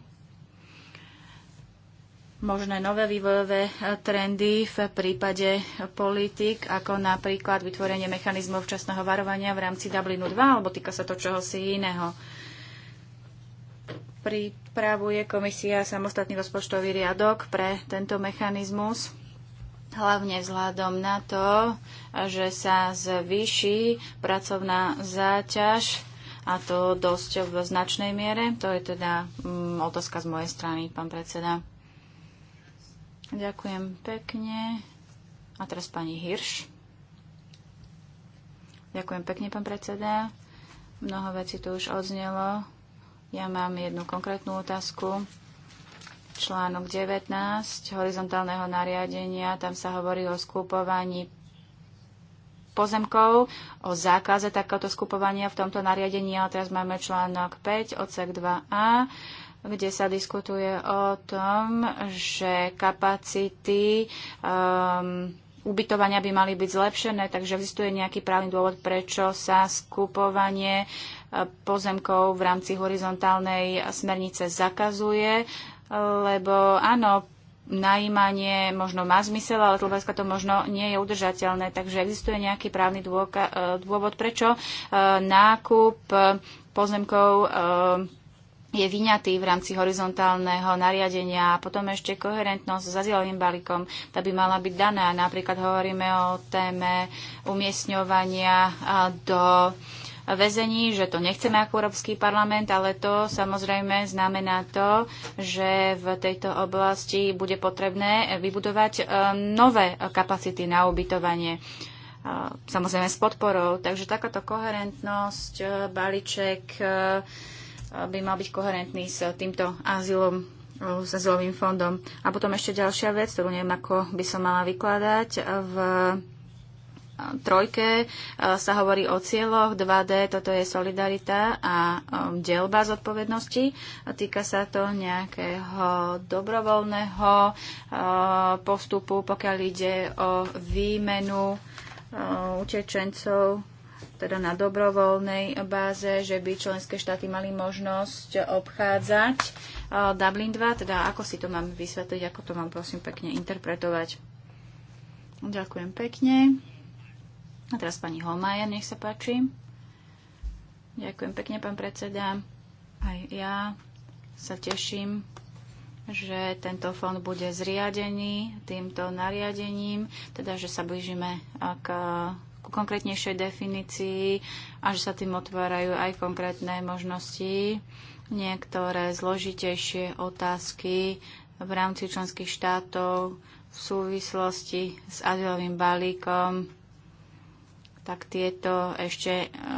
možné nové vývojové trendy v prípade politik, ako napríklad vytvorenie mechanizmov včasného varovania v rámci Dublinu 2, alebo týka sa to si iného pripravuje komisia samostatný rozpočtový riadok pre tento mechanizmus, hlavne vzhľadom na to, že sa zvýši pracovná záťaž a to dosť v značnej miere. To je teda mm, otázka z mojej strany, pán predseda. Ďakujem pekne. A teraz pani Hirš. Ďakujem pekne, pán predseda. Mnoho vecí tu už odznelo ja mám jednu konkrétnu otázku. Článok 19 horizontálneho nariadenia, tam sa hovorí o skupovaní pozemkov, o zákaze takéhoto skupovania v tomto nariadení, ale teraz máme článok 5, odsek 2a, kde sa diskutuje o tom, že kapacity um, ubytovania by mali byť zlepšené, takže existuje nejaký právny dôvod, prečo sa skupovanie pozemkov v rámci horizontálnej smernice zakazuje, lebo áno, najímanie možno má zmysel, ale Slovenska to možno nie je udržateľné. Takže existuje nejaký právny e, dôvod, prečo e, nákup e, pozemkov je vyňatý v rámci horizontálneho nariadenia a potom ešte koherentnosť s zazielovým balíkom, tá by mala byť daná. Napríklad hovoríme o téme umiestňovania do uh, väzení, že to nechceme ako Európsky parlament, ale to samozrejme znamená to, že v tejto oblasti bude potrebné vybudovať e, nové kapacity na ubytovanie e, samozrejme s podporou. Takže takáto koherentnosť, e, balíček by mal byť koherentný s týmto azylom s azylovým fondom. A potom ešte ďalšia vec, ktorú neviem, ako by som mala vykladať. V trojke e, sa hovorí o cieľoch, 2D, toto je solidarita a e, delba zodpovednosti. Týka sa to nejakého dobrovoľného e, postupu, pokiaľ ide o výmenu utečencov teda na dobrovoľnej báze, že by členské štáty mali možnosť obchádzať Dublin 2, teda ako si to mám vysvetliť, ako to mám prosím pekne interpretovať. Ďakujem pekne. A teraz pani Holmajer, nech sa páči. Ďakujem pekne, pán predseda. Aj ja sa teším, že tento fond bude zriadený týmto nariadením, teda že sa blížime k konkrétnejšej definícii a že sa tým otvárajú aj konkrétne možnosti, niektoré zložitejšie otázky v rámci členských štátov v súvislosti s azylovým balíkom tak tieto ešte e,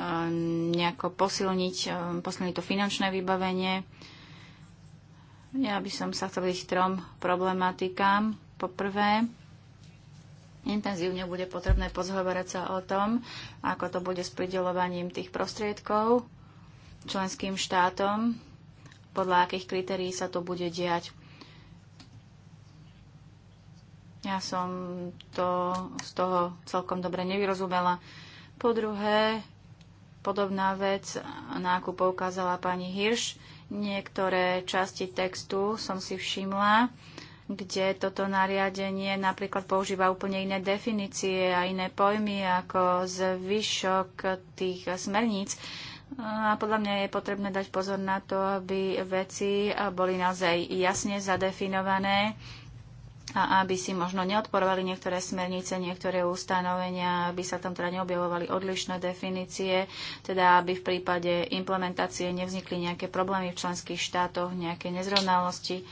nejako posilniť, e, posilniť to finančné vybavenie. Ja by som sa chcel k trom problematikám. Poprvé, intenzívne bude potrebné pozhovorať sa o tom, ako to bude s pridelovaním tých prostriedkov členským štátom, podľa akých kritérií sa to bude diať. Ja som to z toho celkom dobre nevyrozumela. Po druhé, podobná vec, na akú poukázala pani Hirš, niektoré časti textu som si všimla, kde toto nariadenie napríklad používa úplne iné definície a iné pojmy ako zvyšok tých smerníc. A podľa mňa je potrebné dať pozor na to, aby veci boli naozaj jasne zadefinované a aby si možno neodporovali niektoré smernice, niektoré ustanovenia, aby sa tam teda neobjavovali odlišné definície, teda aby v prípade implementácie nevznikli nejaké problémy v členských štátoch, nejaké nezrovnalosti,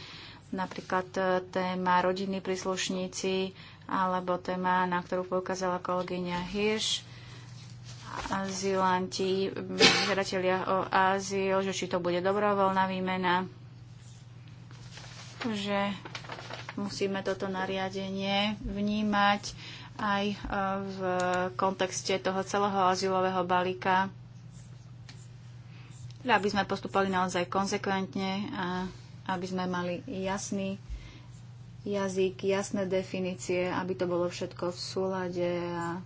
napríklad e, téma rodinní príslušníci alebo téma, na ktorú poukázala kolegyňa Hirš, azylanti, žiadatelia o azyl, že či to bude dobrovoľná výmena, že musíme toto nariadenie vnímať aj e, v kontexte toho celého azylového balíka, aby sme postupovali naozaj konsekventne a aby sme mali jasný jazyk, jasné definície, aby to bolo všetko v súlade a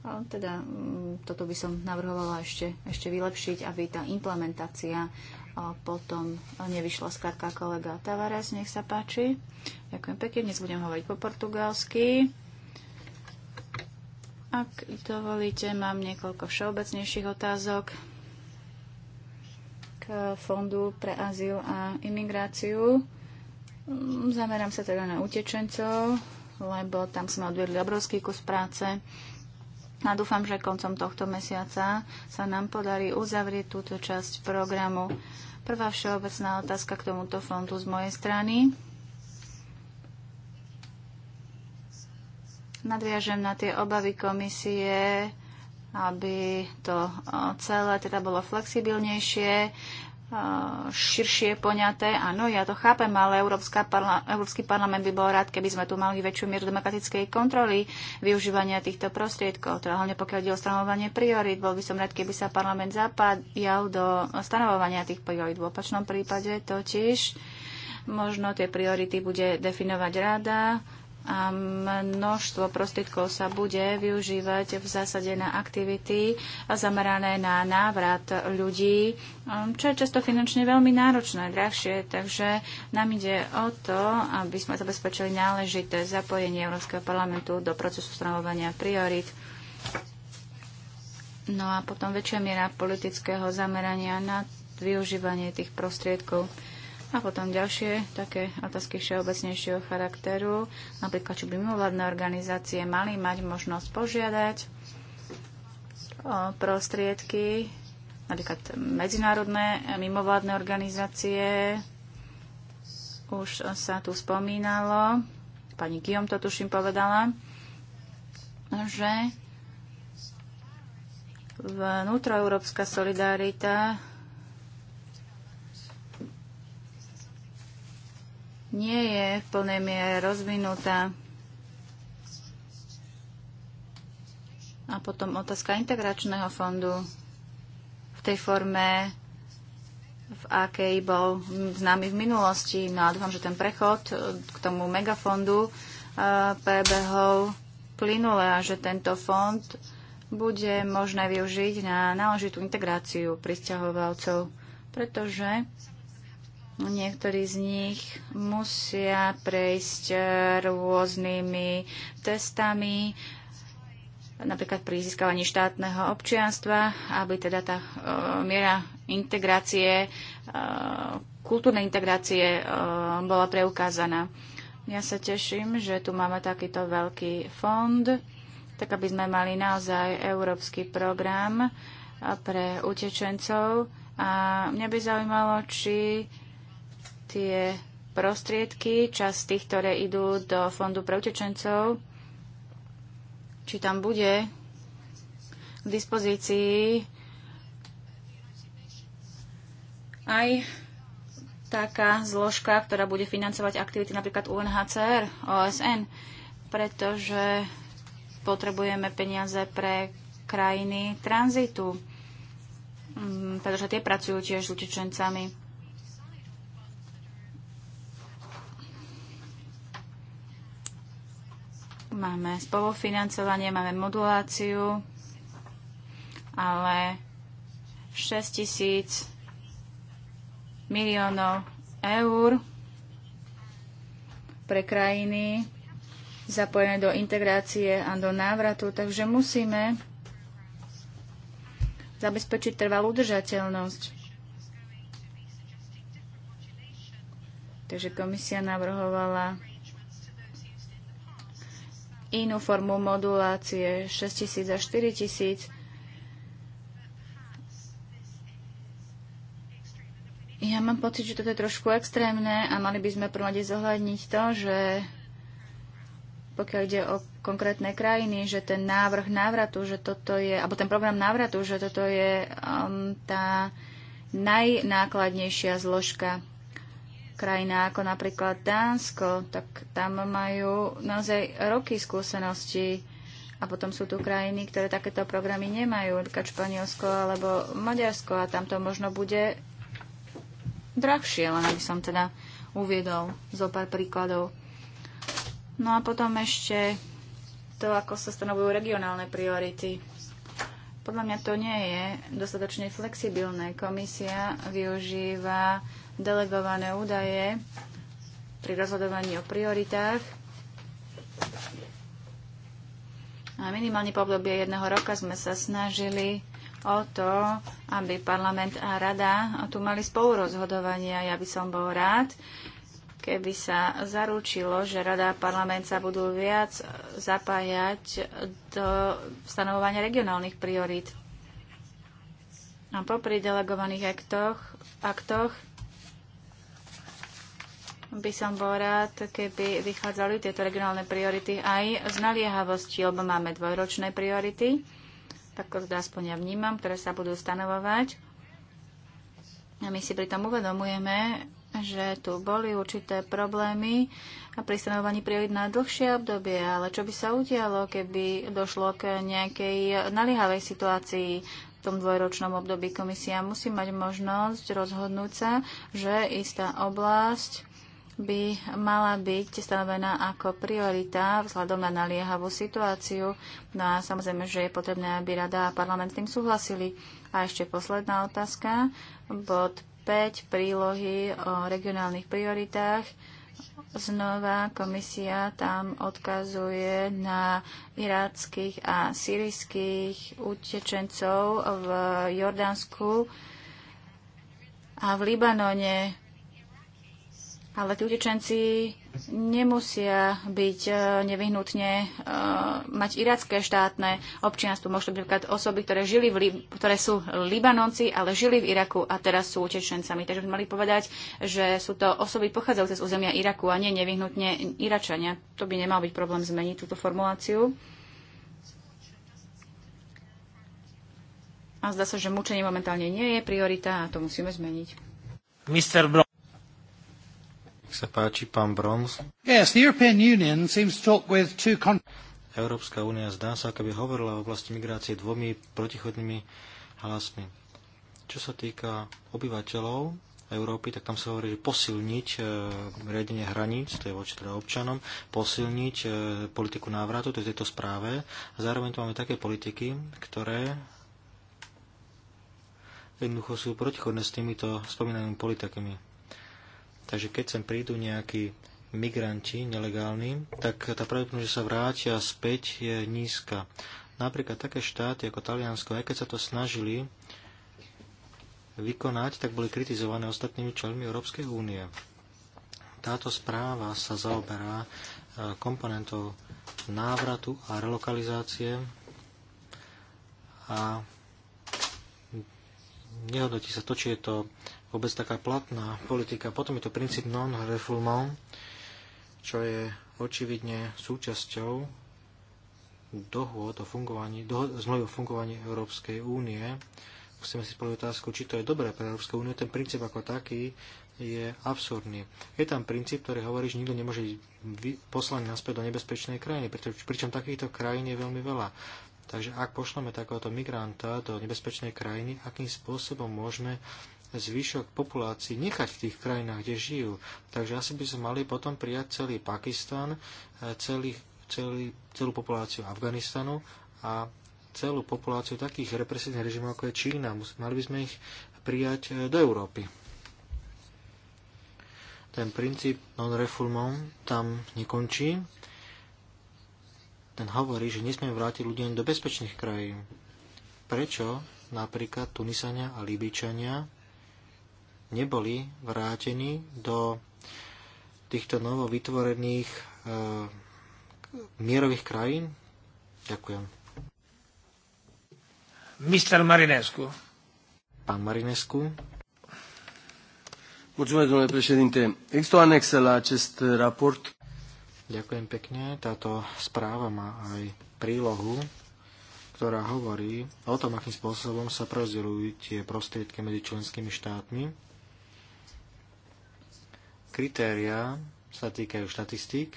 a teda mm, toto by som navrhovala ešte, ešte vylepšiť, aby tá implementácia potom nevyšla. Skrátka kolega Tavares, nech sa páči. Ďakujem pekne, dnes budem hovoriť po portugalsky. Ak dovolíte, mám niekoľko všeobecnejších otázok k Fondu pre azyl a imigráciu. Zamerám sa teda na utečencov, lebo tam sme odvedli obrovský kus práce. A dúfam, že koncom tohto mesiaca sa nám podarí uzavrieť túto časť programu. Prvá všeobecná otázka k tomuto fondu z mojej strany nadviažem na tie obavy komisie, aby to e, celé teda bolo flexibilnejšie, e, širšie poňaté. Áno, ja to chápem, ale Európska parla- Európsky parlament by bol rád, keby sme tu mali väčšiu mieru demokratickej kontroly využívania týchto prostriedkov. To je hlavne pokiaľ ide o stanovovanie priorít, bol by som rád, keby sa parlament zapájal do stanovovania tých priorít. V opačnom prípade totiž možno tie priority bude definovať rada, a množstvo prostriedkov sa bude využívať v zásade na aktivity zamerané na návrat ľudí, um, čo je často finančne veľmi náročné, drahšie. Takže nám ide o to, aby sme zabezpečili náležité zapojenie Európskeho parlamentu do procesu stanovovania priorit. No a potom väčšia miera politického zamerania na využívanie tých prostriedkov. A potom ďalšie také otázky všeobecnejšieho charakteru, napríklad, či by mimovládne organizácie mali mať možnosť požiadať o prostriedky, napríklad medzinárodné mimovládne organizácie, už sa tu spomínalo, pani Guillaume to tuším povedala, že vnútroeurópska solidarita nie je v plnej miere rozvinutá. A potom otázka integračného fondu v tej forme, v akej bol známy v minulosti. No a dúfam, že ten prechod eh, k tomu megafondu eh, prebehol plynule a že tento fond bude možné využiť na náležitú integráciu pristahovalcov, pretože Niektorí z nich musia prejsť e, rôznymi testami, napríklad pri získavaní štátneho občianstva, aby teda tá e, miera integrácie, e, kultúrnej integrácie e, bola preukázaná. Ja sa teším, že tu máme takýto veľký fond, tak aby sme mali naozaj európsky program e, pre utečencov. A mňa by zaujímalo, či tie prostriedky, čas tých, ktoré idú do fondu pre utečencov, či tam bude k dispozícii aj taká zložka, ktorá bude financovať aktivity napríklad UNHCR, OSN, pretože potrebujeme peniaze pre krajiny tranzitu, mm, pretože tie pracujú tiež s utečencami. Máme spolufinancovanie, máme moduláciu, ale 6 tisíc miliónov eur pre krajiny zapojené do integrácie a do návratu. Takže musíme zabezpečiť trvalú udržateľnosť. Takže komisia navrhovala inú formu modulácie 6000 až 4000. Ja mám pocit, že toto je trošku extrémne a mali by sme prvnáde zohľadniť to, že pokiaľ ide o konkrétne krajiny, že ten návrh návratu, že toto je, alebo ten program návratu, že toto je um, tá najnákladnejšia zložka krajina ako napríklad Dánsko, tak tam majú naozaj roky skúsenosti. a potom sú tu krajiny, ktoré takéto programy nemajú, napríklad Španielsko alebo Maďarsko a tam to možno bude drahšie, len aby som teda uviedol zo pár príkladov. No a potom ešte to, ako sa stanovujú regionálne priority. Podľa mňa to nie je dostatočne flexibilné. Komisia využíva delegované údaje pri rozhodovaní o prioritách a minimálne po obdobie jedného roka sme sa snažili o to, aby parlament a rada tu mali rozhodovania, Ja by som bol rád, keby sa zaručilo, že Rada a parlament sa budú viac e, zapájať do stanovovania regionálnych priorít. A popri delegovaných aktoch, aktoch by som bol rád, keby vychádzali tieto regionálne priority aj z naliehavosti, lebo máme dvojročné priority, tak to aspoň ja vnímam, ktoré sa budú stanovovať. A my si pritom uvedomujeme, že tu boli určité problémy a pri stanovaní priorit na dlhšie obdobie, ale čo by sa udialo, keby došlo k nejakej naliehavej situácii v tom dvojročnom období komisia musí mať možnosť rozhodnúť sa, že istá oblasť by mala byť stanovená ako priorita vzhľadom na naliehavú situáciu. No a samozrejme, že je potrebné, aby rada a parlament s tým súhlasili. A ešte posledná otázka, bod 5 prílohy o regionálnych prioritách. Znova komisia tam odkazuje na irátskych a sírijských utečencov v Jordánsku a v Libanone ale tí utečenci nemusia byť e, nevyhnutne e, mať iracké štátne občianstvo. Môžu to byť napríklad osoby, ktoré, žili v, ktoré sú Libanonci, ale žili v Iraku a teraz sú utečencami. Takže by mali povedať, že sú to osoby pochádzajúce z územia Iraku a nie nevyhnutne Iračania. To by nemal byť problém zmeniť túto formuláciu. A zdá sa, že mučenie momentálne nie je priorita a to musíme zmeniť. Mr. Bro- sa páči, pán Brons. Yes, the European Union seems to talk with two Európska únia zdá sa, ako by hovorila o oblasti migrácie dvomi protichodnými hlasmi. Čo sa týka obyvateľov Európy, tak tam sa hovorí, že posilniť e, riadenie hraníc, to je voči teda občanom, posilniť e, politiku návratu, to je tejto správe. A zároveň tu máme také politiky, ktoré jednoducho sú protichodné s týmito spomínanými politikami Takže keď sem prídu nejakí migranti nelegálni, tak tá pravdepodobnosť, že sa vrátia späť, je nízka. Napríklad také štáty ako Taliansko, aj keď sa to snažili vykonať, tak boli kritizované ostatnými členmi Európskej únie. Táto správa sa zaoberá e, komponentou návratu a relokalizácie a nehodnotí sa to, či je to vôbec taká platná politika. Potom je to princíp non-refoulement, čo je očividne súčasťou dohôd o fungovaní, dohod, zmluvy o fungovaní Európskej únie. Musíme si spoloviť otázku, či to je dobré pre Európsku úniu. Ten princíp ako taký je absurdný. Je tam princíp, ktorý hovorí, že nikto nemôže poslať naspäť do nebezpečnej krajiny, pričom takýchto krajín je veľmi veľa. Takže ak pošleme takéhoto migranta do nebezpečnej krajiny, akým spôsobom môžeme zvyšok populácií nechať v tých krajinách, kde žijú. Takže asi by sme mali potom prijať celý Pakistan, eh, celý, celý, celú populáciu Afganistanu a celú populáciu takých represívnych režimov, ako je Čína. Mali by sme ich prijať eh, do Európy. Ten princíp non reformom tam nekončí. Ten hovorí, že nesmieme vrátiť ľudí do bezpečných krajín. Prečo napríklad Tunisania a Libyčania neboli vrátení do týchto novovytvorených e, mierových krajín? Ďakujem. Mr. Marinescu. Pán Marinescu. Mulțumesc, domnule președinte. Există o anexă la acest raport. Ďakujem pekne. Táto správa má aj prílohu, ktorá hovorí o tom, akým spôsobom sa prerozdeľujú tie prostriedky medzi členskými štátmi Kritériá sa týkajú štatistík.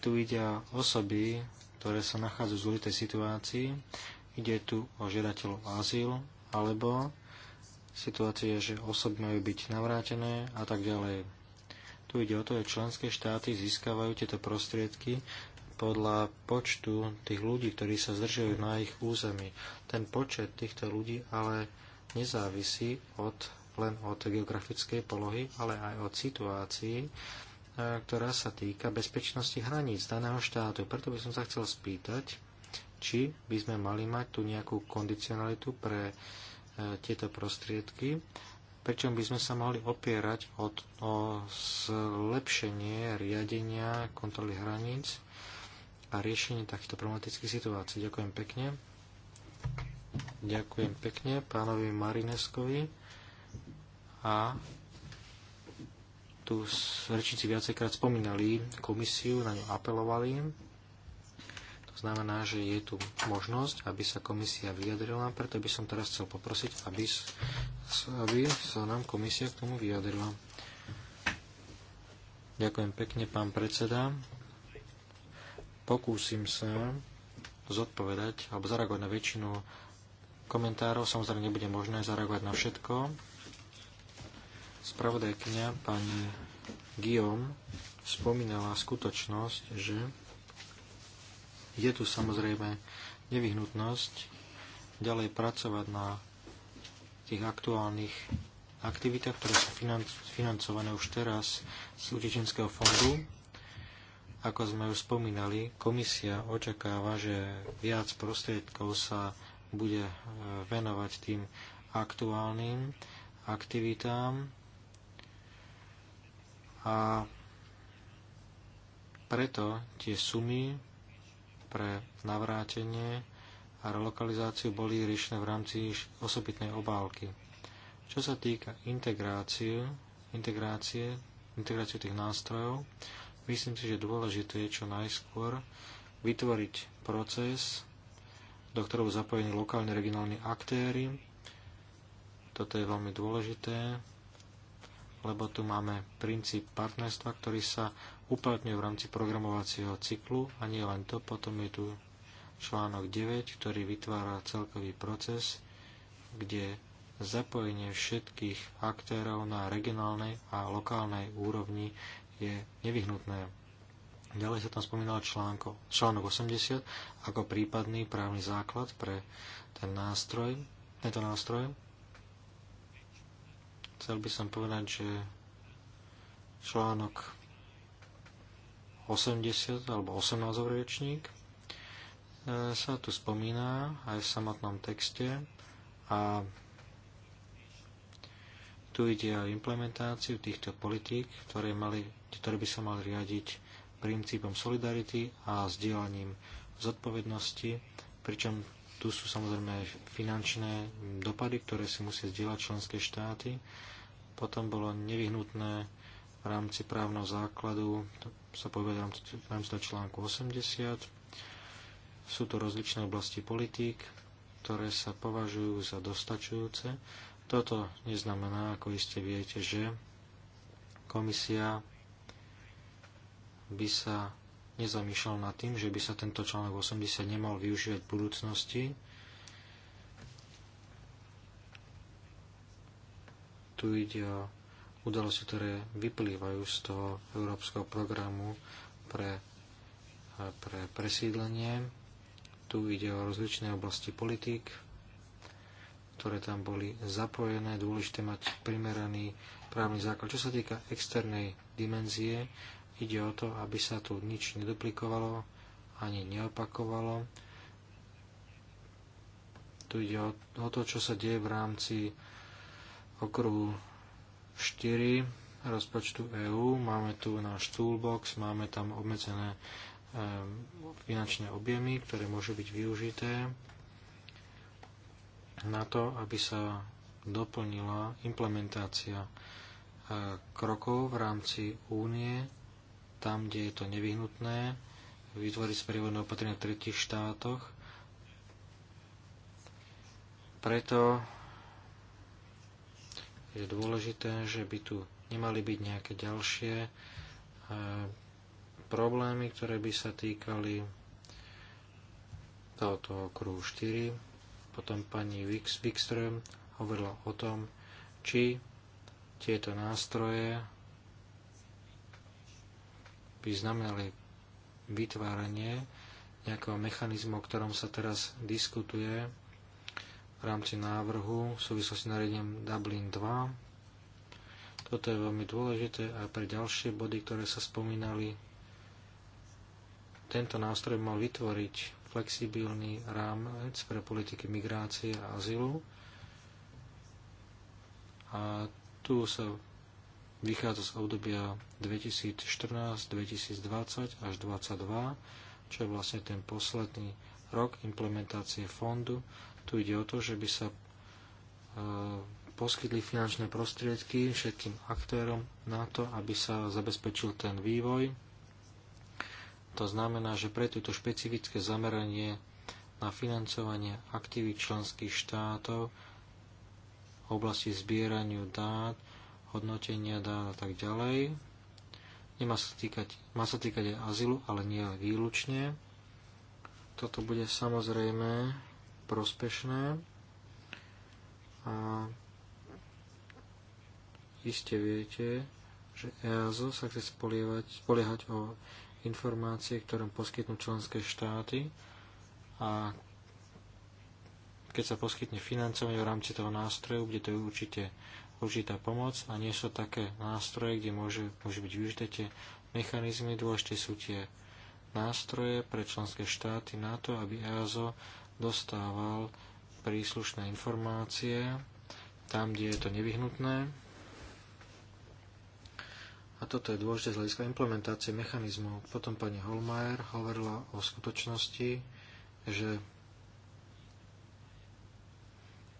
Tu ide o osoby, ktoré sa nachádzajú v zložitej situácii. Ide tu o žiadateľov azyl alebo situácie, že osoby majú byť navrátené a tak ďalej. Tu ide o to, že členské štáty získavajú tieto prostriedky podľa počtu tých ľudí, ktorí sa zdržujú na ich území. Ten počet týchto ľudí ale nezávisí od len od geografickej polohy, ale aj od situácií, e, ktorá sa týka bezpečnosti hraníc daného štátu. Preto by som sa chcel spýtať, či by sme mali mať tu nejakú kondicionalitu pre e, tieto prostriedky, pričom by sme sa mohli opierať od, o zlepšenie riadenia kontroly hraníc a riešenie takýchto problematických situácií. Ďakujem pekne. Ďakujem pekne pánovi Marineskovi a tu rečníci viacejkrát spomínali komisiu, na ňu apelovali. To znamená, že je tu možnosť, aby sa komisia vyjadrila, preto by som teraz chcel poprosiť, aby, aby sa nám komisia k tomu vyjadrila. Ďakujem pekne, pán predseda. Pokúsim sa zodpovedať alebo zareagovať na väčšinu komentárov. Samozrejme, nebude možné zareagovať na všetko Spravodajkňa pani Guillaume spomínala skutočnosť, že je tu samozrejme nevyhnutnosť ďalej pracovať na tých aktuálnych aktivitách, ktoré sú financované už teraz z utečenského fondu. Ako sme už spomínali, komisia očakáva, že viac prostriedkov sa bude e, venovať tým aktuálnym aktivitám a preto tie sumy pre navrátenie a relokalizáciu boli riešené v rámci osobitnej obálky. Čo sa týka integrácie, integrácie, integrácie tých nástrojov, myslím si, že dôležité je čo najskôr vytvoriť proces, do ktorého zapojení lokálne regionálni aktéry. Toto je veľmi dôležité, lebo tu máme princíp partnerstva, ktorý sa uplatňuje v rámci programovacieho cyklu a nie len to, potom je tu článok 9, ktorý vytvára celkový proces, kde zapojenie všetkých aktérov na regionálnej a lokálnej úrovni je nevyhnutné. Ďalej sa tam spomínal článko, článok 80 ako prípadný právny základ pre ten nástroj, tento nástroj. Chcel by som povedať, že článok 80 alebo 18 rečník e, sa tu spomína aj v samotnom texte a tu ide o implementáciu týchto politík, ktoré, mali, ktoré by sa mali riadiť princípom solidarity a sdielaním zodpovednosti, pričom tu sú samozrejme aj finančné dopady, ktoré si musia zdieľať členské štáty. Potom bolo nevyhnutné v rámci právneho základu, to sa povedal v rámci toho článku 80. Sú to rozličné oblasti politík, ktoré sa považujú za dostačujúce. Toto neznamená, ako iste viete, že komisia by sa nezamýšľal nad tým, že by sa tento článok 80 nemal využívať v budúcnosti. Tu ide o udalosti, ktoré vyplývajú z toho európskeho programu pre, pre presídlenie. Tu ide o rozličné oblasti politík, ktoré tam boli zapojené. Dôležité mať primeraný právny základ. Čo sa týka externej dimenzie, Ide o to, aby sa tu nič neduplikovalo ani neopakovalo. Tu ide o to, čo sa deje v rámci okruhu 4 rozpočtu EÚ. Máme tu náš toolbox, máme tam obmedzené eh, finančné objemy, ktoré môžu byť využité na to, aby sa doplnila implementácia eh, krokov v rámci únie tam, kde je to nevyhnutné, vytvoriť sprievodné opatrenia v tretich štátoch. Preto je dôležité, že by tu nemali byť nejaké ďalšie e, problémy, ktoré by sa týkali tohoto okruhu 4. Potom pani Wikström hovorila o tom, či tieto nástroje by znamenali vytváranie nejakého mechanizmu, o ktorom sa teraz diskutuje v rámci návrhu v súvislosti s nariadením Dublin 2. Toto je veľmi dôležité aj pre ďalšie body, ktoré sa spomínali. Tento nástroj mal vytvoriť flexibilný rámec pre politiky migrácie a azylu. A tu sa vychádza z obdobia 2014-2020 až 2022, čo je vlastne ten posledný rok implementácie fondu. Tu ide o to, že by sa e, poskytli finančné prostriedky všetkým aktérom na to, aby sa zabezpečil ten vývoj. To znamená, že pre toto špecifické zameranie na financovanie aktivít členských štátov v oblasti zbieraniu dát hodnotenia dá a tak ďalej. Nemá sa týkať, má sa týkať aj azylu, ale nie aj výlučne. Toto bude samozrejme prospešné. A iste viete, že EASO sa chce spoliehať, spoliehať o informácie, ktoré poskytnú členské štáty a keď sa poskytne financovanie v rámci toho nástroju, bude to určite určitá pomoc a nie sú také nástroje, kde môže, môže byť využité tie mechanizmy. Dôležité sú tie nástroje pre členské štáty na to, aby EASO dostával príslušné informácie tam, kde je to nevyhnutné. A toto je dôležité z hľadiska implementácie mechanizmov. Potom pani Holmeier hovorila o skutočnosti, že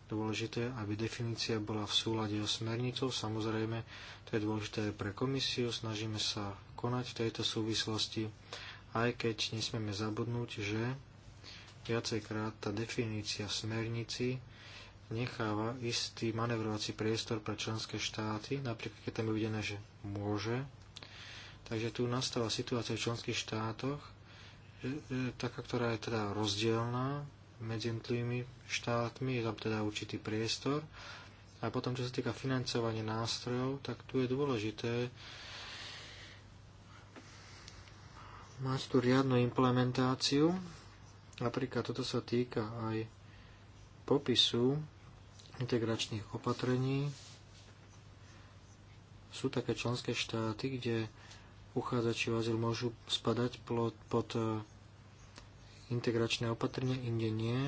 Dôležité, aby definícia bola v súlade so smernicou. Samozrejme, to je dôležité aj pre komisiu. Snažíme sa konať v tejto súvislosti, aj keď nesmieme zabudnúť, že viacejkrát tá definícia v smernici necháva istý manevrovací priestor pre členské štáty, napríklad keď tam je uvedené, že môže. Takže tu nastáva situácia v členských štátoch, e, e, taká, ktorá je teda rozdielná medzi jednotlivými štátmi, je tam teda určitý priestor. A potom, čo sa týka financovania nástrojov, tak tu je dôležité mať tu riadnu implementáciu. Napríklad toto sa týka aj popisu integračných opatrení. Sú také členské štáty, kde uchádzači o azyl môžu spadať pod integračné opatrenia, inde nie.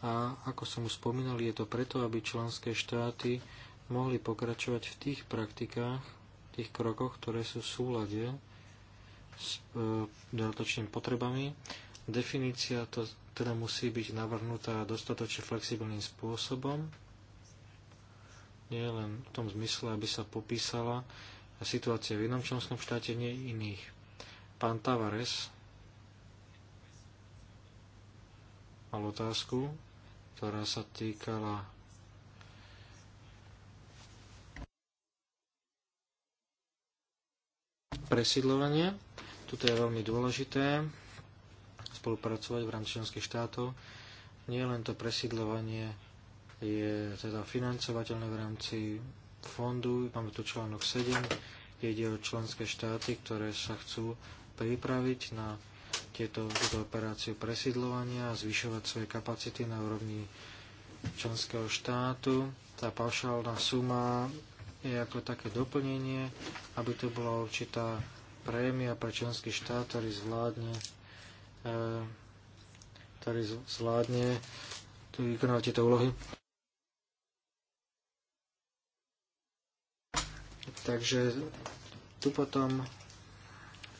A ako som už spomínal, je to preto, aby členské štáty mohli pokračovať v tých praktikách, tých krokoch, ktoré sú v súlade s e, dodatočnými potrebami. Definícia to teda musí byť navrhnutá dostatočne flexibilným spôsobom, nie len v tom zmysle, aby sa popísala situácia v jednom členskom štáte, nie iných. Pán Tavares mal otázku, ktorá sa týkala presídlovania. Toto je veľmi dôležité spolupracovať v rámci členských štátov. Nie len to presídlovanie je teda financovateľné v rámci fondu. Máme tu článok 7, kde ide o členské štáty, ktoré sa chcú pripraviť na tieto, túto operáciu presídlovania a zvyšovať svoje kapacity na úrovni členského štátu. Tá paušálna suma je ako také doplnenie, aby to bola určitá prémia pre členský štát, ktorý zvládne, e, ktorý zvládne tu vykonávať tieto úlohy. Takže tu potom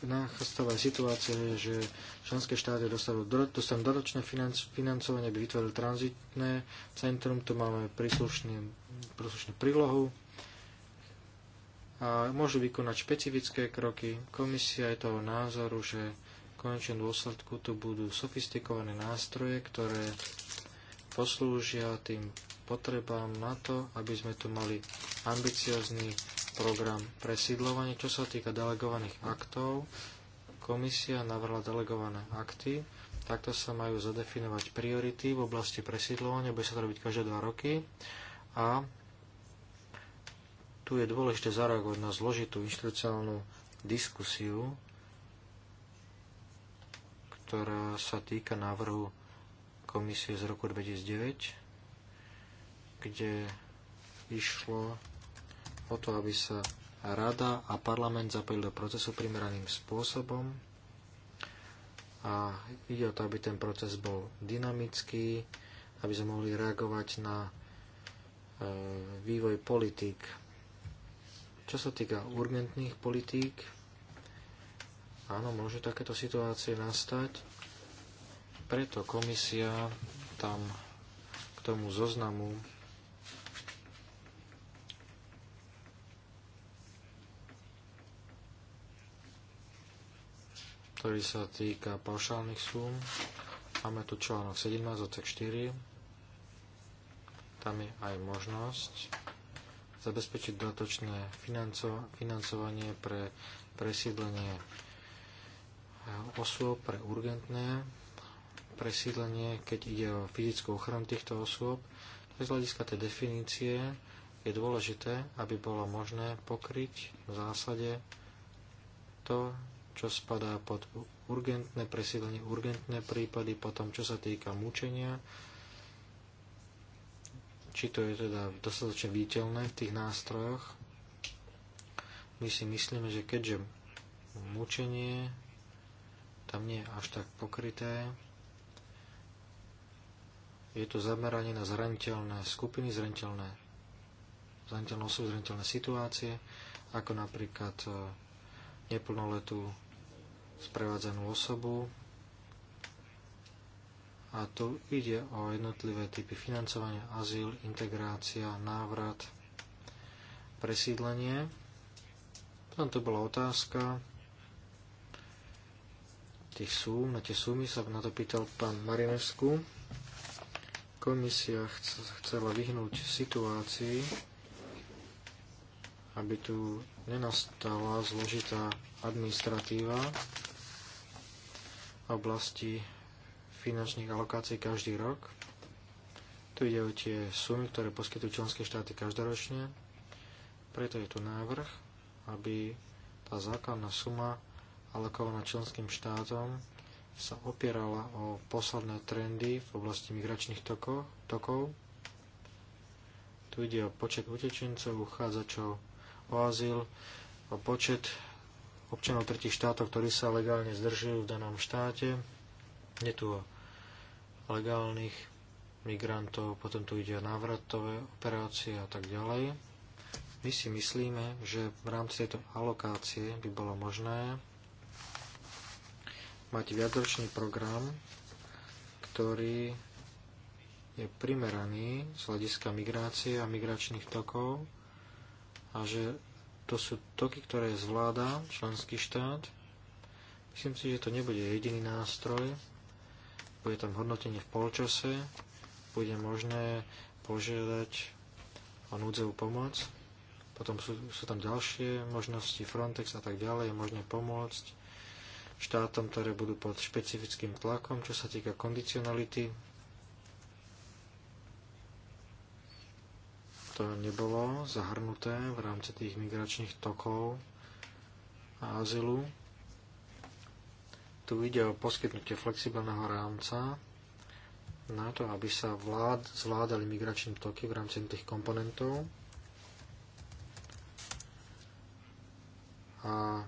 nastala situácia, že členské štáty dostanú, dodatočné financovanie, aby vytvorili tranzitné centrum, tu máme príslušnú, príslušnú prílohu a môžu vykonať špecifické kroky. Komisia je toho názoru, že v konečnom dôsledku tu budú sofistikované nástroje, ktoré poslúžia tým potrebám na to, aby sme tu mali ambiciozný program presídlovania. Čo sa týka delegovaných aktov, komisia navrhla delegované akty. Takto sa majú zadefinovať priority v oblasti presídlovania, bude sa to robiť každé dva roky. A tu je dôležité zareagovať na zložitú inštitucionálnu diskusiu, ktorá sa týka návrhu komisie z roku 2009, kde išlo o to, aby sa rada a parlament zapojili do procesu primeraným spôsobom a ide o to, aby ten proces bol dynamický, aby sme mohli reagovať na e, vývoj politík. Čo sa týka urgentných politík, áno, môžu takéto situácie nastať, preto komisia tam k tomu zoznamu ktorý sa týka paušálnych súm. Máme tu článok 17 odsek 4. Tam je aj možnosť zabezpečiť dodatočné financo, financovanie pre presídlenie eh, osôb, pre urgentné presídlenie, keď ide o fyzickú ochranu týchto osôb. Z hľadiska tej definície je dôležité, aby bolo možné pokryť v zásade to, čo spadá pod urgentné presídlenie, urgentné prípady, potom čo sa týka mučenia, či to je teda dostatočne viditeľné v tých nástrojoch. My si myslíme, že keďže mučenie tam nie je až tak pokryté, je to zameranie na zraniteľné skupiny, zraniteľné, zraniteľné osoby, zraniteľné situácie, ako napríklad e, neplnoletú sprevádzanú osobu. A tu ide o jednotlivé typy financovania, azyl, integrácia, návrat, presídlenie. Potom tu bola otázka tých súm, na tie sumy sa na to pýtal pán Marinevskú. Komisia chcela vyhnúť situácii, aby tu nenastala zložitá administratíva oblasti finančných alokácií každý rok. Tu ide o tie sumy, ktoré poskytujú členské štáty každoročne. Preto je tu návrh, aby tá základná suma alokovaná členským štátom sa opierala o posledné trendy v oblasti migračných tokov. tokov. Tu ide o počet utečencov, uchádzačov o azyl, o počet občanov tretich štátov, ktorí sa legálne zdržujú v danom štáte. Je tu o legálnych migrantov, potom tu ide o návratové operácie a tak ďalej. My si myslíme, že v rámci tejto alokácie by bolo možné mať viacročný program, ktorý je primeraný z hľadiska migrácie a migračných tokov a že to sú toky, ktoré zvládá členský štát. Myslím si, že to nebude jediný nástroj. Bude tam hodnotenie v polčase. Bude možné požiadať o núdzovú pomoc. Potom sú, sú tam ďalšie možnosti, Frontex a tak ďalej. Je možné pomôcť štátom, ktoré budú pod špecifickým tlakom, čo sa týka kondicionality to nebolo zahrnuté v rámci tých migračných tokov a azylu. Tu ide o poskytnutie flexibilného rámca na to, aby sa vlád, zvládali migračné toky v rámci tých komponentov. A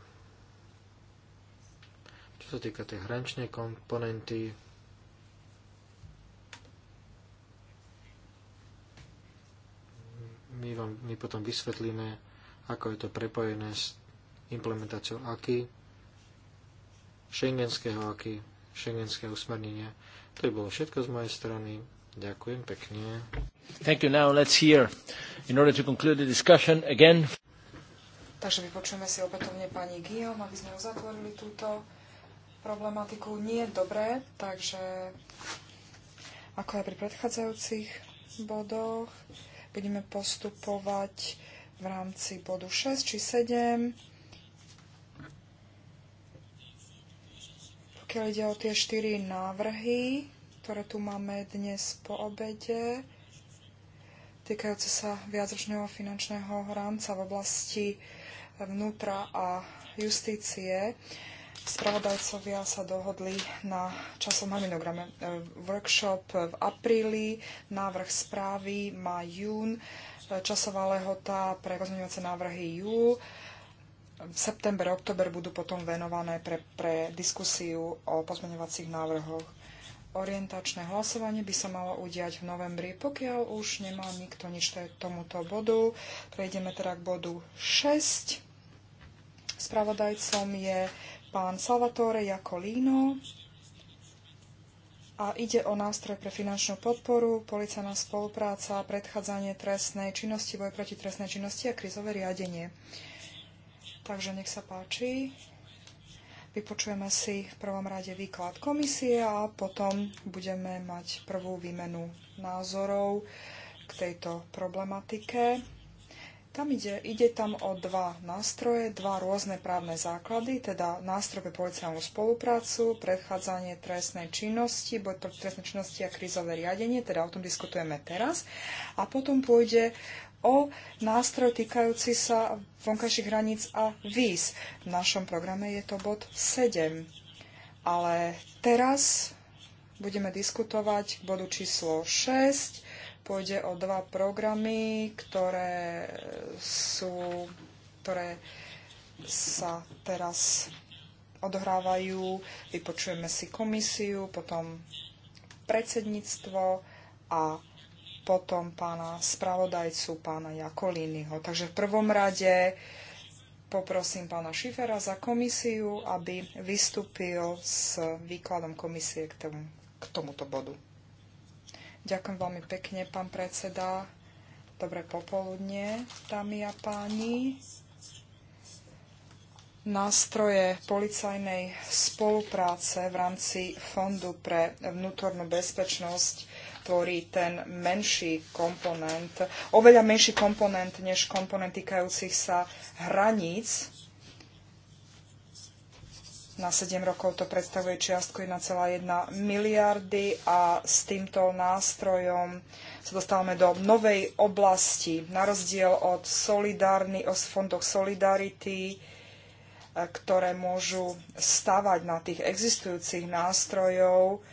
čo sa týka tej hraničnej komponenty, my, vám, my potom vysvetlíme, ako je to prepojené s implementáciou AKI, šengenského AKI, šengenského usmernenia. To by bolo všetko z mojej strany. Ďakujem pekne. Thank you. Now let's hear, in order to conclude the discussion again. Takže vypočujeme si opätovne pani Guillaume, aby sme uzatvorili túto problematiku. Nie je dobré, takže ako aj pri predchádzajúcich bodoch, budeme postupovať v rámci bodu 6 či 7. Pokiaľ ide o tie 4 návrhy, ktoré tu máme dnes po obede, týkajúce sa viacročného finančného rámca v oblasti vnútra a justície, Spravodajcovia sa dohodli na časom harmonograme. E, workshop v apríli, návrh správy má jún, e, časová lehota pre rozmeňujúce návrhy jú. V september, oktober budú potom venované pre, pre diskusiu o pozmeňovacích návrhoch. Orientačné hlasovanie by sa malo udiať v novembri, pokiaľ už nemá nikto nič tomuto bodu. Prejdeme teda k bodu 6. Spravodajcom je pán Salvatore Jacolino a ide o nástroj pre finančnú podporu, policajná spolupráca, predchádzanie trestnej činnosti, boj proti trestnej činnosti a krizové riadenie. Takže nech sa páči. Vypočujeme si v prvom rade výklad komisie a potom budeme mať prvú výmenu názorov k tejto problematike. Tam ide, ide tam o dva nástroje, dva rôzne právne základy, teda nástroj pre policajnú spoluprácu, predchádzanie trestnej činnosti, boj proti trestnej činnosti a krízové riadenie, teda o tom diskutujeme teraz. A potom pôjde o nástroj týkajúci sa vonkajších hraníc a víz. V našom programe je to bod 7. Ale teraz budeme diskutovať k bodu číslo 6 Pôjde o dva programy, ktoré sú, ktoré sa teraz odhrávajú. Vypočujeme si komisiu, potom predsedníctvo a potom pána spravodajcu, pána Jakolínyho. Takže v prvom rade poprosím pána Šifera za komisiu, aby vystúpil s výkladom komisie k, tomu, k tomuto bodu. Ďakujem veľmi pekne, pán predseda. Dobré popoludne, dámy a páni. Nástroje policajnej spolupráce v rámci Fondu pre vnútornú bezpečnosť tvorí ten menší komponent, oveľa menší komponent než komponent týkajúcich sa hraníc na 7 rokov to predstavuje čiastku 1,1 miliardy a s týmto nástrojom sa dostávame do novej oblasti. Na rozdiel od solidárny, o fondoch Solidarity, e, ktoré môžu stavať na tých existujúcich nástrojov,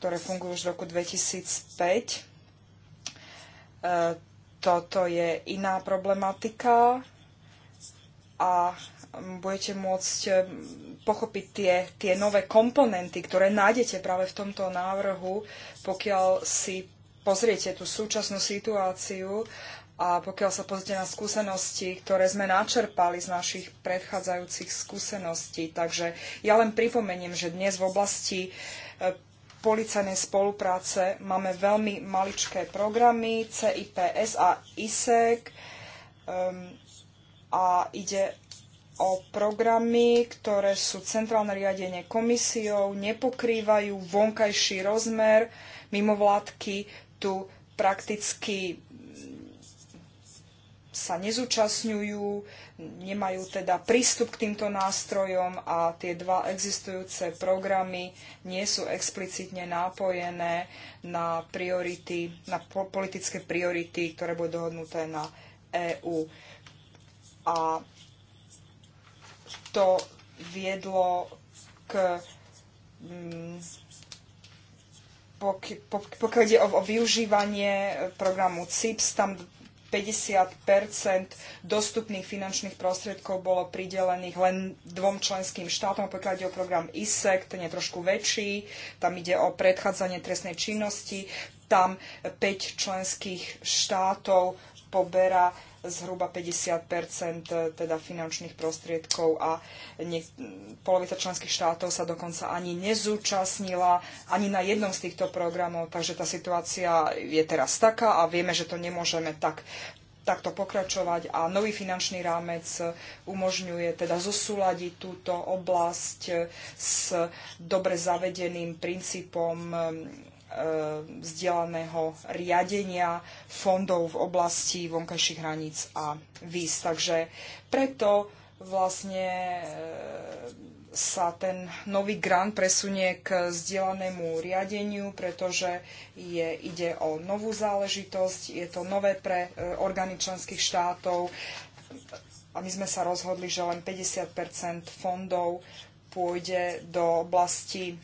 ktoré fungujú už v roku 2005. E, toto je iná problematika a budete môcť eh, pochopiť tie, tie nové komponenty, ktoré nájdete práve v tomto návrhu, pokiaľ si pozriete tú súčasnú situáciu a pokiaľ sa pozrite na skúsenosti, ktoré sme načerpali z našich predchádzajúcich skúseností. Takže ja len pripomeniem, že dnes v oblasti eh, policajnej spolupráce máme veľmi maličké programy CIPS a ISEC um, ehm, a ide o programy, ktoré sú centrálne riadenie komisiou, nepokrývajú vonkajší rozmer, mimovládky tu prakticky sa nezúčastňujú, nemajú teda prístup k týmto nástrojom a tie dva existujúce programy nie sú explicitne nápojené na priority, na politické priority, ktoré budú dohodnuté na EÚ. A to viedlo k mm, pokiaľ ide o, o využívanie programu CIPS, tam 50 dostupných finančných prostriedkov bolo pridelených len dvom členským štátom. Pokiaľ ide o program ISEC, ten je trošku väčší, tam ide o predchádzanie trestnej činnosti, tam 5 členských štátov poberá zhruba 50 eh, teda finančných prostriedkov a nie, polovica členských štátov sa dokonca ani nezúčastnila ani na jednom z týchto programov, takže tá situácia je teraz taká a vieme, že to nemôžeme tak takto pokračovať a nový finančný rámec eh, umožňuje teda zosúľadiť túto oblasť eh, s dobre zavedeným princípom E, vzdialeného riadenia fondov v oblasti vonkajších hraníc a víz. Takže preto vlastne e, sa ten nový grant presunie k vzdielanému riadeniu, pretože je, ide o novú záležitosť, je to nové pre e, orgány členských štátov a my sme sa rozhodli, že len 50 fondov pôjde do oblasti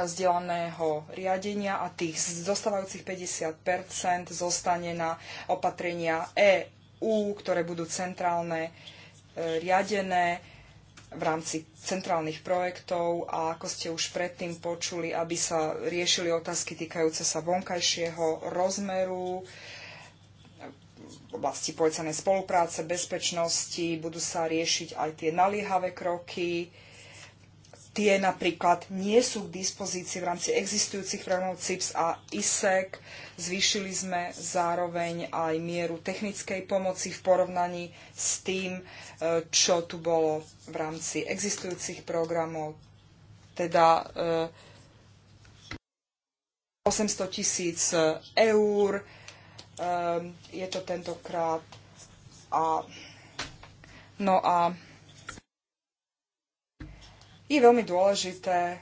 vzdelaného riadenia a tých zostávajúcich 50 zostane na opatrenia EÚ, ktoré budú centrálne e, riadené v rámci centrálnych projektov a ako ste už predtým počuli, aby sa riešili otázky týkajúce sa vonkajšieho rozmeru, v oblasti policajnej spolupráce, bezpečnosti, budú sa riešiť aj tie naliehavé kroky, tie napríklad nie sú k dispozícii v rámci existujúcich programov CIPS a ISEC. Zvýšili sme zároveň aj mieru technickej pomoci v porovnaní s tým, e, čo tu bolo v rámci existujúcich programov. Teda 800 e, tisíc e, eur je to tentokrát. A, no a je veľmi dôležité,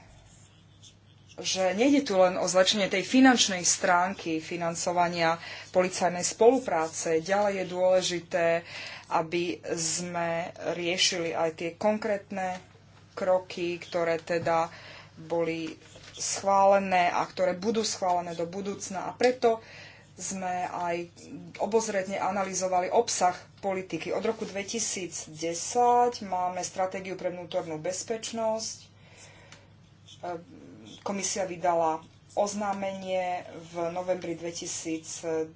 že nejde tu len o zlepšenie tej finančnej stránky financovania policajnej spolupráce. Ďalej je dôležité, aby sme riešili aj tie konkrétne kroky, ktoré teda boli schválené a ktoré budú schválené do budúcna. A preto sme aj obozredne analyzovali obsah politiky. Od roku 2010 máme stratégiu pre vnútornú bezpečnosť. E, komisia vydala oznámenie v novembri 2010,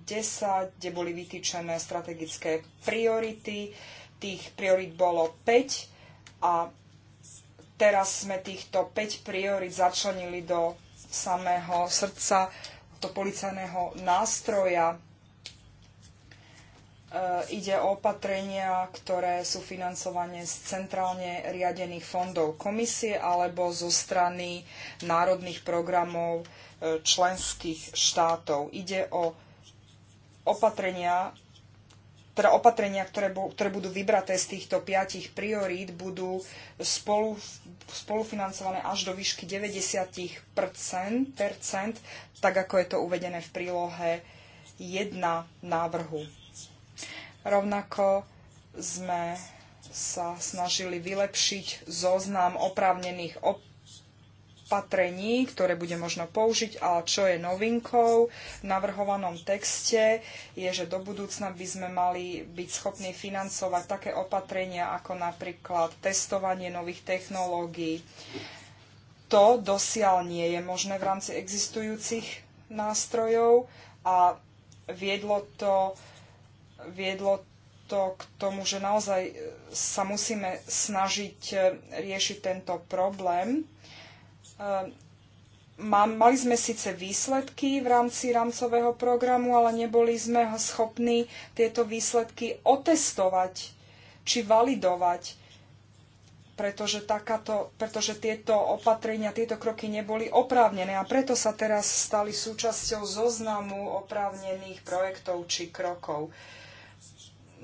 kde boli vytýčené strategické priority. Tých priorit bolo 5 a teraz sme týchto 5 priorit začlenili do samého srdca do policajného nástroja E, ide o opatrenia, ktoré sú financované z centrálne riadených fondov komisie alebo zo strany národných programov e, členských štátov. Ide o opatrenia, teda opatrenia, ktoré, ktoré budú vybraté z týchto piatich priorít, budú spolu, spolufinancované až do výšky 90%, percent, tak ako je to uvedené v prílohe 1 návrhu. Rovnako sme sa snažili vylepšiť zoznam oprávnených opatrení, ktoré bude možno použiť. A čo je novinkou v navrhovanom texte, je, že do budúcna by sme mali byť schopní financovať také opatrenia ako napríklad testovanie nových technológií. To dosiaľ nie je možné v rámci existujúcich nástrojov a viedlo to viedlo to k tomu, že naozaj e, sa musíme snažiť e, riešiť tento problém. E, mali sme síce výsledky v rámci rámcového programu, ale neboli sme schopní tieto výsledky otestovať či validovať, pretože, takáto, pretože tieto opatrenia, tieto kroky neboli oprávnené a preto sa teraz stali súčasťou zoznamu oprávnených projektov či krokov. Uh,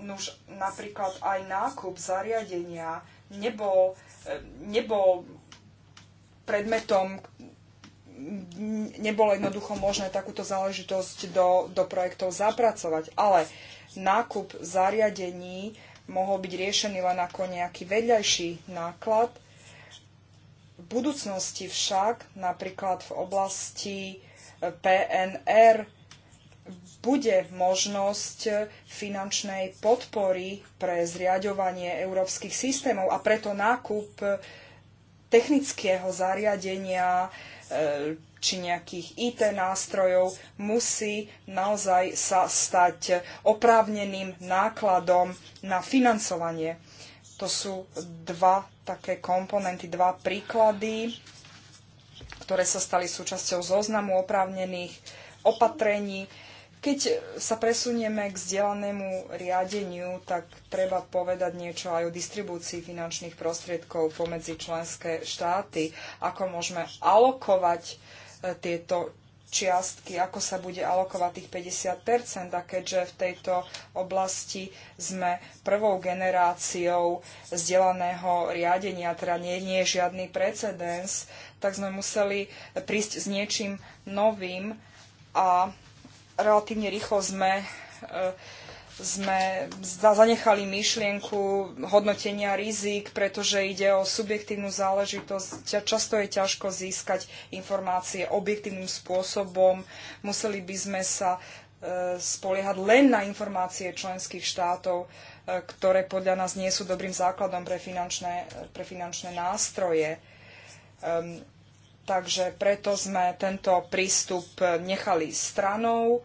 Nuž napríklad aj nákup zariadenia nebol, e, nebol predmetom, nebolo jednoducho možné takúto záležitosť do, do projektov zapracovať, ale nákup zariadení mohol byť riešený len ako nejaký vedľajší náklad. V budúcnosti však napríklad v oblasti e, PNR bude možnosť finančnej podpory pre zriadovanie európskych systémov a preto nákup e, technického zariadenia e, či nejakých IT nástrojov musí naozaj sa stať oprávneným nákladom na financovanie. To sú dva také komponenty, dva príklady, ktoré sa stali súčasťou zoznamu oprávnených opatrení. Keď sa presunieme k vzdelanému riadeniu, tak treba povedať niečo aj o distribúcii finančných prostriedkov pomedzi členské štáty, ako môžeme alokovať e, tieto čiastky, ako sa bude alokovať tých 50 a keďže v tejto oblasti sme prvou generáciou vzdelaného riadenia, teda nie, nie je žiadny precedens, tak sme museli prísť s niečím novým a relatívne rýchlo sme, e, sme zanechali myšlienku hodnotenia rizik, pretože ide o subjektívnu záležitosť. Často je ťažko získať informácie objektívnym spôsobom. Museli by sme sa e, spoliehať len na informácie členských štátov, e, ktoré podľa nás nie sú dobrým základom pre finančné, pre finančné nástroje takže preto sme tento prístup nechali stranou.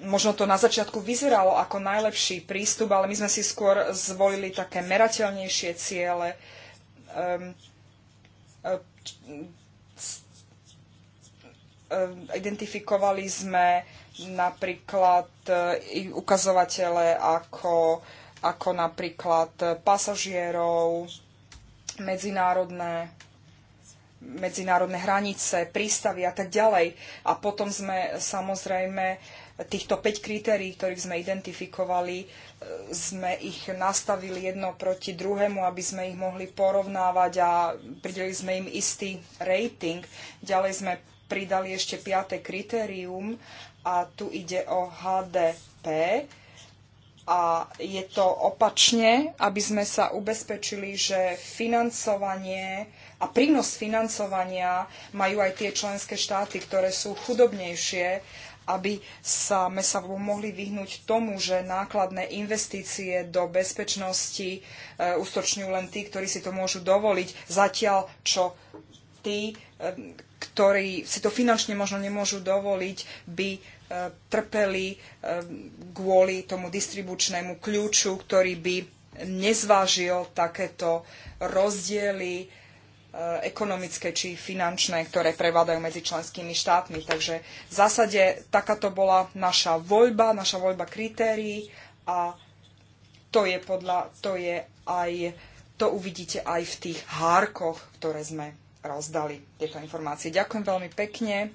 Možno to na začiatku vyzeralo ako najlepší prístup, ale my sme si skôr zvolili také merateľnejšie ciele. Um, um, identifikovali sme napríklad e, ukazovatele ako, ako napríklad pasažierov, medzinárodné medzinárodné hranice, prístavy a tak ďalej. A potom sme samozrejme týchto 5 kritérií, ktorých sme identifikovali, e, sme ich nastavili jedno proti druhému, aby sme ich mohli porovnávať a pridelili sme im istý rating. Ďalej sme pridali ešte piate kritérium a tu ide o HDP, a je to opačne, aby sme sa ubezpečili, že financovanie a prínos financovania majú aj tie členské štáty, ktoré sú chudobnejšie, aby sme sa mohli vyhnúť tomu, že nákladné investície do bezpečnosti e, ustočňujú len tí, ktorí si to môžu dovoliť, zatiaľ čo tí, e, ktorí si to finančne možno nemôžu dovoliť, by trpeli eh, kvôli tomu distribučnému kľúču, ktorý by nezvážil takéto rozdiely eh, ekonomické či finančné, ktoré prevládajú medzi členskými štátmi. Takže v zásade takáto bola naša voľba, naša voľba kritérií a to je, podľa, to je aj, to uvidíte aj v tých hárkoch, ktoré sme rozdali tieto informácie. Ďakujem veľmi pekne.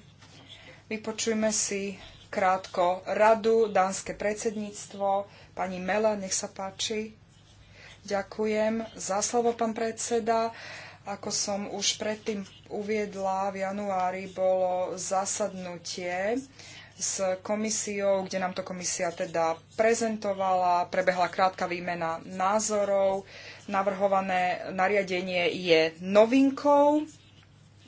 Vypočujme si krátko radu, dánske predsedníctvo. Pani Mela, nech sa páči. Ďakujem za slovo, pán predseda. Ako som už predtým uviedla, v januári bolo zasadnutie s komisiou, kde nám to komisia teda prezentovala, prebehla krátka výmena názorov. Navrhované nariadenie je novinkou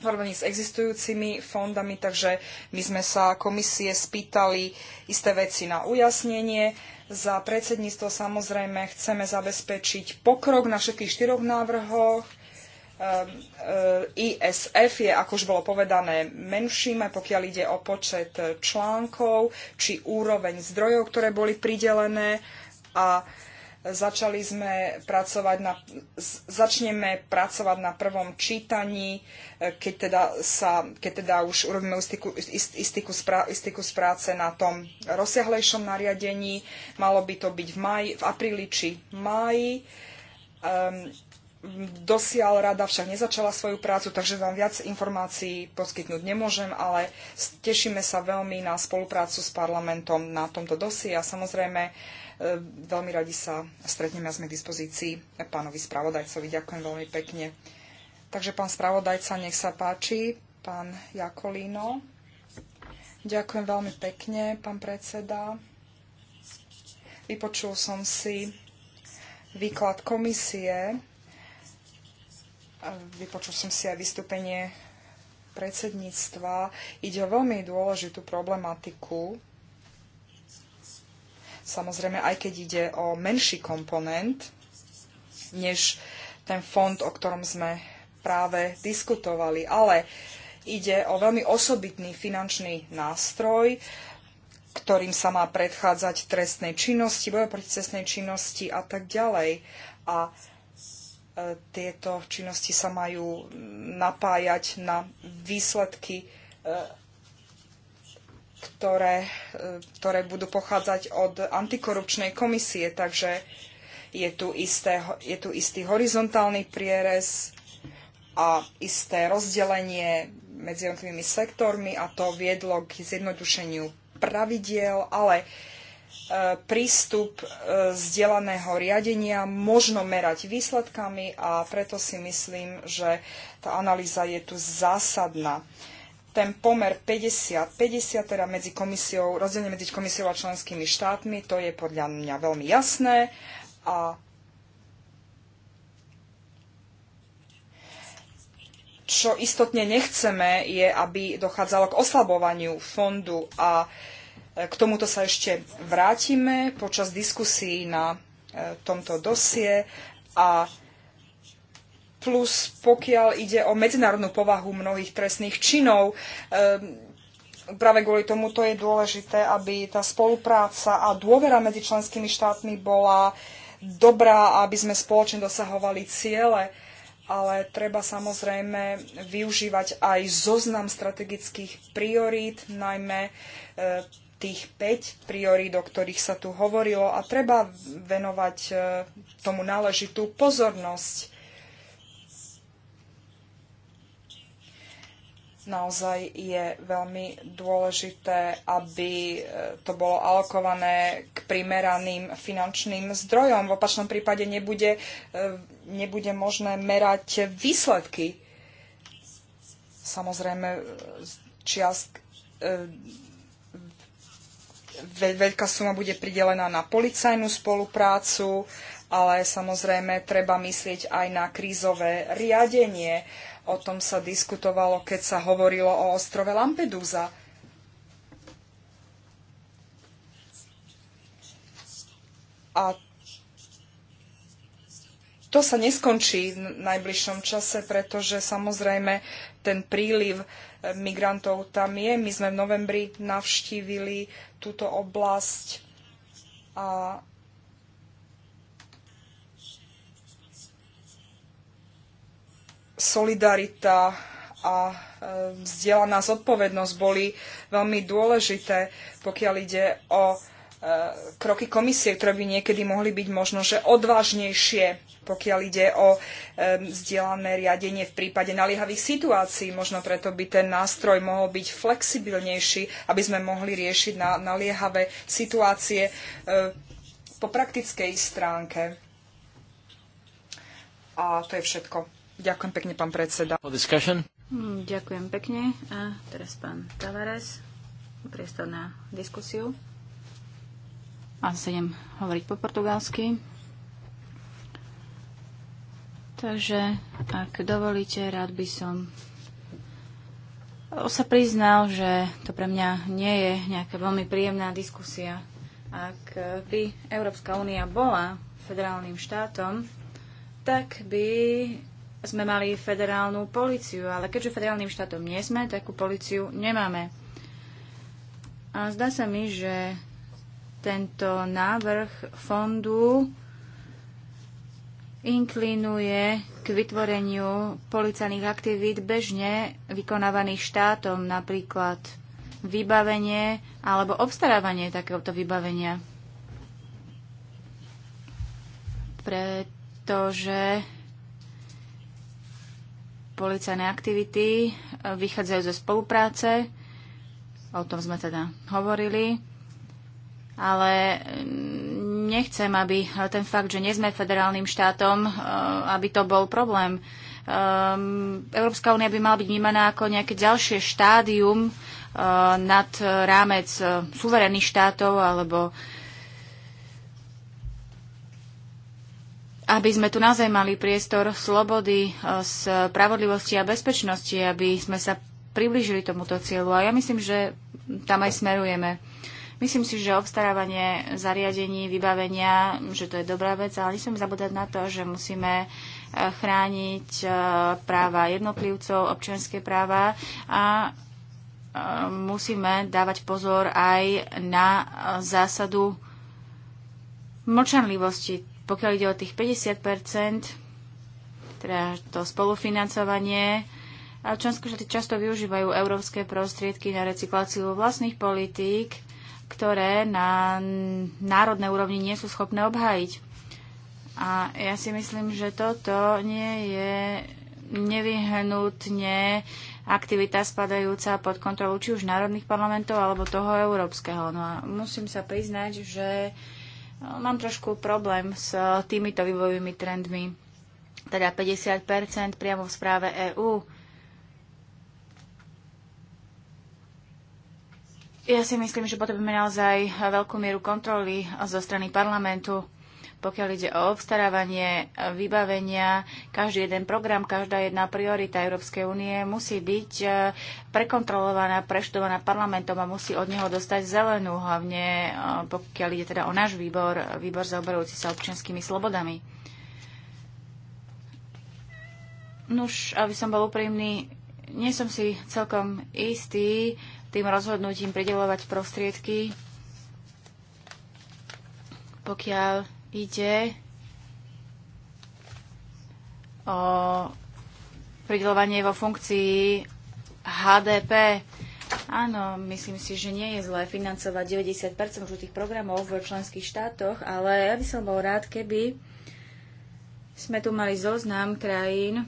porovnaní s existujúcimi fondami, takže my sme sa komisie spýtali isté veci na ujasnenie. Za predsedníctvo samozrejme chceme zabezpečiť pokrok na všetkých štyroch návrhoch. Ehm, ehm, ISF je, ako už bolo povedané, menším, aj pokiaľ ide o počet eh, článkov či úroveň zdrojov, ktoré boli pridelené a Začali sme pracovať na, začneme pracovať na prvom čítaní, e, keď teda, sa, keď teda už urobíme istý kus práce na tom rozsiahlejšom nariadení. Malo by to byť v, maj, v apríli či máji. Um, ehm, dosial rada však nezačala svoju prácu, takže vám viac informácií poskytnúť nemôžem, ale tešíme sa veľmi na spoluprácu s parlamentom na tomto dosi a samozrejme E, veľmi radi sa stretneme a sme k dispozícii pánovi spravodajcovi. Ďakujem veľmi pekne. Takže pán spravodajca, nech sa páči, pán Jakolino. Ďakujem veľmi pekne, pán predseda. Vypočul som si výklad komisie, e, vypočul som si aj vystúpenie predsedníctva. Ide o veľmi dôležitú problematiku, Samozrejme, aj keď ide o menší komponent, než ten fond, o ktorom sme práve diskutovali. Ale ide o veľmi osobitný finančný nástroj, ktorým sa má predchádzať trestnej činnosti, boja proti trestnej činnosti a tak ďalej. A e, tieto činnosti sa majú napájať na výsledky e, ktoré, e, ktoré budú pochádzať od antikorupčnej komisie, takže je tu, isté, je tu istý horizontálny prierez a isté rozdelenie medzi jednotlivými sektormi a to viedlo k zjednodušeniu pravidiel, ale e, prístup e, zdieľaného riadenia možno merať výsledkami a preto si myslím, že tá analýza je tu zásadná ten pomer 50-50, teda medzi komisiou, rozdelenie medzi komisiou a členskými štátmi, to je podľa mňa veľmi jasné. A čo istotne nechceme, je, aby dochádzalo k oslabovaniu fondu a e, k tomuto sa ešte vrátime počas diskusí na e, tomto dosie a plus pokiaľ ide o medzinárodnú povahu mnohých trestných činov. Ehm, práve kvôli tomuto je dôležité, aby tá spolupráca a dôvera medzi členskými štátmi bola dobrá, aby sme spoločne dosahovali ciele, ale treba samozrejme využívať aj zoznam strategických priorít, najmä e, tých 5 priorít, o ktorých sa tu hovorilo a treba venovať e, tomu náležitú pozornosť naozaj je veľmi dôležité, aby e, to bolo alokované k primeraným finančným zdrojom. V opačnom prípade nebude, e, nebude možné merať výsledky. Samozrejme, čiast, e, veľká suma bude pridelená na policajnú spoluprácu, ale samozrejme treba myslieť aj na krízové riadenie O tom sa diskutovalo, keď sa hovorilo o ostrove Lampedusa. A to sa neskončí v najbližšom čase, pretože samozrejme ten príliv eh, migrantov tam je. My sme v novembri navštívili túto oblasť a solidarita a e, vzdelaná zodpovednosť boli veľmi dôležité, pokiaľ ide o e, kroky komisie, ktoré by niekedy mohli byť možno, že odvážnejšie, pokiaľ ide o e, vzdielané riadenie v prípade naliehavých situácií. Možno preto by ten nástroj mohol byť flexibilnejší, aby sme mohli riešiť na naliehavé situácie po praktickej stránke. A to je všetko. Ďakujem pekne, pán predseda. Hmm, ďakujem pekne. A teraz pán Tavares. Priestor na diskusiu. A sedem hovoriť po portugalsky. Takže, ak dovolíte, rád by som sa priznal, že to pre mňa nie je nejaká veľmi príjemná diskusia. Ak by Európska únia bola federálnym štátom, tak by sme mali federálnu policiu, ale keďže federálnym štátom nie sme, takú policiu nemáme. A zdá sa mi, že tento návrh fondu inklinuje k vytvoreniu policajných aktivít bežne vykonávaných štátom, napríklad vybavenie alebo obstarávanie takéhoto vybavenia. Pretože policajné aktivity e, vychádzajú zo spolupráce, o tom sme teda hovorili, ale mm, nechcem, aby ten fakt, že nie sme federálnym štátom, e, aby to bol problém. E, Európska únia by mala byť vnímaná ako nejaké ďalšie štádium nad rámec suverénnych štátov alebo aby sme tu naozaj mali priestor slobody, e, spravodlivosti a bezpečnosti, aby sme sa priblížili tomuto cieľu. A ja myslím, že tam aj smerujeme. Myslím si, že obstarávanie zariadení, vybavenia, že to je dobrá vec, ale nesmiem zabúdať na to, že musíme e, chrániť e, práva jednotlivcov, občianské práva a musíme dávať pozor aj na zásadu mlčanlivosti pokiaľ ide o tých 50 teda to spolufinancovanie, a členské štáty často využívajú európske prostriedky na recykláciu vlastných politík, ktoré na národnej úrovni nie sú schopné obhájiť. A ja si myslím, že toto nie je nevyhnutne aktivita spadajúca pod kontrolu či už národných parlamentov alebo toho európskeho. No a musím sa priznať, že Mám trošku problém s eh, týmito vývojovými trendmi, teda 50 priamo v správe EÚ. Ja si myslím, že potrebujeme naozaj veľkú mieru kontroly zo strany parlamentu. Pokiaľ ide o obstarávanie vybavenia, každý jeden program, každá jedna priorita Európskej únie musí byť e, prekontrolovaná, preštudovaná parlamentom a musí od neho dostať zelenú, hlavne e, pokiaľ ide teda o náš výbor, výbor zaoberajúci sa občianskými slobodami. Nuž, aby som bol úprimný, nie som si celkom istý tým rozhodnutím pridelovať prostriedky, pokiaľ Ide o pridelovanie vo funkcii HDP. Áno, myslím si, že nie je zlé financovať 90% tých programov v členských štátoch, ale ja by som bol rád, keby sme tu mali zoznam krajín,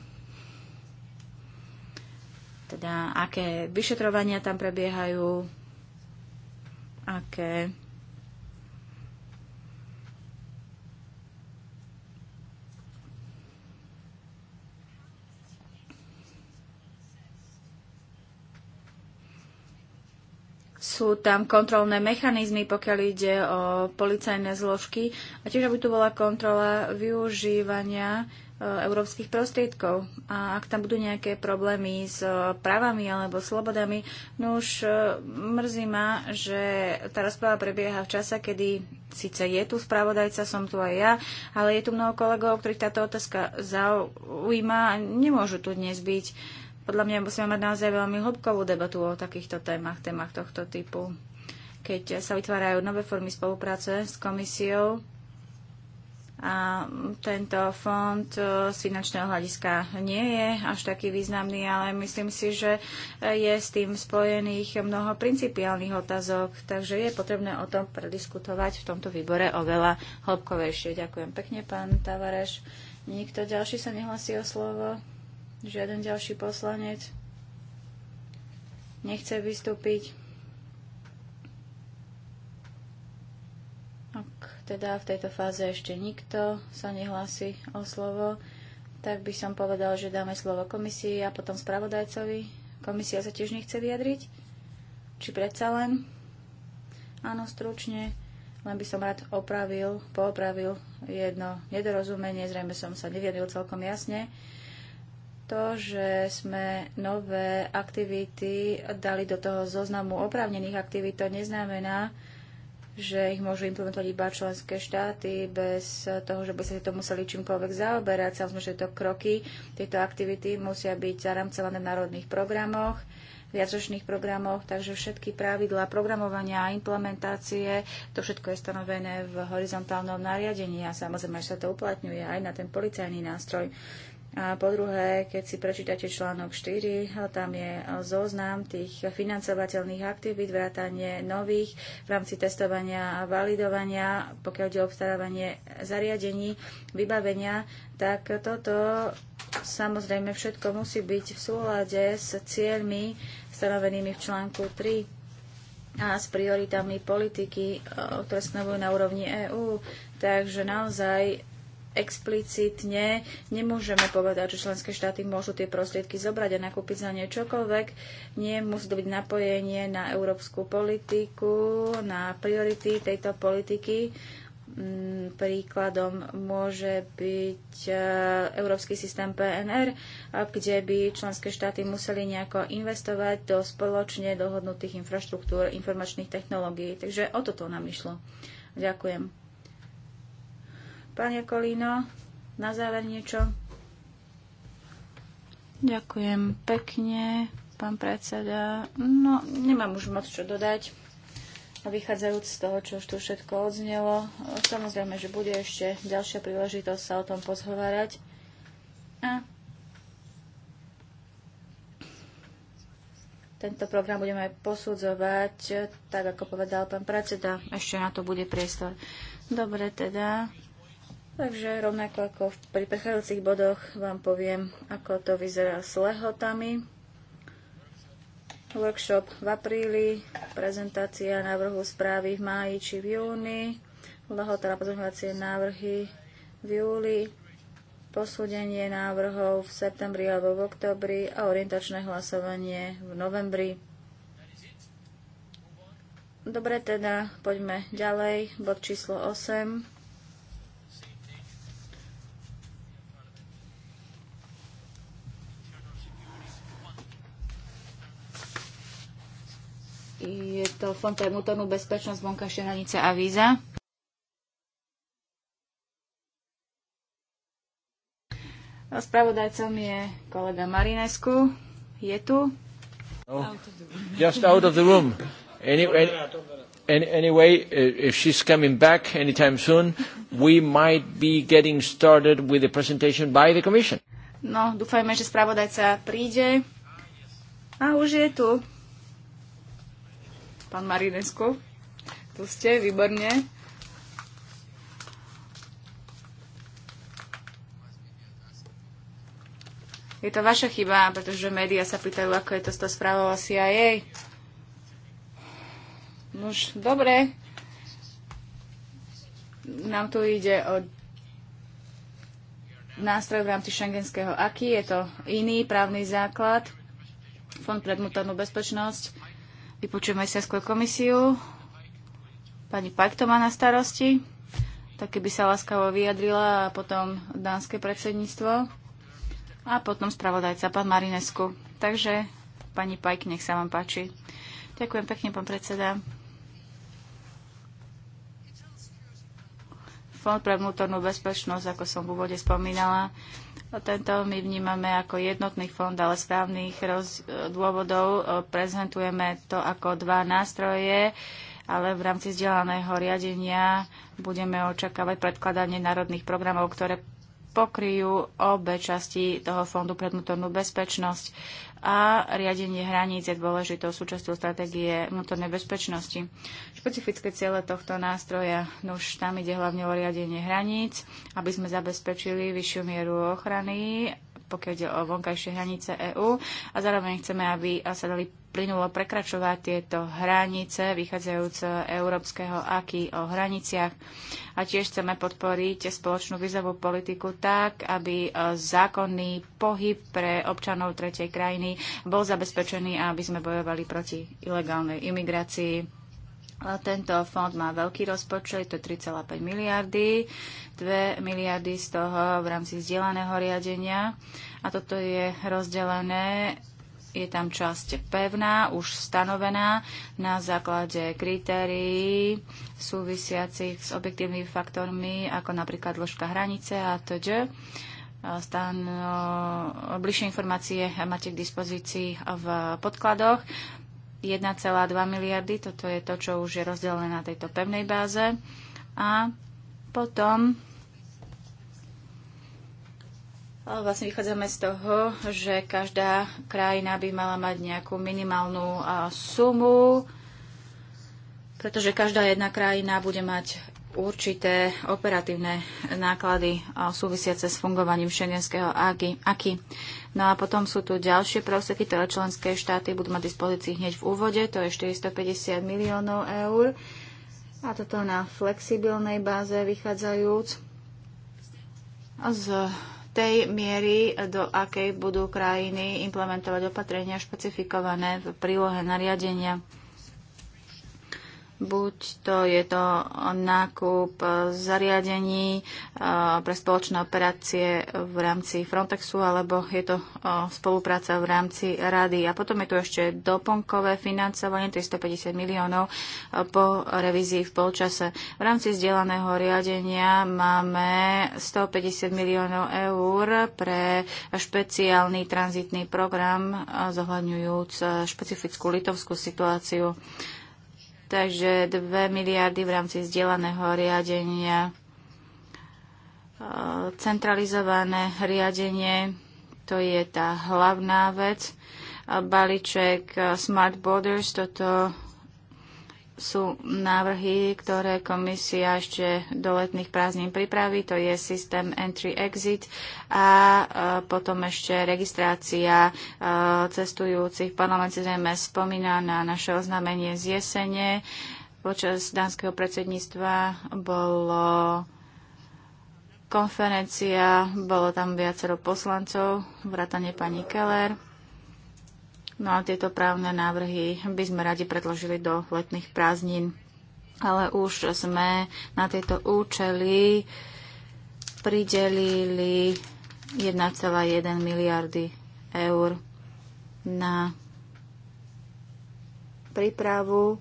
teda aké vyšetrovania tam prebiehajú, aké sú tam kontrolné mechanizmy, pokiaľ ide o policajné zložky a tiež aby tu bola kontrola využívania e, európskych prostriedkov. A ak tam budú nejaké problémy s e, právami alebo slobodami, no už e, mrzí ma, že tá rozpráva prebieha v čase, kedy síce je tu spravodajca, som tu aj ja, ale je tu mnoho kolegov, ktorých táto otázka zaujíma a nemôžu tu dnes byť. Podľa mňa musíme mať naozaj veľmi hlbkovú debatu o takýchto témach, témach tohto typu. Keď sa vytvárajú nové formy spolupráce s komisiou, a tento fond e, z finančného hľadiska nie je až taký významný, ale myslím si, že je s tým spojených mnoho principiálnych otázok, takže je potrebné o tom prediskutovať v tomto výbore oveľa hĺbkovejšie. Ďakujem pekne, pán Tavareš. Nikto ďalší sa nehlasí o slovo? Žiaden ďalší poslanec nechce vystúpiť. Ak teda v tejto fáze ešte nikto sa nehlási o slovo, tak by som povedal, že dáme slovo komisii a potom spravodajcovi. Komisia sa tiež nechce vyjadriť? Či predsa len? Áno, stručne. Len by som rád opravil, poopravil jedno nedorozumenie. Zrejme som sa nevyjadril celkom jasne to, že sme nové aktivity dali do toho zoznamu oprávnených aktivít, to neznamená, že ich môžu implementovať iba členské štáty bez toho, že by sa to museli čímkoľvek zaoberať. Samozrejme, že to kroky, tieto aktivity musia byť zaramcované v národných programoch, viacročných programoch, takže všetky pravidlá programovania a implementácie, to všetko je stanovené v horizontálnom nariadení a samozrejme, že sa to uplatňuje aj na ten policajný nástroj. A po druhé, keď si prečítate článok 4, tam je zoznam tých financovateľných aktivít, vrátanie nových v rámci testovania a validovania, pokiaľ ide o obstarávanie zariadení, vybavenia, tak toto samozrejme všetko musí byť v súlade s cieľmi stanovenými v článku 3 a s prioritami politiky, ktoré stanovujú na úrovni EÚ. Takže naozaj explicitne nemôžeme povedať, že členské štáty môžu tie prostriedky zobrať a nakúpiť za ne čokoľvek. Nie musí to byť napojenie na európsku politiku, na priority tejto politiky. Mm, príkladom môže byť e, európsky systém PNR, kde by členské štáty museli nejako investovať do spoločne dohodnutých infraštruktúr informačných technológií. Takže o toto nám išlo. Ďakujem. Pane Kolíno, na záver niečo. Ďakujem pekne, pán predseda. No, nemám už moc čo dodať. Vychádzajúc z toho, čo už tu všetko odznelo, samozrejme, že bude ešte ďalšia príležitosť sa o tom pozhovárať. A tento program budeme posudzovať, tak ako povedal pán predseda, ešte na to bude priestor. Dobre teda, Takže rovnako ako pri prechádzajúcich bodoch vám poviem, ako to vyzerá s lehotami. Workshop v apríli, prezentácia návrhu správy v máji či v júni, lehota na pozorňovacie návrhy v júli, posúdenie návrhov v septembri alebo v oktobri a orientačné hlasovanie v novembri. Dobre teda, poďme ďalej. Bod číslo 8. Je to Fond pre vnútornú bezpečnosť, vonkajšie hranice a víza. Spravodajcom je kolega Marinescu. Je tu? No. Just out of the room. any, any, anyway, uh, if she's coming back anytime soon, we might be getting started with the presentation by the Commission. No, dúfajme, že spravodajca príde. A už je tu. Pán Marinesku, tu ste, výborne. Je to vaša chyba, pretože médiá sa pýtajú, ako je to s to správou CIA. Nož, dobre. Nám tu ide o nástroj v rámci šengenského Aký Je to iný právny základ. Fond pre vnútornú bezpečnosť. Vypočujeme sa skôr komisiu. Pani Pajk to má na starosti. Tak keby sa láskavo vyjadrila a potom dánske predsedníctvo a potom spravodajca, pán Marinesku. Takže, pani Pajk, nech sa vám páči. Ďakujem pekne, pán predseda. Fond pre vnútornú bezpečnosť, ako som v úvode spomínala, tento my vnímame ako jednotný fond, ale správnych roz- dôvodov e, prezentujeme to ako dva nástroje, ale v rámci vzdelaného riadenia budeme očakávať predkladanie národných programov, ktoré pokryjú obe časti toho fondu pre vnútornú bezpečnosť a riadenie hraníc je dôležitou súčasťou stratégie vnútornej bezpečnosti. Špecifické ciele tohto nástroja, no už tam ide hlavne o riadenie hraníc, aby sme zabezpečili vyššiu mieru ochrany pokiaľ ide o vonkajšie hranice EÚ a zároveň chceme, aby sa dali plynulo prekračovať tieto hranice vychádzajúce európskeho aký o hraniciach. A tiež chceme podporiť spoločnú vizovú politiku tak, aby e, zákonný pohyb pre občanov tretej krajiny bol zabezpečený a aby sme bojovali proti ilegálnej imigrácii. Tento fond má veľký rozpočet, to je 3,5 miliardy, 2 miliardy z toho v rámci vzdielaného riadenia a toto je rozdelené je tam časť pevná, už stanovená na základe kritérií súvisiacich s objektívnymi faktormi, ako napríklad dĺžka hranice a td. Stan, bližšie informácie máte k dispozícii v podkladoch. 1,2 miliardy, toto je to, čo už je rozdelené na tejto pevnej báze. A potom Vlastne vychádzame z toho, že každá krajina by mala mať nejakú minimálnu sumu, pretože každá jedna krajina bude mať určité operatívne náklady súvisiace s fungovaním šengenského Aki. No a potom sú tu ďalšie proseky, ktoré členské štáty budú mať dispozícii hneď v úvode, to je 450 miliónov eur. A toto na flexibilnej báze vychádzajúc z tej miery, do akej budú krajiny implementovať opatrenia špecifikované v prílohe nariadenia. Buď to je to nákup zariadení eh, pre spoločné operácie v rámci Frontexu, alebo je to eh, spolupráca v rámci rady. A potom je tu ešte doplnkové financovanie 350 miliónov eh, po revízii v polčase. V rámci vzdielaného riadenia máme 150 miliónov eur pre špeciálny tranzitný program zohľadňujúc špecifickú litovskú situáciu takže 2 miliardy v rámci vzdielaného riadenia, e, centralizované riadenie, to je tá hlavná vec. E, balíček e, Smart Borders, toto sú návrhy, ktoré komisia ešte do letných prázdnin pripraví. To je systém entry-exit a e, potom ešte registrácia e, cestujúcich. Parlament si zrejme spomína na naše oznámenie z jesene. Počas dánskeho predsedníctva bolo konferencia, bolo tam viacero poslancov, vrátane pani Keller No a tieto právne návrhy by sme radi predložili do letných prázdnin. Ale už sme na tieto účely pridelili 1,1 miliardy eur na prípravu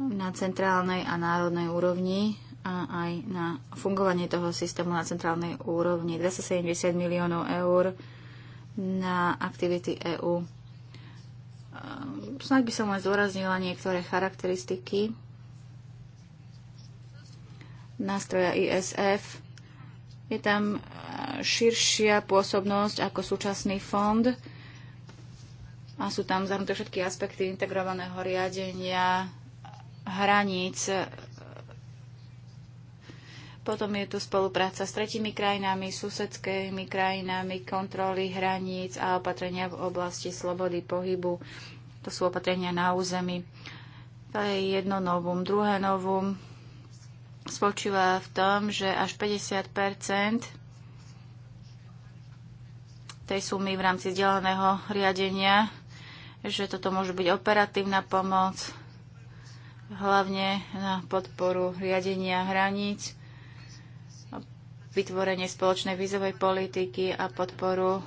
na centrálnej a národnej úrovni a aj na fungovanie toho systému na centrálnej úrovni. 270 miliónov eur na aktivity EÚ Ehm, snáď by som len zdôraznila niektoré charakteristiky nástroja ISF. Je tam e, širšia pôsobnosť ako súčasný fond a sú tam zahrnuté všetky aspekty integrovaného riadenia hraníc potom je tu spolupráca s tretimi krajinami, susedskými krajinami, kontroly hraníc a opatrenia v oblasti slobody pohybu. To sú opatrenia na území. To je jedno novum. Druhé novum spočíva v tom, že až 50 tej sumy v rámci vzdelaného riadenia, že toto môže byť operatívna pomoc, hlavne na podporu riadenia hraníc vytvorenie spoločnej vízovej politiky a podporu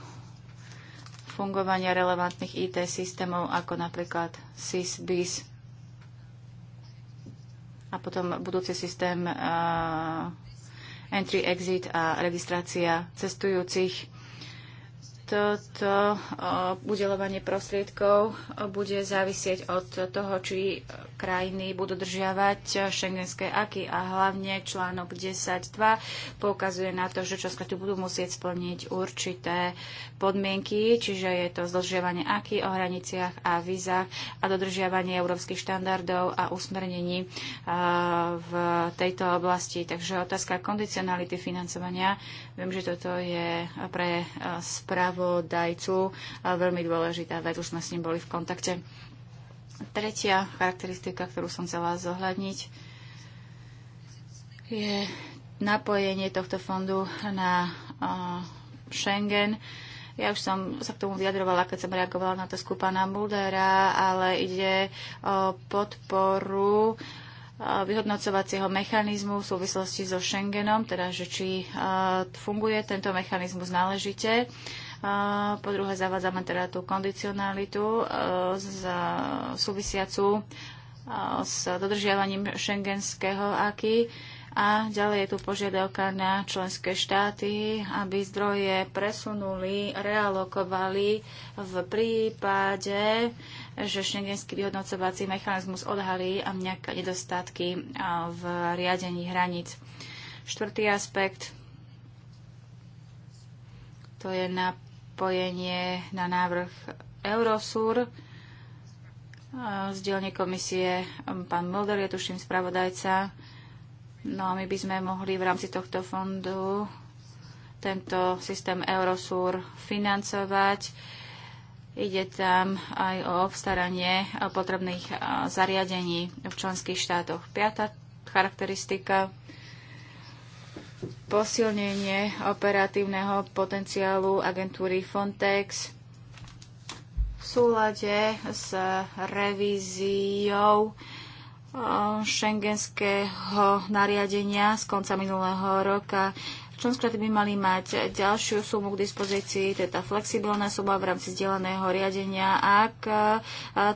fungovania relevantných IT systémov, ako napríklad SIS, BIS a potom budúci systém uh, entry, exit a registrácia cestujúcich toto eh, udelovanie prostriedkov eh, bude závisieť od toho, či eh, krajiny budú držiavať šengenské aky a hlavne článok 10.2 poukazuje na to, že tu budú musieť splniť určité podmienky, čiže je to zdržiavanie aky o hraniciach a vízach a dodržiavanie európskych štandardov a usmernení v tejto oblasti. Takže otázka kondicionality financovania. Viem, že toto je pre správu spravodajcu. Veľmi dôležitá vec, už sme s ním boli v kontakte. Tretia charakteristika, ktorú som chcela zohľadniť, je napojenie tohto fondu na Schengen. Ja už som sa k tomu vyjadrovala, keď som reagovala na to skupana Muldera, ale ide o podporu vyhodnocovacieho mechanizmu v súvislosti so Schengenom, teda že či funguje tento mechanizmus náležite. Po druhé, zavádzame teda tú kondicionalitu e, za súvisiacu e, s dodržiavaním šengenského aky. A ďalej je tu požiadavka na členské štáty, aby zdroje presunuli, realokovali v prípade, že šengenský vyhodnocovací mechanizmus odhalí a nejaké nedostatky e, v riadení hraníc. Štvrtý aspekt, to je na spojenie na návrh Eurosur z dielne komisie pán Mulder je tuším spravodajca. No a my by sme mohli v rámci tohto fondu tento systém Eurosur financovať. Ide tam aj o obstaranie potrebných zariadení v členských štátoch. Piatá charakteristika posilnenie operatívneho potenciálu agentúry Fontex v súlade s revíziou eh, šengenského nariadenia z konca minulého roka Členské by mali mať ďalšiu sumu k dispozícii, teda flexibilná suma v rámci zdieľaného riadenia, ak e,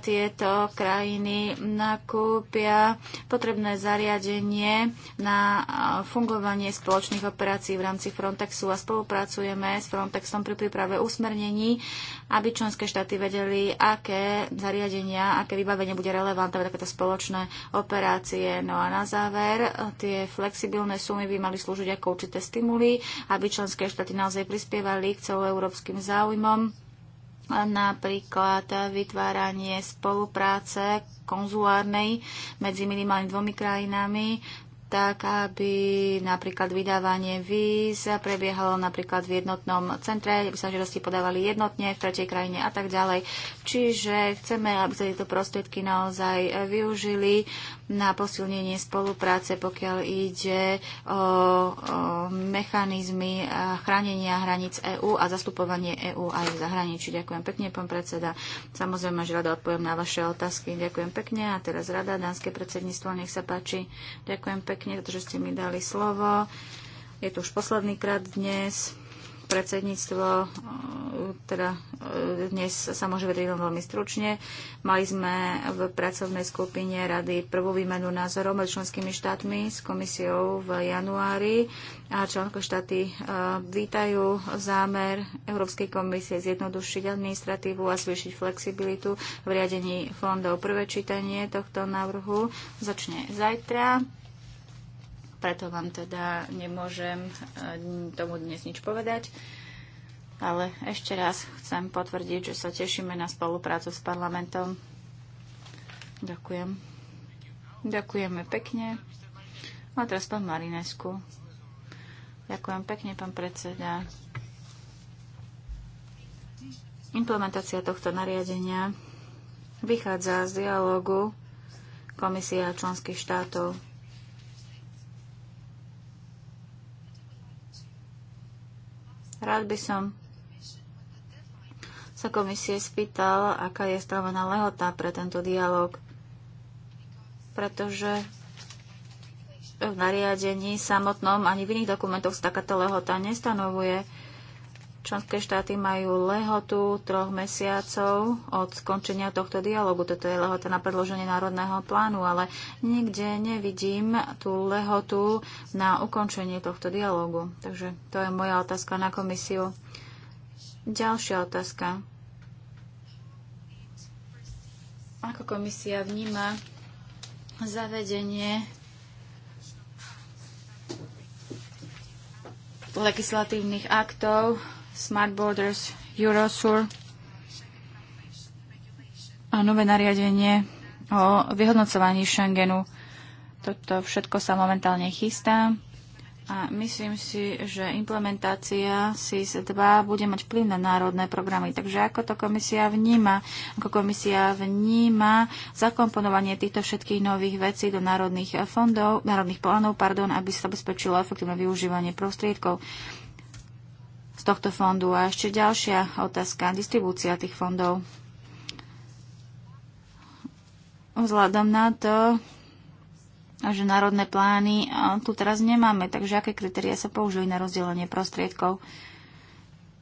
tieto krajiny nakúpia potrebné zariadenie na e, fungovanie spoločných operácií v rámci Frontexu a spolupracujeme s Frontexom pri príprave usmernení, aby členské štáty vedeli, aké zariadenia, aké vybavenie bude relevantné pre takéto spoločné operácie. No a na záver, e, tie flexibilné sumy by mali slúžiť ako určité stimulácie stimuly, aby členské štáty naozaj prispievali k celoeurópskym záujmom, napríklad vytváranie spolupráce konzulárnej medzi minimálne dvomi krajinami, tak aby napríklad vydávanie víz prebiehalo napríklad v jednotnom centre, aby sa žiadosti podávali jednotne v tretej krajine a tak ďalej. Čiže chceme, aby sa tieto prostriedky naozaj využili na posilnenie spolupráce, pokiaľ ide o, o mechanizmy chránenia hraníc EÚ a zastupovanie EÚ aj v zahraničí. Ďakujem pekne, pán predseda. Samozrejme, že rada odpoviem na vaše otázky. Ďakujem pekne a teraz rada, dánske predsedníctvo, nech sa páči. Ďakujem pekne pekne že ste mi dali slovo. Je to už posledný krát dnes. Predsedníctvo eh, teda eh, dnes sa môže vedieť veľmi stručne. Mali sme v pracovnej skupine rady prvú výmenu názorov medzi členskými štátmi s komisiou v januári a členské štáty eh, vítajú zámer Európskej komisie zjednodušiť administratívu a zvýšiť flexibilitu v riadení fondov. Prvé čítanie tohto návrhu začne zajtra preto vám teda nemôžem e, tomu dnes nič povedať. Ale ešte raz chcem potvrdiť, že sa tešíme na spoluprácu s parlamentom. Ďakujem. Ďakujeme pekne. A teraz pán Marinesku. Ďakujem pekne, pán predseda. Implementácia tohto nariadenia vychádza z dialogu Komisia členských štátov Rád by som sa komisie spýtal, aká je stanovená lehota pre tento dialog, pretože v nariadení samotnom ani v iných dokumentoch sa takáto lehota nestanovuje. Členské štáty majú lehotu troch mesiacov od skončenia tohto dialogu. Toto je lehota na predloženie národného plánu, ale nikde nevidím tú lehotu na ukončenie tohto dialogu. Takže to je moja otázka na komisiu. Ďalšia otázka. Ako komisia vníma zavedenie legislatívnych aktov Smart Borders, Eurosur a nové nariadenie o vyhodnocovaní Schengenu. Toto všetko sa momentálne chystá a myslím si, že implementácia SIS-2 bude mať vplyv na národné programy. Takže ako to komisia vníma? Ako komisia vníma zakomponovanie týchto všetkých nových vecí do národných fondov, národných plánov, pardon, aby sa zabezpečilo efektívne využívanie prostriedkov tohto fondu. A ešte ďalšia otázka, distribúcia tých fondov. Vzhľadom na to, že národné plány tu teraz nemáme, takže aké kritéria sa použili na rozdelenie prostriedkov?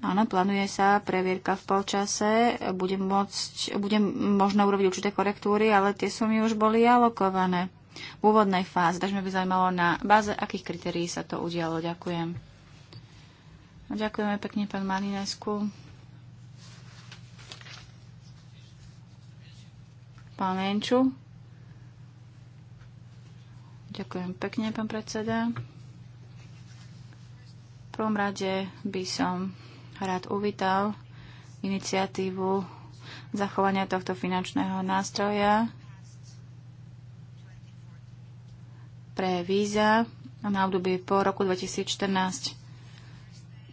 Áno, plánuje sa previerka v polčase, budem, môcť, budem možno urobiť určité korektúry, ale tie sumy už boli alokované v úvodnej fáze, takže mi by zaujímalo na báze akých kritérií sa to udialo. Ďakujem. Ďakujeme pekne, pán Marinesku. Pán Enču. Ďakujem pekne, pán predseda. V prvom rade by som rád uvítal iniciatívu zachovania tohto finančného nástroja pre víza na obdobie po roku 2014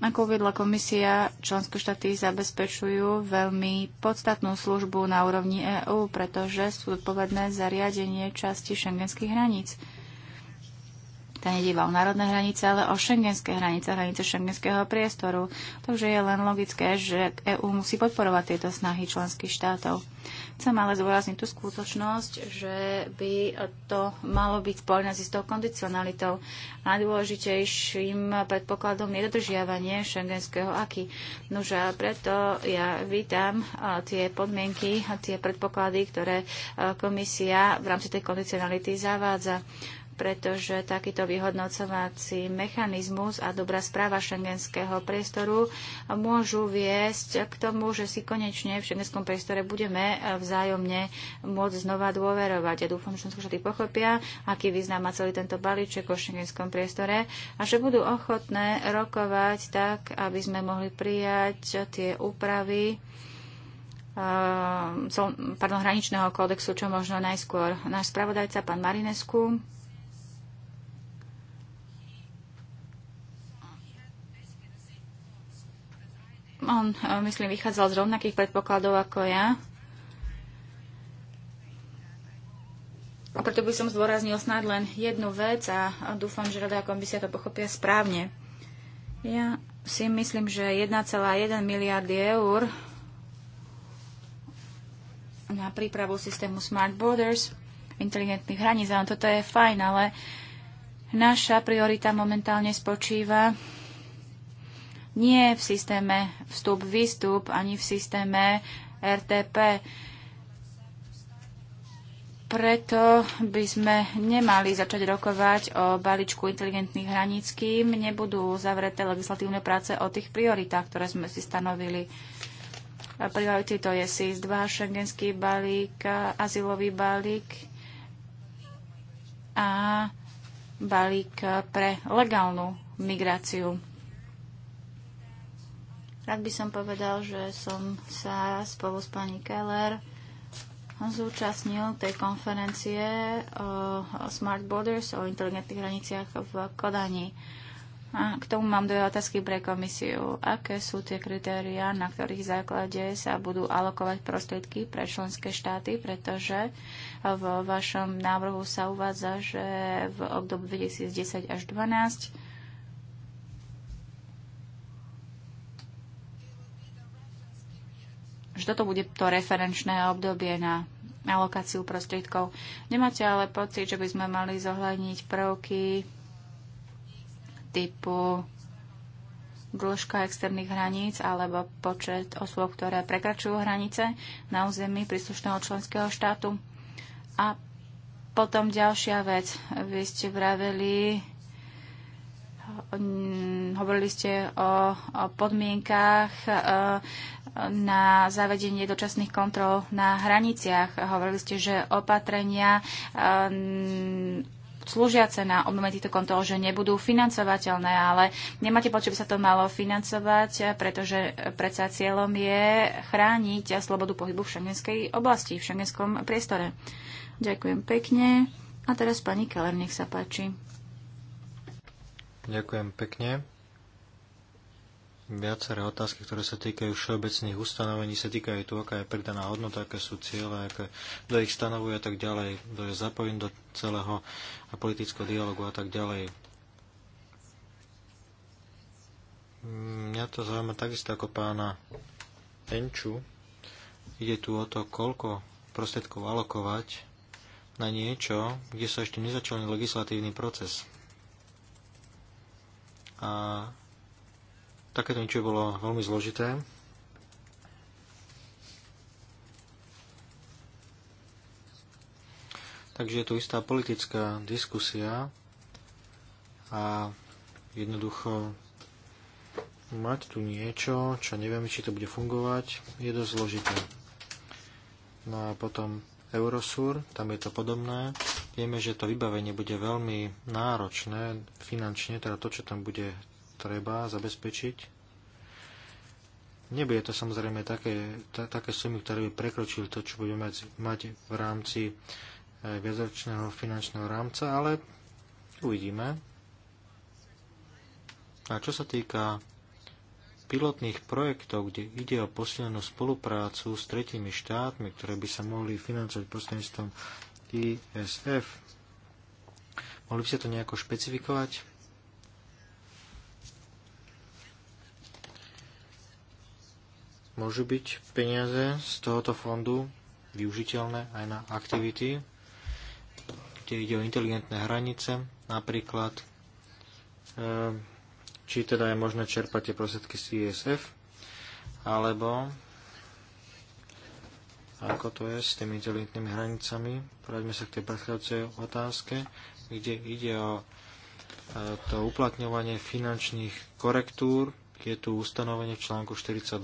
ako uvedla komisia, členské štáty zabezpečujú veľmi podstatnú službu na úrovni EÚ, pretože sú zodpovedné za riadenie časti šengenských hraníc. Tá nedíva o národné hranice, ale o šengenské hranice, hranice šengenského priestoru. Takže je len logické, že EÚ musí podporovať tieto snahy členských štátov. Chcem ale zvorazniť tú skutočnosť, že by to malo byť spojené s istou kondicionalitou. Najdôležitejším predpokladom je dodržiavanie šengenského aky. Nože preto ja vítam tie podmienky, a tie predpoklady, ktoré komisia v rámci tej kondicionality zavádza pretože takýto vyhodnocovací mechanizmus a dobrá správa šengenského priestoru môžu viesť k tomu, že si konečne v šengenskom priestore budeme vzájomne môcť znova dôverovať. Ja dúfam, že všetci pochopia, aký význam má celý tento balíček o šengenskom priestore a že budú ochotné rokovať tak, aby sme mohli prijať tie úpravy, ehm, pardon, hraničného kódexu, čo možno najskôr. Náš spravodajca, pán Marinesku, On, eh, myslím, vychádzal z rovnakých predpokladov ako ja. A preto by som zdôraznil snáď len jednu vec a dúfam, že Rada komisia to pochopia správne. Ja si myslím, že 1,1 miliardy eur na prípravu systému Smart Borders, inteligentných hraníc, toto je fajn, ale naša priorita momentálne spočíva nie v systéme vstup-výstup, ani v systéme RTP. Preto by sme nemali začať rokovať o balíčku inteligentných hraníc, kým nebudú zavreté legislatívne práce o tých prioritách, ktoré sme si stanovili priority to je SIS-2, šengenský balík, azylový balík a balík pre legálnu migráciu. Rád by som povedal, že som sa spolu s pani Keller zúčastnil tej konferencie o, o Smart Borders, o inteligentných hraniciach v Kodani. A k tomu mám dve otázky pre komisiu. Aké sú tie kritériá, na ktorých základe sa budú alokovať prostriedky pre členské štáty, pretože v vašom návrhu sa uvádza, že v období 2010 až 2012 že toto bude to referenčné obdobie na alokáciu prostriedkov. Nemáte ale pocit, že by sme mali zohľadniť prvky typu dĺžka externých hraníc alebo počet osôb, ktoré prekračujú hranice na území príslušného členského štátu. A potom ďalšia vec. Vy ste vraveli, hovorili ste o, o podmienkách e, na zavedenie dočasných kontrol na hraniciach. Hovorili ste, že opatrenia ehm, slúžiace na obnove týchto kontrol, že nebudú financovateľné, ale nemáte pocit, že by sa to malo financovať, pretože predsa cieľom je chrániť slobodu pohybu v šengenskej oblasti, v šengenskom priestore. Ďakujem pekne. A teraz pani Keller, nech sa páči. Ďakujem pekne. Viaceré otázky, ktoré sa týkajú všeobecných ustanovení, sa týkajú tu, aká je pridaná hodnota, aké sú cieľe, aké, kto ich stanovuje a tak ďalej, kto je zapojený do celého a politického dialogu a tak ďalej. Mňa to zaujíma takisto ako pána Enču. Ide tu o to, koľko prostriedkov alokovať na niečo, kde sa ešte nezačal legislatívny proces. A Takéto niečo bolo veľmi zložité. Takže je tu istá politická diskusia a jednoducho mať tu niečo, čo nevieme, či to bude fungovať, je dosť zložité. No a potom Eurosur, tam je to podobné. Vieme, že to vybavenie bude veľmi náročné finančne, teda to, čo tam bude treba zabezpečiť. Nebude to samozrejme také, také sumy, ktoré by prekročili to, čo budeme mať, mať v rámci e, viacročného finančného rámca, ale uvidíme. A čo sa týka pilotných projektov, kde ide o posilnenú spoluprácu s tretími štátmi, ktoré by sa mohli financovať prostredníctvom ISF. Mohli by ste to nejako špecifikovať? Môžu byť peniaze z tohoto fondu využiteľné aj na aktivity, kde ide o inteligentné hranice, napríklad ehm, či teda je možné čerpať tie prostriedky z ISF, alebo ako to je s tými inteligentnými hranicami. Poďme sa k tej predchádzajúcej otázke, kde ide o e, to uplatňovanie finančných korektúr je tu ustanovenie v článku 42,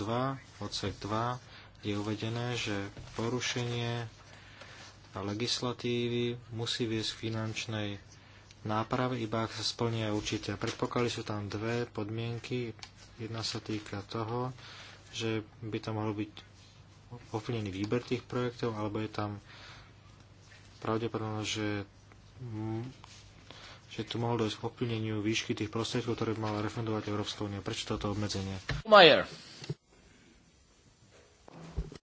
odsek 2, kde je uvedené, že porušenie legislatívy musí viesť k finančnej náprave, iba ak sa splnia určité. Predpoklady sú tam dve podmienky. Jedna sa týka toho, že by tam mohol byť ovplyvnený výber tých projektov, alebo je tam pravdepodobnosť, že že tu mohlo dojsť k oplneniu výšky tých prostriedkov, ktoré by mala refundovať Európska únia. Prečo toto obmedzenie? Majer.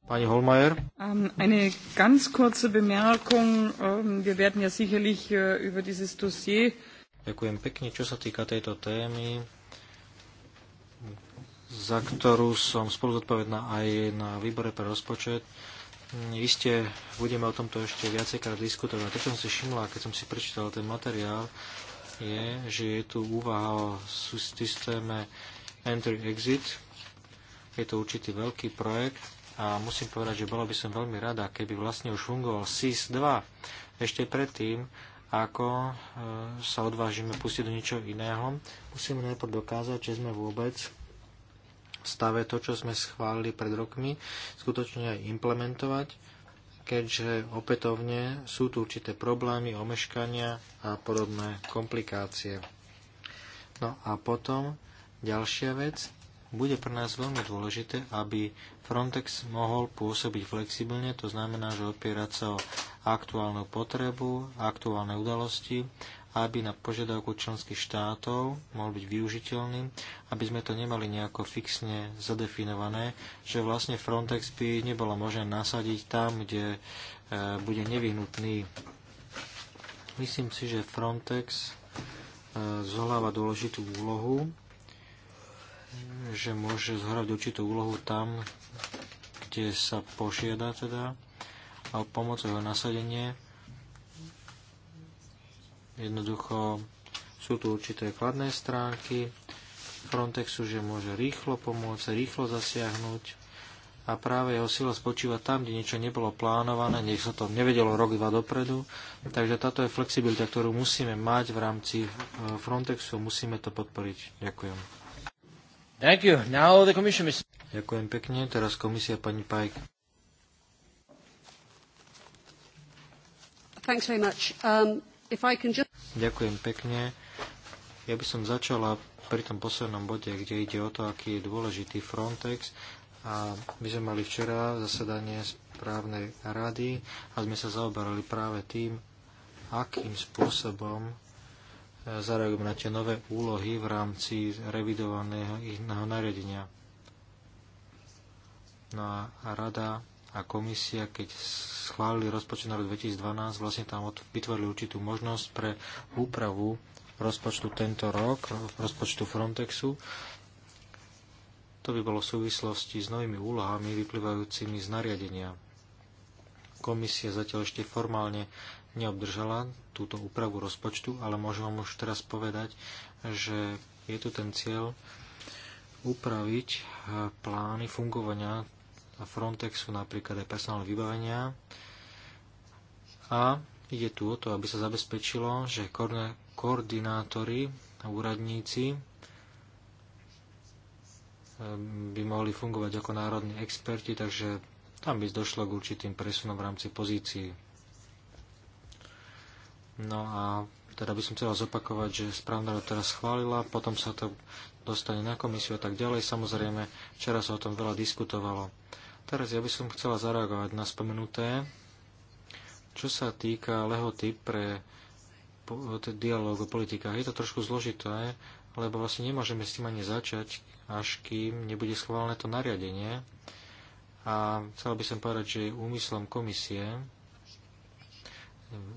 Pani Holmeier. Ähm, eine ganz kurze Bemerkung. Um, Wir werden ja sicherlich uh, über dieses Dossier. Ďakujem pekne. Čo sa týka tejto témy, za ktorú som spolu zodpovedná aj na výbore pre rozpočet, iste budeme o tomto ešte viacejkrát diskutovať. To, čo som si všimla, keď som si prečítal ten materiál, je, že je tu úvaha o systéme Entry-Exit. Je to určitý veľký projekt a musím povedať, že bola by som veľmi rada, keby vlastne už fungoval SIS-2 ešte predtým, ako e, sa odvážime pustiť do niečo iného. Musíme najprv dokázať, že sme vôbec stave to, čo sme schválili pred rokmi, skutočne aj implementovať, keďže opätovne sú tu určité problémy, omeškania a podobné komplikácie. No a potom ďalšia vec, bude pre nás veľmi dôležité, aby Frontex mohol pôsobiť flexibilne, to znamená, že opierať sa o aktuálnu potrebu, aktuálne udalosti aby na požiadavku členských štátov mohol byť využiteľný, aby sme to nemali nejako fixne zadefinované, že vlastne Frontex by nebolo možné nasadiť tam, kde e, bude nevyhnutný. Myslím si, že Frontex e, zohláva dôležitú úlohu, že môže zohrať určitú úlohu tam, kde sa požiada teda a o pomoc jeho nasadenie Jednoducho sú tu určité kladné stránky Frontexu, že môže rýchlo pomôcť, rýchlo zasiahnuť a práve jeho sila spočíva tam, kde niečo nebolo plánované, nech sa to nevedelo rok, dva dopredu. Takže táto je flexibilita, ktorú musíme mať v rámci e, Frontexu, musíme to podporiť. Ďakujem. Thank you. Now the commission is... Ďakujem pekne. Teraz komisia pani Pajk. Thanks very much. Um... Ďakujem pekne. Ja by som začala pri tom poslednom bode, kde ide o to, aký je dôležitý Frontex. A my sme mali včera zasedanie správnej rady a sme sa zaoberali práve tým, akým spôsobom e, zareagujeme na tie nové úlohy v rámci revidovaného nariadenia. No a rada a komisia, keď schválili rozpočet na rok 2012, vlastne tam vytvorili určitú možnosť pre úpravu rozpočtu tento rok, rozpočtu Frontexu. To by bolo v súvislosti s novými úlohami vyplývajúcimi z nariadenia. Komisia zatiaľ ešte formálne neobdržala túto úpravu rozpočtu, ale môžem vám už teraz povedať, že je tu ten cieľ upraviť eh, plány fungovania a Frontexu napríklad aj personál vybavenia. A ide tu o to, aby sa zabezpečilo, že koordinátori a úradníci eh, by mohli fungovať ako národní experti, takže tam by došlo k určitým presunom v rámci pozícií. No a teda by som chcel zopakovať, že správna to teraz schválila, potom sa to dostane na komisiu a tak ďalej. Samozrejme, včera sa o tom veľa diskutovalo. Teraz ja by som chcela zareagovať na spomenuté. Čo sa týka lehoty pre dialog o politikách, je to trošku zložité, lebo vlastne nemôžeme s tým ani začať, až kým nebude schválené to nariadenie. A chcel by som povedať, že je úmyslom komisie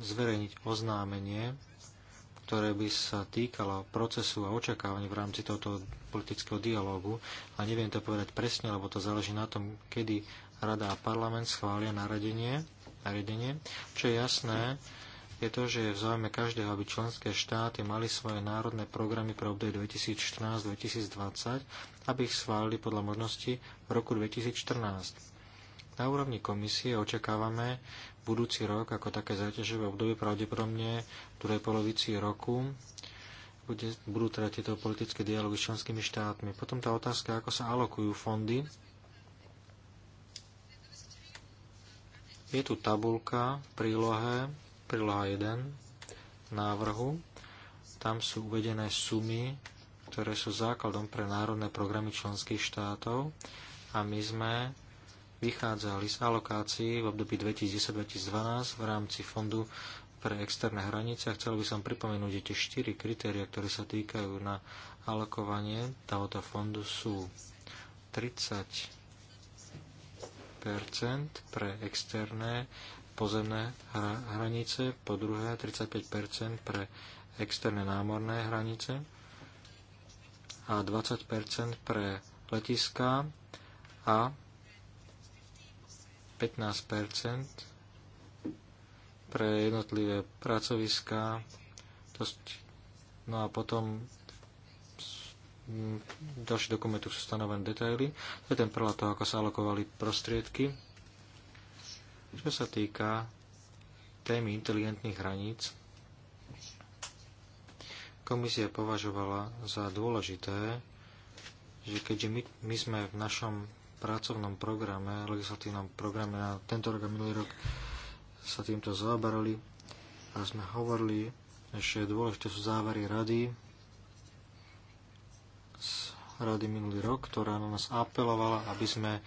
zverejniť oznámenie ktoré by sa týkalo procesu a očakávaní v rámci tohto politického dialógu. A neviem to povedať presne, lebo to záleží na tom, kedy Rada a parlament schvália naradenie, naradenie, Čo je jasné, je to, že je v záujme každého, aby členské štáty mali svoje národné programy pre obdobie 2014-2020, aby ich schválili podľa možnosti v roku 2014. Na úrovni komisie očakávame budúci rok ako také záťažové obdobie, pravdepodobne v druhej polovici roku bude, budú teda tieto politické dialógy s členskými štátmi. Potom tá otázka, ako sa alokujú fondy. Je tu tabulka v prílohe, príloha 1 návrhu. Tam sú uvedené sumy, ktoré sú základom pre národné programy členských štátov a my sme vychádzali z alokácií v období 2010-2012 v rámci Fondu pre externé hranice a chcel by som pripomenúť, že tie štyri kritéria, ktoré sa týkajú na alokovanie tohoto fondu sú 30 pre externé pozemné hranice, po druhé 35 pre externé námorné hranice a 20 pre letiská a 15 pre jednotlivé pracoviská. No a potom v ďalších dokumentoch sú stanovené detaily. To je ten prvá toho, ako sa alokovali prostriedky. Čo sa týka témy inteligentných hraníc, komisia považovala za dôležité, že keďže my, my sme v našom pracovnom programe, legislatívnom programe na tento rok a minulý rok sa týmto zaoberali a sme hovorili, že dôležité sú závery rady z rady minulý rok, ktorá na nás apelovala, aby sme e,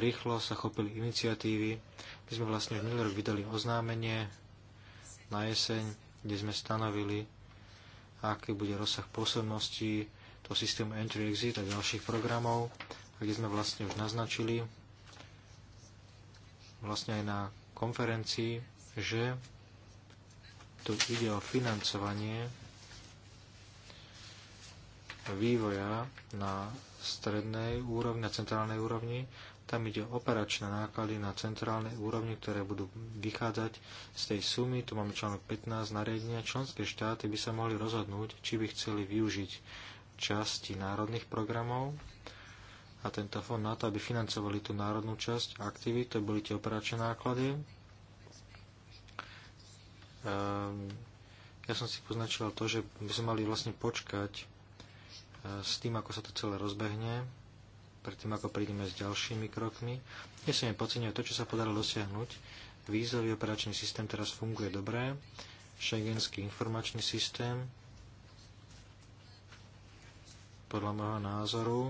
rýchlo sa chopili iniciatívy. My sme vlastne v minulý rok vydali oznámenie na jeseň, kde sme stanovili, aký bude rozsah pôsobnosti toho systému Entry-Exit a ďalších programov kde sme vlastne už naznačili, vlastne aj na konferencii, že tu ide o financovanie vývoja na strednej úrovni, na centrálnej úrovni. Tam ide o operačné náklady na centrálnej úrovni, ktoré budú vychádzať z tej sumy. Tu máme článok 15 nariadenia. Členské štáty by sa mohli rozhodnúť, či by chceli využiť časti národných programov a tento fond na to, aby financovali tú národnú časť aktivít, to boli tie operačné náklady. Um, ja som si poznačil to, že by sme mali vlastne počkať e, s tým, ako sa to celé rozbehne, predtým ako prídeme s ďalšími krokmi. som podceňovať to, čo sa podarilo dosiahnuť. Vízový operačný systém teraz funguje dobre, šengenský informačný systém podľa môjho názoru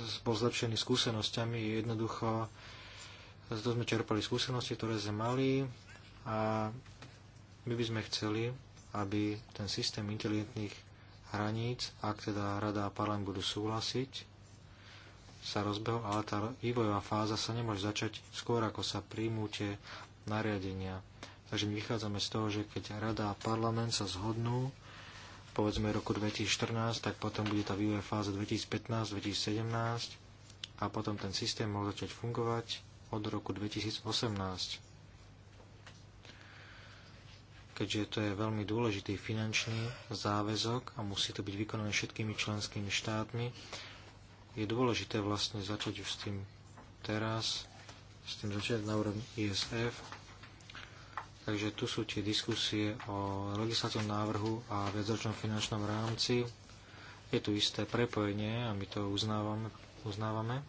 s zlepšený skúsenosťami. Jednoducho to sme čerpali skúsenosti, ktoré sme mali a my by sme chceli, aby ten systém inteligentných hraníc, ak teda rada a parlament budú súhlasiť, sa rozbehol, ale tá vývojová fáza sa nemôže začať skôr, ako sa príjmú tie nariadenia. Takže my vychádzame z toho, že keď rada a parlament sa zhodnú povedzme roku 2014, tak potom bude tá vývoj fáza 2015-2017 a potom ten systém mohol začať fungovať od roku 2018. Keďže to je veľmi dôležitý finančný záväzok a musí to byť vykonané všetkými členskými štátmi, je dôležité vlastne začať už s tým teraz, s tým začať na úrovni ISF Takže tu sú tie diskusie o legislatívnom návrhu a viacročnom finančnom rámci. Je tu isté prepojenie a my to uznávame. uznávame.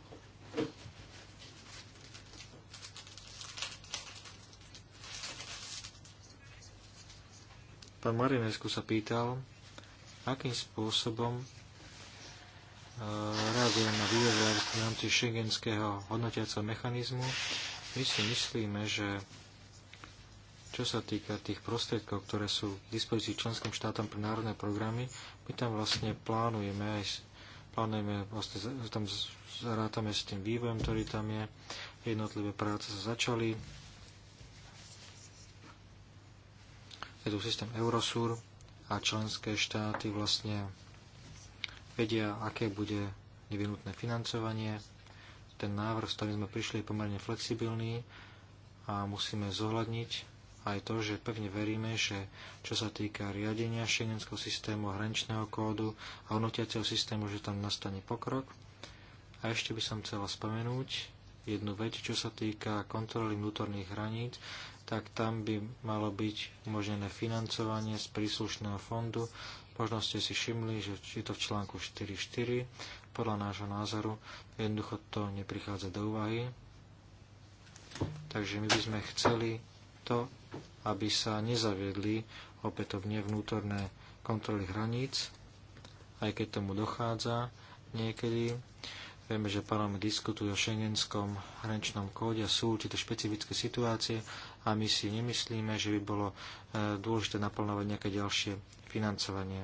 Pán Marinesku sa pýtal, akým spôsobom e, reagujeme na vývoj v rámci šengenského hodnotiaceho mechanizmu. My si myslíme, že čo sa týka tých prostriedkov, ktoré sú k dispozícii členským štátom pre národné programy, my tam vlastne plánujeme aj plánujeme, vlastne tam zarátame s tým vývojom, ktorý tam je. Jednotlivé práce sa začali. Je tu systém Eurosur a členské štáty vlastne vedia, aké bude nevyhnutné financovanie. Ten návrh, s ktorým sme prišli, je pomerne flexibilný a musíme zohľadniť aj to, že pevne veríme, že čo sa týka riadenia šengenského systému, hraničného kódu a hodnotiaceho systému, že tam nastane pokrok. A ešte by som chcela spomenúť jednu vec, čo sa týka kontroly vnútorných hraníc, tak tam by malo byť umožnené financovanie z príslušného fondu. Možno ste si všimli, že je to v článku 4.4. Podľa nášho názoru jednoducho to neprichádza do úvahy. Takže my by sme chceli to, aby sa nezaviedli opätovne vnútorné kontroly hraníc, aj keď tomu dochádza niekedy. Vieme, že parlament diskutuje o šengenskom hraničnom kóde a sú určité špecifické situácie a my si nemyslíme, že by bolo eh, dôležité naplnovať nejaké ďalšie financovanie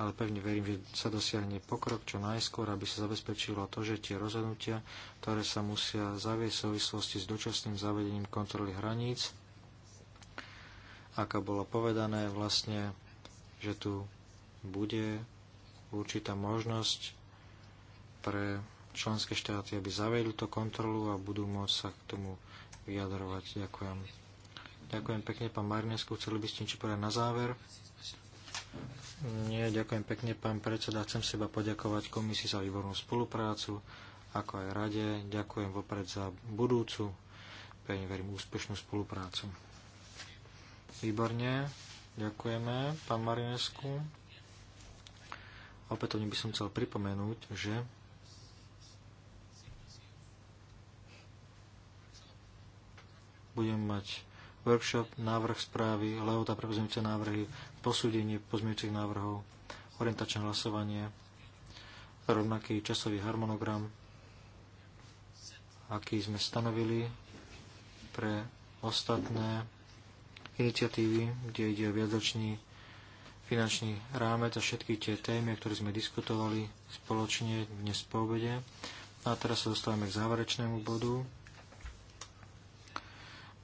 ale pevne verím, že sa dosiahne pokrok čo najskôr, aby sa zabezpečilo to, že tie rozhodnutia, ktoré sa musia zaviesť v súvislosti s dočasným zavedením kontroly hraníc, ako bolo povedané, vlastne, že tu bude určitá možnosť pre členské štáty, aby zavedli tú kontrolu a budú môcť sa k tomu vyjadrovať. Ďakujem. Ďakujem pekne, pán Marinesku. Chceli by ste niečo povedať na záver? Nie, ďakujem pekne, pán predseda. Chcem seba poďakovať komisii za výbornú spoluprácu, ako aj rade. Ďakujem vopred za budúcu, pevne verím, úspešnú spoluprácu. Výborne, ďakujeme, pán Marinesku. Opätovne by som chcel pripomenúť, že budem mať workshop, návrh správy, lehota pre návrhy posúdenie pozmeňujúcich návrhov, orientačné hlasovanie, rovnaký časový harmonogram, aký sme stanovili pre ostatné iniciatívy, kde ide o viacročný finančný rámec a všetky tie témy, ktoré sme diskutovali spoločne dnes po obede. A teraz sa dostávame k záverečnému bodu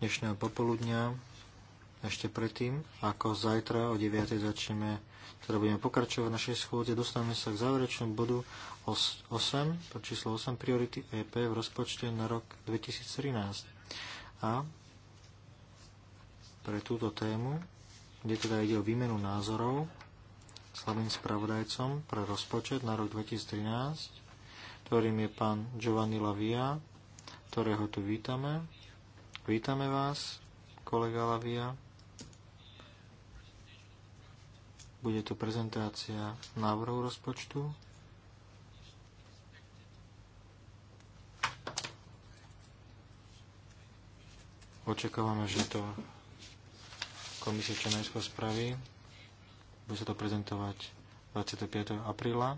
dnešného popoludňa ešte predtým, ako zajtra o 9. začneme, teda budeme pokračovať v našej schôdze, dostaneme sa k záverečnému bodu 8, pod číslo 8, priority EP v rozpočte na rok 2013. A pre túto tému, kde teda ide o výmenu názorov s hlavným spravodajcom pre rozpočet na rok 2013, ktorým je pán Giovanni Lavia, ktorého tu vítame. Vítame vás, kolega Lavia. Bude tu prezentácia návrhu rozpočtu. Očakávame, že to komisia čo najskôr spraví. Bude sa to prezentovať 25. apríla.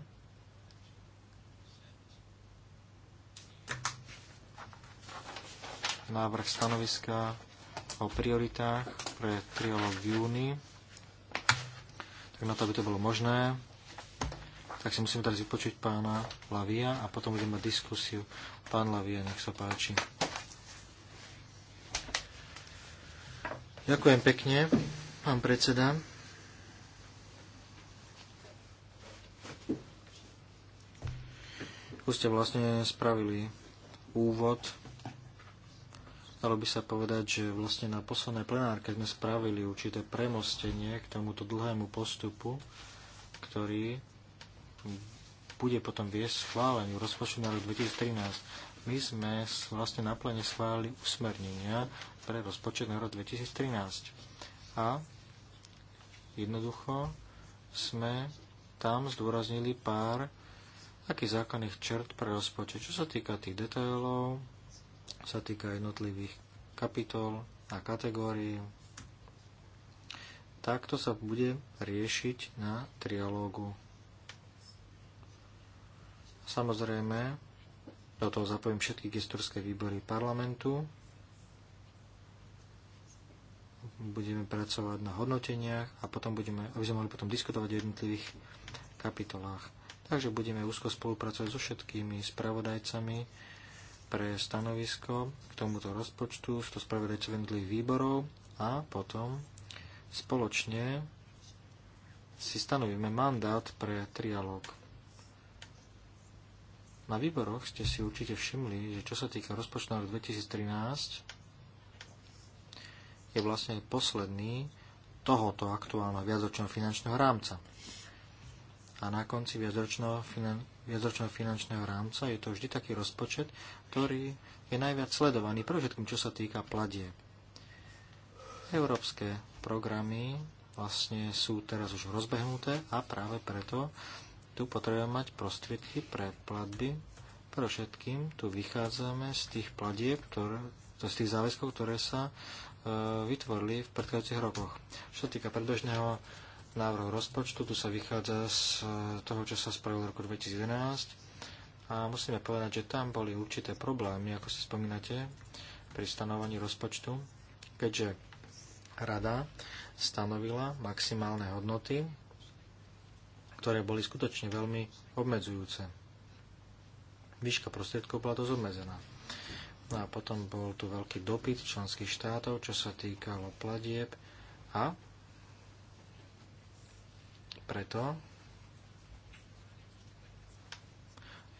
Návrh stanoviska o prioritách pre trialog v júni tak na to, aby to bolo možné, tak si musíme teraz vypočuť pána Lavia a potom budeme mať diskusiu. Pán Lavia, nech sa páči. Ďakujem pekne, pán predseda. Už ste vlastne spravili úvod Dalo by sa povedať, že vlastne na poslednej plenárke sme spravili určité premostenie k tomuto dlhému postupu, ktorý bude potom viesť schváleniu rozpočtu na rok 2013. My sme vlastne na plene schválili usmernenia pre rozpočet na rok 2013. A jednoducho sme tam zdôraznili pár takých základných črt pre rozpočet. Čo sa týka tých detailov, sa týka jednotlivých kapitol a kategórií. Takto sa bude riešiť na trialógu. Samozrejme, do toho zapojím všetky gestorské výbory parlamentu. Budeme pracovať na hodnoteniach a potom budeme, aby sme mohli potom diskutovať o jednotlivých kapitolách. Takže budeme úzko spolupracovať so všetkými spravodajcami, pre stanovisko k tomuto rozpočtu, sú to spravodajcov jednotlivých výborov a potom spoločne si stanovíme mandát pre trialóg. Na výboroch ste si určite všimli, že čo sa týka rozpočtu na rok 2013, je vlastne posledný tohoto aktuálneho viacročného finančného rámca a na konci viacročného, finan- viacročného finančného rámca je to vždy taký rozpočet, ktorý je najviac sledovaný, pre všetkým, čo sa týka pladie. Európske programy vlastne sú teraz už rozbehnuté a práve preto tu potrebujeme mať prostriedky pre platby. Pre všetkým tu vychádzame z tých pladieb, ktoré, z tých záväzkov, ktoré sa e, vytvorili v predchádzajúcich rokoch. Čo sa týka predbežného návrhu rozpočtu. Tu sa vychádza z eh, toho, čo sa spravilo v roku 2011. A musíme povedať, že tam boli určité problémy, ako si spomínate, pri stanovaní rozpočtu, keďže rada stanovila maximálne hodnoty, ktoré boli skutočne veľmi obmedzujúce. Výška prostriedkov bola dosť obmedzená. No a potom bol tu veľký dopyt členských štátov, čo sa týkalo platieb a preto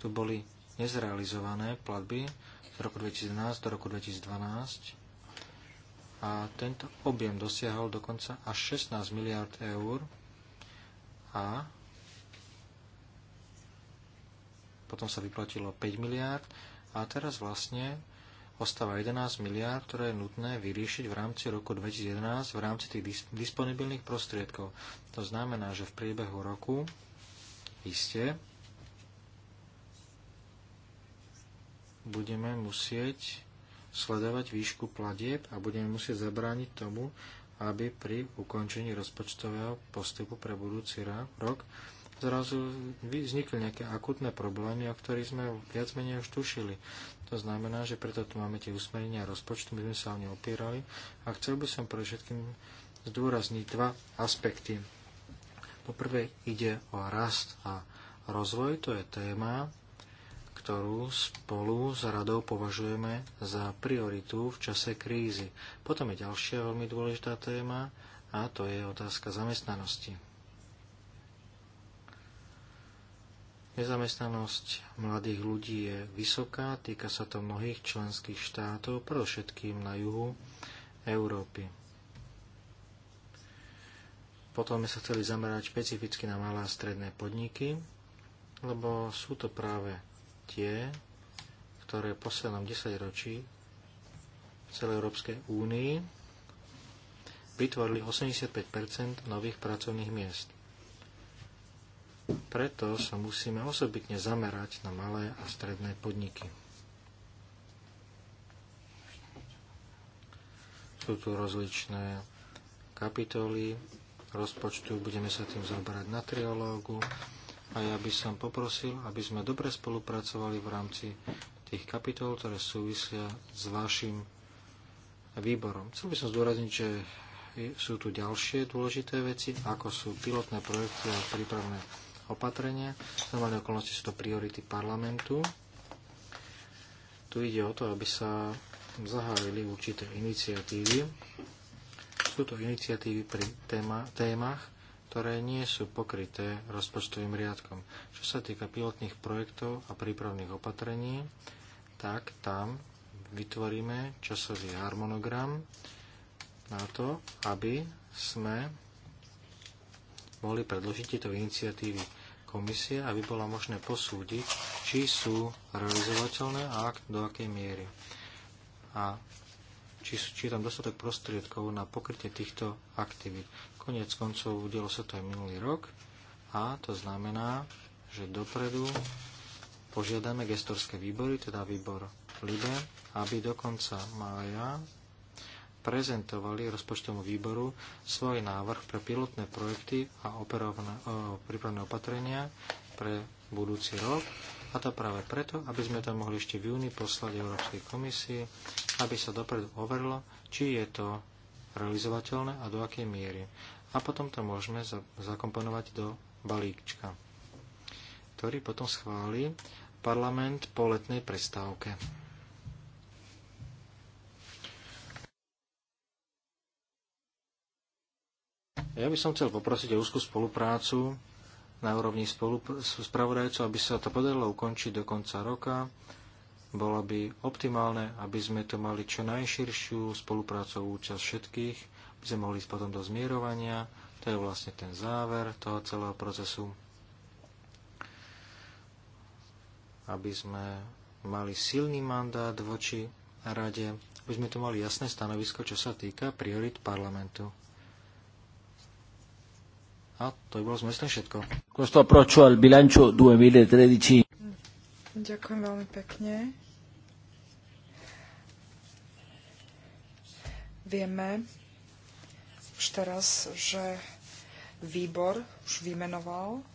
tu boli nezrealizované platby z roku 2011 do roku 2012 a tento objem dosiahol dokonca až 16 miliard eur a potom sa vyplatilo 5 miliard a teraz vlastne ostáva 11 miliárd, ktoré je nutné vyriešiť v rámci roku 2011 v rámci tých disponibilných prostriedkov. To znamená, že v priebehu roku iste budeme musieť sledovať výšku platieb a budeme musieť zabrániť tomu, aby pri ukončení rozpočtového postupu pre budúci rok zrazu vznikli nejaké akutné problémy, o ktorých sme viac menej už tušili. To znamená, že preto tu máme tie usmerenia rozpočtu, my sme sa o ne opierali a chcel by som pre všetkým zdôrazniť dva aspekty. Poprvé ide o rast a rozvoj, to je téma, ktorú spolu s radou považujeme za prioritu v čase krízy. Potom je ďalšia veľmi dôležitá téma a to je otázka zamestnanosti. Nezamestnanosť mladých ľudí je vysoká, týka sa to mnohých členských štátov, predovšetkým na juhu Európy. Potom sme sa chceli zamerať špecificky na malé a stredné podniky, lebo sú to práve tie, ktoré v poslednom desaťročí v celej Európskej únii vytvorili 85 nových pracovných miest. Preto sa musíme osobitne zamerať na malé a stredné podniky. Sú tu rozličné kapitoly rozpočtu, budeme sa tým zaoberať na triológu a ja by som poprosil, aby sme dobre spolupracovali v rámci tých kapitol, ktoré súvisia s vašim výborom. Chcel by som zdôrazniť, že sú tu ďalšie dôležité veci, ako sú pilotné projekty a prípravné opatrenia. Normálne okolnosti sú to priority parlamentu. Tu ide o to, aby sa zahájili určité iniciatívy. Sú to iniciatívy pri téma, témach, ktoré nie sú pokryté rozpočtovým riadkom. Čo sa týka pilotných projektov a prípravných opatrení, tak tam vytvoríme časový harmonogram na to, aby sme mohli predložiť tieto iniciatívy komisie, aby bola možné posúdiť, či sú realizovateľné a do akej miery. A či, či je tam dostatok prostriedkov na pokrytie týchto aktivít. Koniec koncov udialo sa to aj minulý rok a to znamená, že dopredu požiadame gestorské výbory, teda výbor LIBE, aby do konca mája prezentovali rozpočtovému výboru svoj návrh pre pilotné projekty a prípravné opatrenia pre budúci rok. A to práve preto, aby sme to mohli ešte v júni poslať Európskej komisii, aby sa dopredu overilo, či je to realizovateľné a do akej miery. A potom to môžeme zakomponovať do balíčka, ktorý potom schváli parlament po letnej prestávke. Ja by som chcel poprosiť o úzkú spoluprácu na úrovni spravodajcov, aby sa to podarilo ukončiť do konca roka. Bolo by optimálne, aby sme to mali čo najširšiu spoluprácu účasť všetkých, aby sme mohli ísť potom do zmierovania. To je vlastne ten záver toho celého procesu. Aby sme mali silný mandát voči rade, aby sme tu mali jasné stanovisko, čo sa týka priorit parlamentu. A to je bolo z mojej všetko. Questo approccio al bilancio 2013. Ďakujem veľmi pekne. Vieme už teraz, že výbor už vymenoval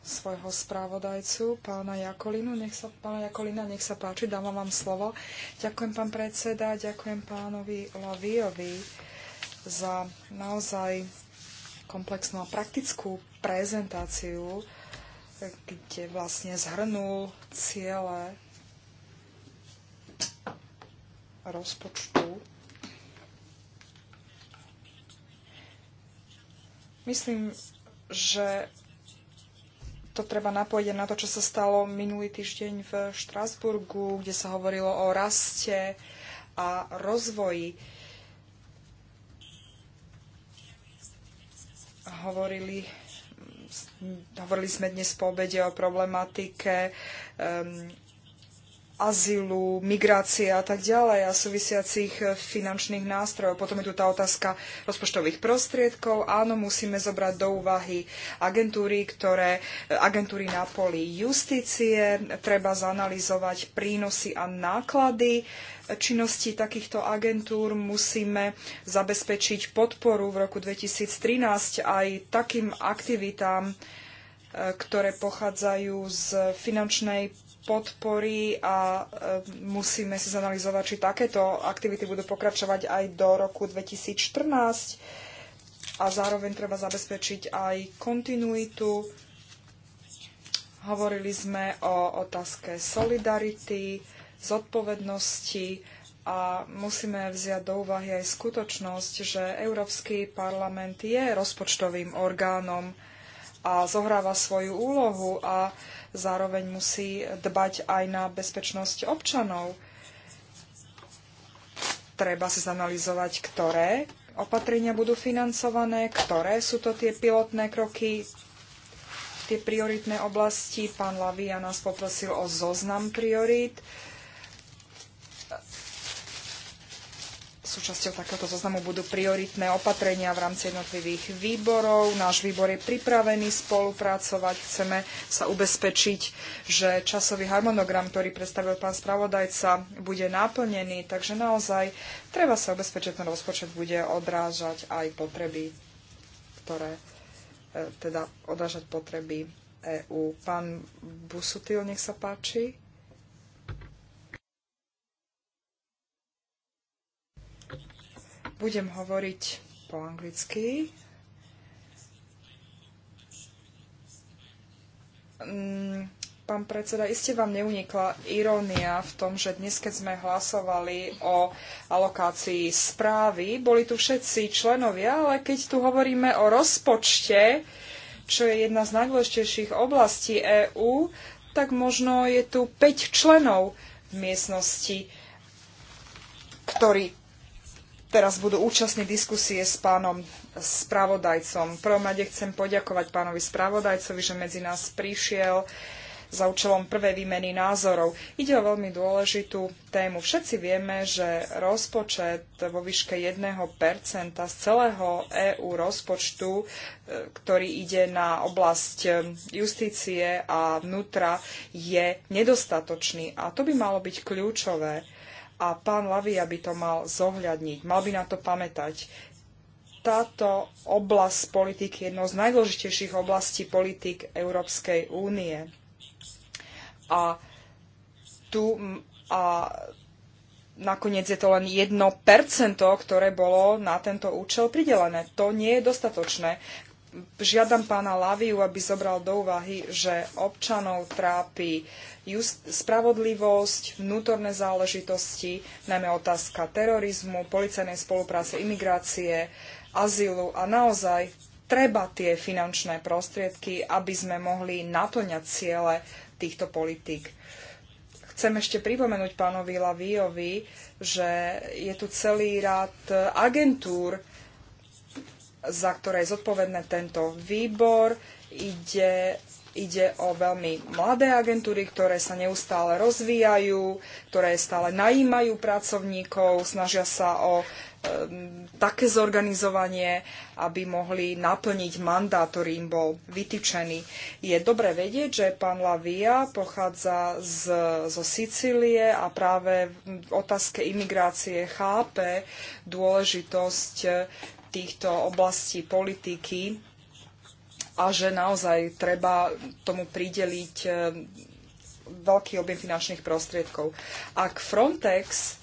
svojho správodajcu, pána Jakolinu. Nech sa, pána Jakolina, nech sa páči, dávam vám slovo. Ďakujem, pán predseda, ďakujem pánovi Laviovi za naozaj komplexnú a praktickú prezentáciu, kde vlastne zhrnul ciele rozpočtu. Myslím, že to treba napojiť na to, čo sa stalo minulý týždeň v Štrasburgu, kde sa hovorilo o raste a rozvoji hovorili hovorili sme dnes po obede o problematike um, azylu, migrácie a tak ďalej a súvisiacich e, finančných nástrojov. Potom je tu tá otázka rozpočtových prostriedkov. Áno, musíme zobrať do úvahy agentúry, ktoré, e, agentúry na poli justície. Treba zanalizovať prínosy a náklady e, činnosti takýchto agentúr musíme zabezpečiť podporu v roku 2013 aj takým aktivitám, ktoré pochádzajú z finančnej podpory a e, musíme si zanalizovať, či takéto aktivity budú pokračovať aj do roku 2014 a zároveň treba zabezpečiť aj kontinuitu. Hovorili sme o otázke solidarity, zodpovednosti a musíme vziať do úvahy aj skutočnosť, že Európsky parlament je rozpočtovým orgánom a zohráva svoju úlohu a zároveň musí dbať aj na bezpečnosť občanov. Treba si zanalizovať, ktoré opatrenia budú financované, ktoré sú to tie pilotné kroky, tie prioritné oblasti. Pán Lavia nás poprosil o zoznam priorít. súčasťou takéhoto zoznamu budú prioritné opatrenia v rámci jednotlivých výborov. Náš výbor je pripravený spolupracovať. Chceme sa ubezpečiť, že časový harmonogram, ktorý predstavil pán spravodajca, bude naplnený. Takže naozaj treba sa ubezpečiť, že ten rozpočet bude odrážať aj potreby, ktoré e, teda odrážať potreby EÚ. Pán Busutil, nech sa páči. Budem hovoriť po anglicky. Mm, pán predseda, iste vám neunikla irónia v tom, že dnes, keď sme hlasovali o alokácii správy, boli tu všetci členovia, ale keď tu hovoríme o rozpočte, čo je jedna z najdôležitejších oblastí EÚ, tak možno je tu 5 členov v miestnosti, ktorí teraz budú účastní diskusie s pánom spravodajcom. V prvom rade chcem poďakovať pánovi spravodajcovi, že medzi nás prišiel za účelom prvej výmeny názorov. Ide o veľmi dôležitú tému. Všetci vieme, že rozpočet vo výške 1% z celého EÚ rozpočtu, e, ktorý ide na oblasť e, justície a vnútra, je nedostatočný. A to by malo byť kľúčové a pán Lavia by to mal zohľadniť, mal by na to pamätať. Táto oblasť politiky je jednou z najdôležitejších oblastí politik Európskej únie. A tu a nakoniec je to len jedno percento, ktoré bolo na tento účel pridelené. To nie je dostatočné žiadam pána Laviu, aby zobral do úvahy, že občanov trápi just, spravodlivosť, vnútorné záležitosti, najmä otázka terorizmu, policajnej spolupráce, imigrácie, azylu a naozaj treba tie finančné prostriedky, aby sme mohli naplňať ciele týchto politík. Chcem ešte pripomenúť pánovi Laviovi, že je tu celý rád agentúr, za ktoré je zodpovedné tento výbor. Ide, ide o veľmi mladé agentúry, ktoré sa neustále rozvíjajú, ktoré stále najímajú pracovníkov, snažia sa o také zorganizovanie, aby mohli naplniť mandát, ktorý im bol vytýčený. Je dobre vedieť, že pán Lavia pochádza z, zo Sicílie a práve v otázke imigrácie chápe dôležitosť týchto oblastí politiky a že naozaj treba tomu prideliť eh, veľký objem finančných prostriedkov. Ak Frontex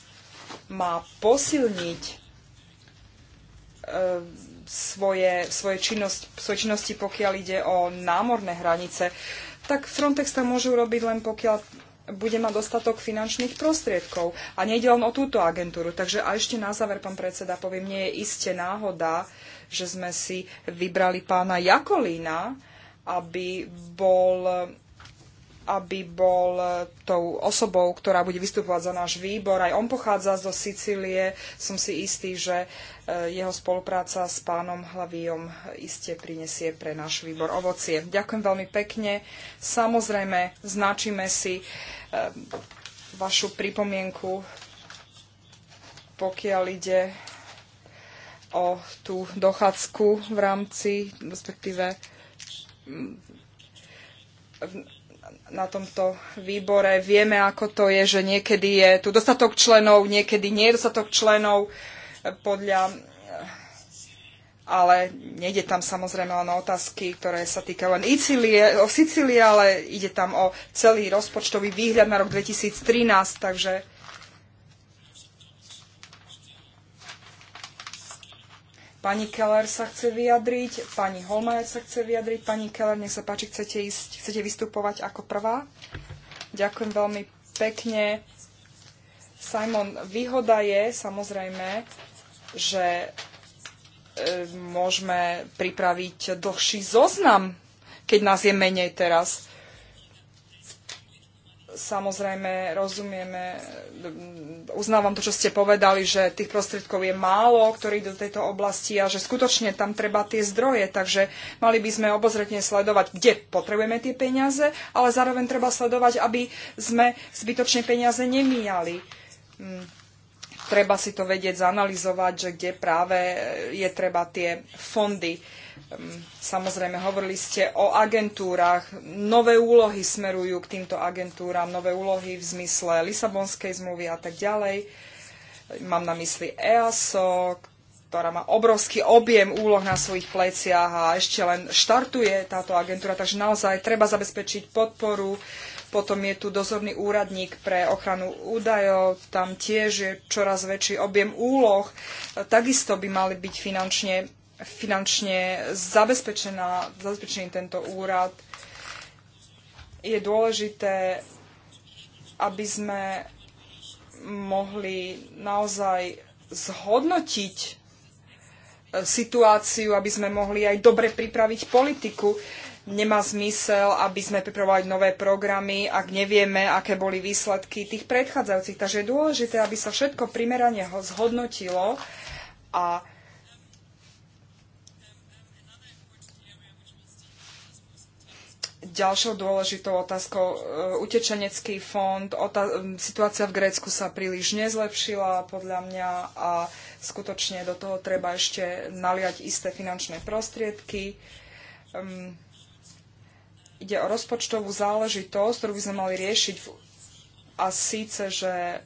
má posilniť eh, svoje, svoje, činnosť, svoje činnosti, pokiaľ ide o námorné hranice, tak Frontex tam môže urobiť len pokiaľ bude mať dostatok finančných prostriedkov. A nejde len o túto agentúru. Takže a ešte na záver, pán predseda, poviem, nie je iste náhoda, že sme si vybrali pána Jakolína, aby bol aby bol eh, tou osobou, ktorá bude vystupovať za náš výbor. Aj on pochádza zo Sicílie. Som si istý, že eh, jeho spolupráca s pánom Hlavijom iste prinesie pre náš výbor ovocie. Ďakujem veľmi pekne. Samozrejme, značíme si eh, vašu pripomienku, pokiaľ ide o tú dochádzku v rámci, respektíve mm, na tomto výbore. Vieme, ako to je, že niekedy je tu dostatok členov, niekedy nie je dostatok členov podľa ale nejde tam samozrejme len o otázky, ktoré sa týkajú len Icílie, o Sicílie, ale ide tam o celý rozpočtový výhľad na rok 2013, takže Pani Keller sa chce vyjadriť, pani Holmajer sa chce vyjadriť. Pani Keller, nech sa páči, chcete, ísť, chcete vystupovať ako prvá? Ďakujem veľmi pekne. Simon, výhoda je samozrejme, že e, môžeme pripraviť dlhší zoznam, keď nás je menej teraz samozrejme rozumieme, uznávam to, čo ste povedali, že tých prostriedkov je málo, ktorí do tejto oblasti a že skutočne tam treba tie zdroje, takže mali by sme obozretne sledovať, kde potrebujeme tie peniaze, ale zároveň treba sledovať, aby sme zbytočne peniaze nemíjali. Hm. Treba si to vedieť zanalizovať, že kde práve je treba tie fondy Ehm, samozrejme, hovorili ste o agentúrach. Nové úlohy smerujú k týmto agentúram, nové úlohy v zmysle Lisabonskej zmluvy a tak ďalej. Mám na mysli EASO, ktorá má obrovský objem úloh na svojich pleciach a ešte len štartuje táto agentúra, takže naozaj treba zabezpečiť podporu. Potom je tu dozorný úradník pre ochranu údajov, tam tiež je čoraz väčší objem úloh. Takisto by mali byť finančne finančne zabezpečená, zabezpečený tento úrad. Je dôležité, aby sme mohli naozaj zhodnotiť e, situáciu, aby sme mohli aj dobre pripraviť politiku. Nemá zmysel, aby sme pripravovali nové programy, ak nevieme, aké boli výsledky tých predchádzajúcich. Takže je dôležité, aby sa všetko primerane zhodnotilo a Ďalšou dôležitou otázkou e, utečenecký fond. situácia v Grécku sa príliš nezlepšila podľa mňa a skutočne do toho treba ešte naliať isté finančné prostriedky. Um, ide o rozpočtovú záležitosť, ktorú by sme mali riešiť v, a síce, že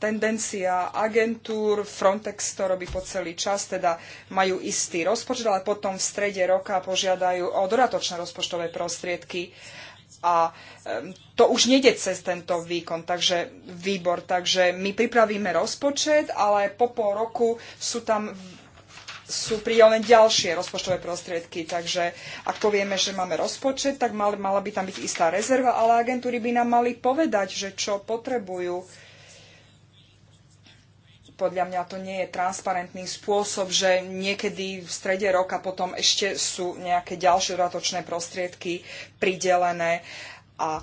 tendencia agentúr, Frontex to robí po celý čas, teda majú istý rozpočet, ale potom v strede roka požiadajú o dodatočné rozpočtové prostriedky a to už nejde cez tento výkon, takže výbor. Takže my pripravíme rozpočet, ale po pol roku sú tam sú pridelené ďalšie rozpočtové prostriedky. Takže ak povieme, že máme rozpočet, tak mal, mala by tam byť istá rezerva, ale agentúry by nám mali povedať, že čo potrebujú podľa mňa to nie je transparentný spôsob, že niekedy v strede roka potom ešte sú nejaké ďalšie dodatočné prostriedky pridelené a e,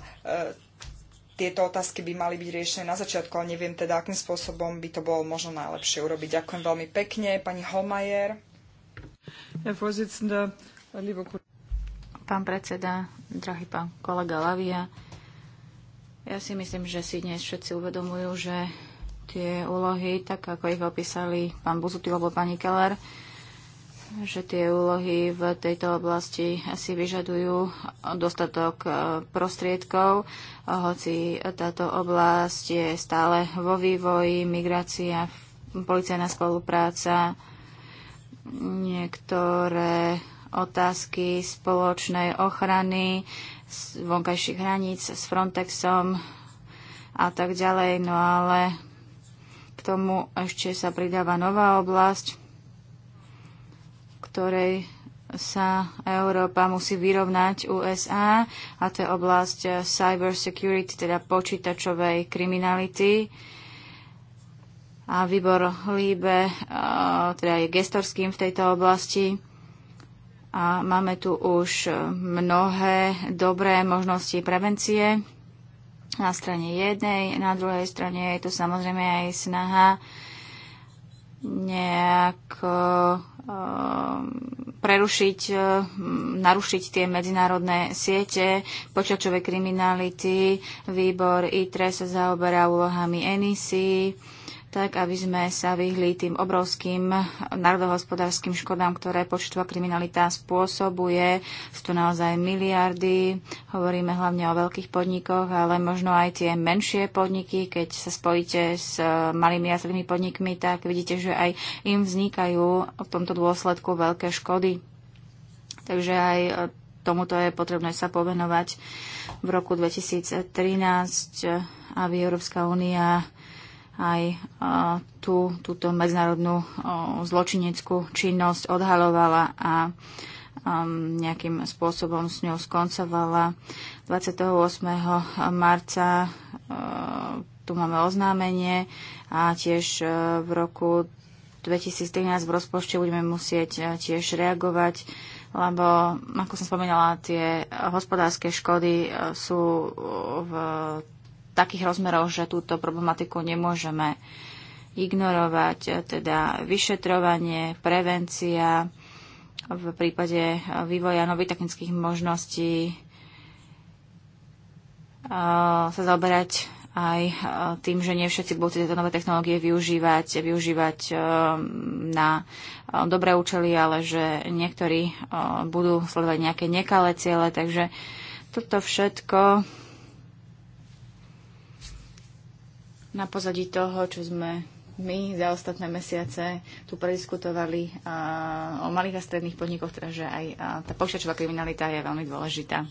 tieto otázky by mali byť riešené na začiatku, ale neviem teda, akým spôsobom by to bolo možno najlepšie urobiť. Ďakujem veľmi pekne. Pani Holmajer. Pán predseda, drahý pán kolega Lavia, ja si myslím, že si dnes všetci uvedomujú, že tie úlohy, tak ako ich opísali pán Buzutil alebo pani Keller, že tie úlohy v tejto oblasti si vyžadujú dostatok e, prostriedkov, hoci táto oblasť je stále vo vývoji, migrácia, policajná spolupráca, niektoré otázky spoločnej ochrany z vonkajších hraníc s Frontexom a tak ďalej. No ale tomu ešte sa pridáva nová oblasť, ktorej sa Európa musí vyrovnať USA a to je oblasť eh, cyber security, teda počítačovej kriminality. A výbor Líbe eh, teda je gestorským v tejto oblasti. A máme tu už eh, mnohé dobré možnosti prevencie na strane jednej, na druhej strane je to samozrejme aj snaha nejak e, e, prerušiť, e, narušiť tie medzinárodné siete počačovej kriminality. Výbor ITRE sa zaoberá úlohami ENISI tak aby sme sa vyhli tým obrovským národohospodárským škodám, ktoré počtová kriminalita spôsobuje. Sú to naozaj miliardy, hovoríme hlavne o veľkých podnikoch, ale možno aj tie menšie podniky, keď sa spojíte s eh, malými a strednými podnikmi, tak vidíte, že aj im vznikajú v tomto dôsledku veľké škody. Takže aj eh, tomuto je potrebné sa povenovať v roku 2013, eh, aby Európska únia aj tú, túto medzinárodnú zločineckú činnosť odhalovala a nejakým spôsobom s ňou skoncovala. 28. marca tu máme oznámenie a tiež v roku 2013 v rozpočte budeme musieť tiež reagovať lebo, ako som spomínala, tie hospodárske škody sú v takých rozmeroch, že túto problematiku nemôžeme ignorovať, teda vyšetrovanie, prevencia v prípade vývoja nových technických možností e, sa zaoberať aj e, tým, že nie všetci budú tieto nové technológie využívať, využívať e, na dobré účely, ale že niektorí budú sledovať nejaké nekalé ciele. Takže toto všetko na pozadí toho, čo sme my za ostatné mesiace tu prediskutovali o malých a stredných podnikoch, teda že aj tá pošťačová kriminalita je veľmi dôležitá.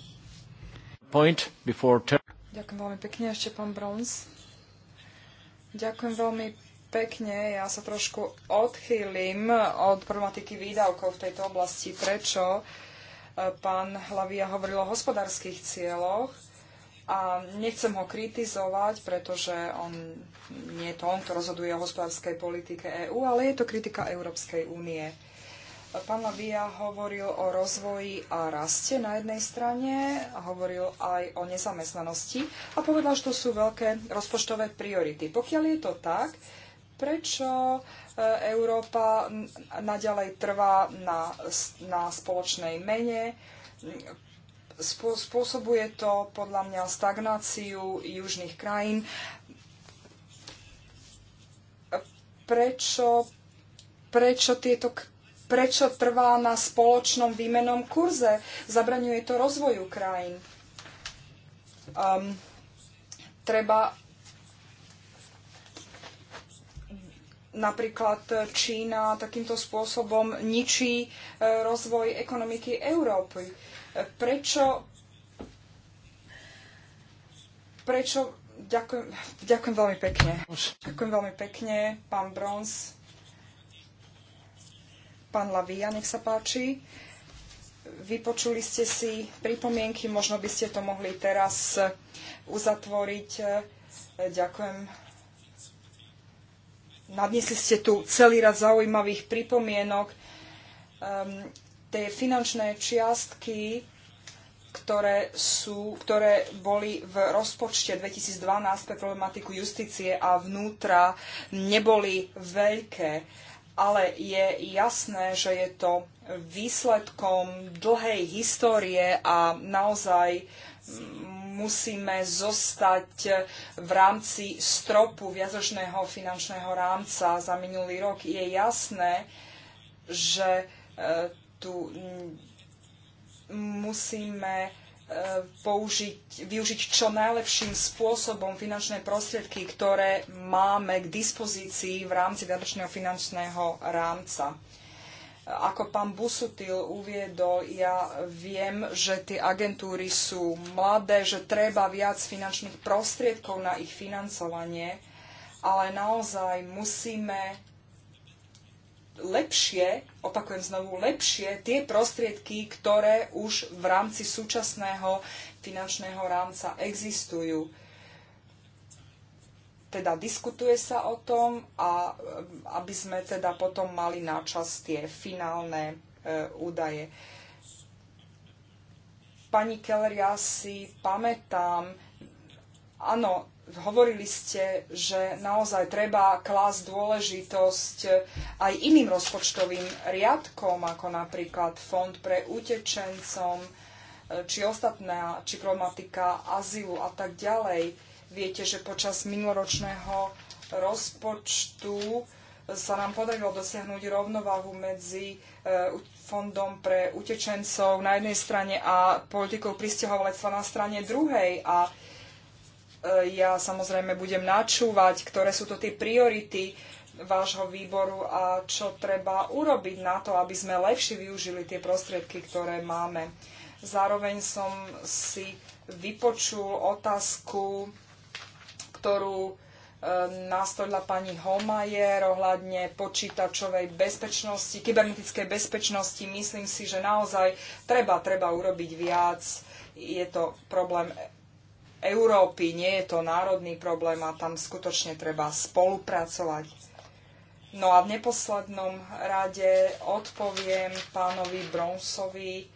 Point Ďakujem veľmi pekne, ešte pán Brons. Ďakujem veľmi pekne. Ja sa trošku odchýlim od problematiky výdavkov v tejto oblasti. Prečo? E, pán Hlavia hovoril o hospodárskych cieľoch a nechcem ho kritizovať, pretože on, nie je to on, kto rozhoduje o hospodárskej politike EÚ, ale je to kritika Európskej únie. Pán Lavia hovoril o rozvoji a raste na jednej strane, a hovoril aj o nezamestnanosti a povedal, že to sú veľké rozpočtové priority. Pokiaľ je to tak, prečo e, Európa naďalej trvá na, na spoločnej mene, Spôsobuje to podľa mňa stagnáciu južných krajín. Prečo, prečo tieto prečo trvá na spoločnom výmenom kurze? Zabraňuje to rozvoju krajín. Um, treba napríklad Čína takýmto spôsobom ničí e, rozvoj ekonomiky Európy. Prečo, prečo Ďakujem, ďakujem veľmi pekne. Ďakujem veľmi pekne, pán Brons, pán Lavia, nech sa páči. Vypočuli ste si pripomienky, možno by ste to mohli teraz uzatvoriť. Ďakujem. nadnesli ste tu celý rad zaujímavých pripomienok. Ehm, tie finančné čiastky, ktoré, sú, ktoré boli v rozpočte 2012 pre problematiku justície a vnútra, neboli veľké. Ale je jasné, že je to výsledkom dlhej histórie a naozaj musíme zostať v rámci stropu viacročného finančného rámca za minulý rok. Je jasné, že e, tu musíme e, použiť, využiť čo najlepším spôsobom finančné prostriedky, ktoré máme k dispozícii v rámci viadočného finančného rámca. Ako pán Busutil uviedol, ja viem, že tie agentúry sú mladé, že treba viac finančných prostriedkov na ich financovanie, ale naozaj musíme lepšie, opakujem znovu, lepšie tie prostriedky, ktoré už v rámci súčasného finančného rámca existujú. Teda diskutuje sa o tom a aby sme teda potom mali načas tie finálne e, údaje. Pani Keller, ja si pamätám, áno, hovorili ste, že naozaj treba klásť dôležitosť aj iným rozpočtovým riadkom, ako napríklad Fond pre utečencom, e, či ostatná, či problematika azylu a tak ďalej. Viete, že počas minuloročného rozpočtu sa nám podarilo dosiahnuť rovnováhu medzi e, fondom pre utečencov na jednej strane a politikou pristahovalectva na strane druhej. A E, ja samozrejme budem načúvať, ktoré sú to tie priority vášho výboru a čo treba urobiť na to, aby sme lepšie využili tie prostriedky, ktoré máme. Zároveň som si vypočul otázku, ktorú e, nastolila pani Homajer ohľadne počítačovej bezpečnosti, kybernetickej bezpečnosti. Myslím si, že naozaj treba, treba urobiť viac. Je to problém Európy, nie je to národný problém a tam skutočne treba spolupracovať. No a v neposlednom rade odpoviem pánovi Bronsovi,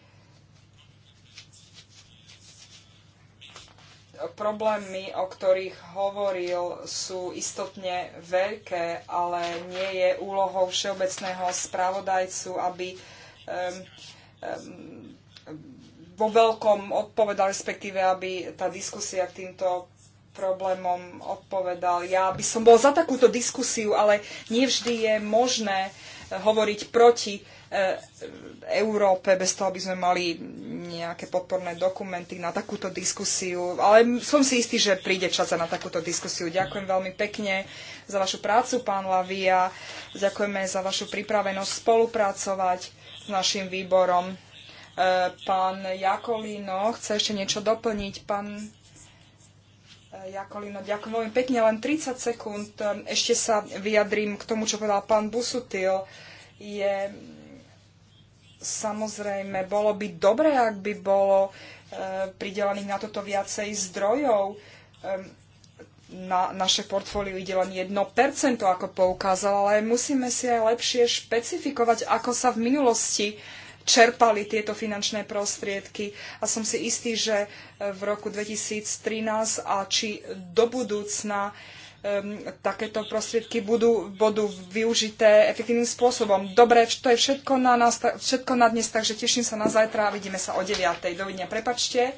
problémy, o ktorých hovoril, sú istotne veľké, ale nie je úlohou všeobecného spravodajcu, aby um, um, vo veľkom odpovedal, respektíve aby tá diskusia k týmto problémom odpovedal. Ja by som bol za takúto diskusiu, ale nevždy je možné eh, hovoriť proti eh, Európe, bez toho, aby sme mali nejaké podporné dokumenty na takúto diskusiu. Ale som si istý, že príde čas na takúto diskusiu. Ďakujem veľmi pekne za vašu prácu, pán Lavia. Ďakujeme za vašu pripravenosť spolupracovať s našim výborom E, pán Jakolino chce ešte niečo doplniť. Pán e, Jakolino, ďakujem veľmi pekne, len 30 sekúnd. E, ešte sa vyjadrím k tomu, čo povedal pán Busutil. Je samozrejme, bolo by dobré, ak by bolo pridelených na toto viacej zdrojov. na naše portfólio ide len 1%, ako poukázal, ale musíme si aj lepšie špecifikovať, ako sa v minulosti čerpali tieto finančné prostriedky a som si istý, že eh, v roku 2013 a či do budúcna um, takéto prostriedky budú, budú využité efektívnym spôsobom. Dobre, to je všetko na, nás, všetko na dnes, takže teším sa na zajtra a vidíme sa o 9. Dovidenia, prepačte.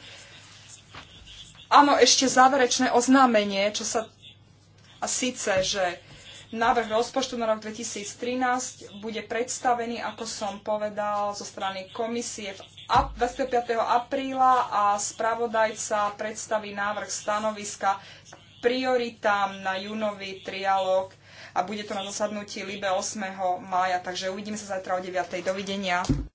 Áno, ešte záverečné oznámenie, čo sa... A síce, že Návrh rozpočtu na rok 2013 bude predstavený, ako som povedal, zo strany komisie 25. apríla a spravodajca predstaví návrh stanoviska k prioritám na júnový trialóg a bude to na zasadnutí Libe 8. mája. Takže uvidíme sa zajtra o 9. Dovidenia.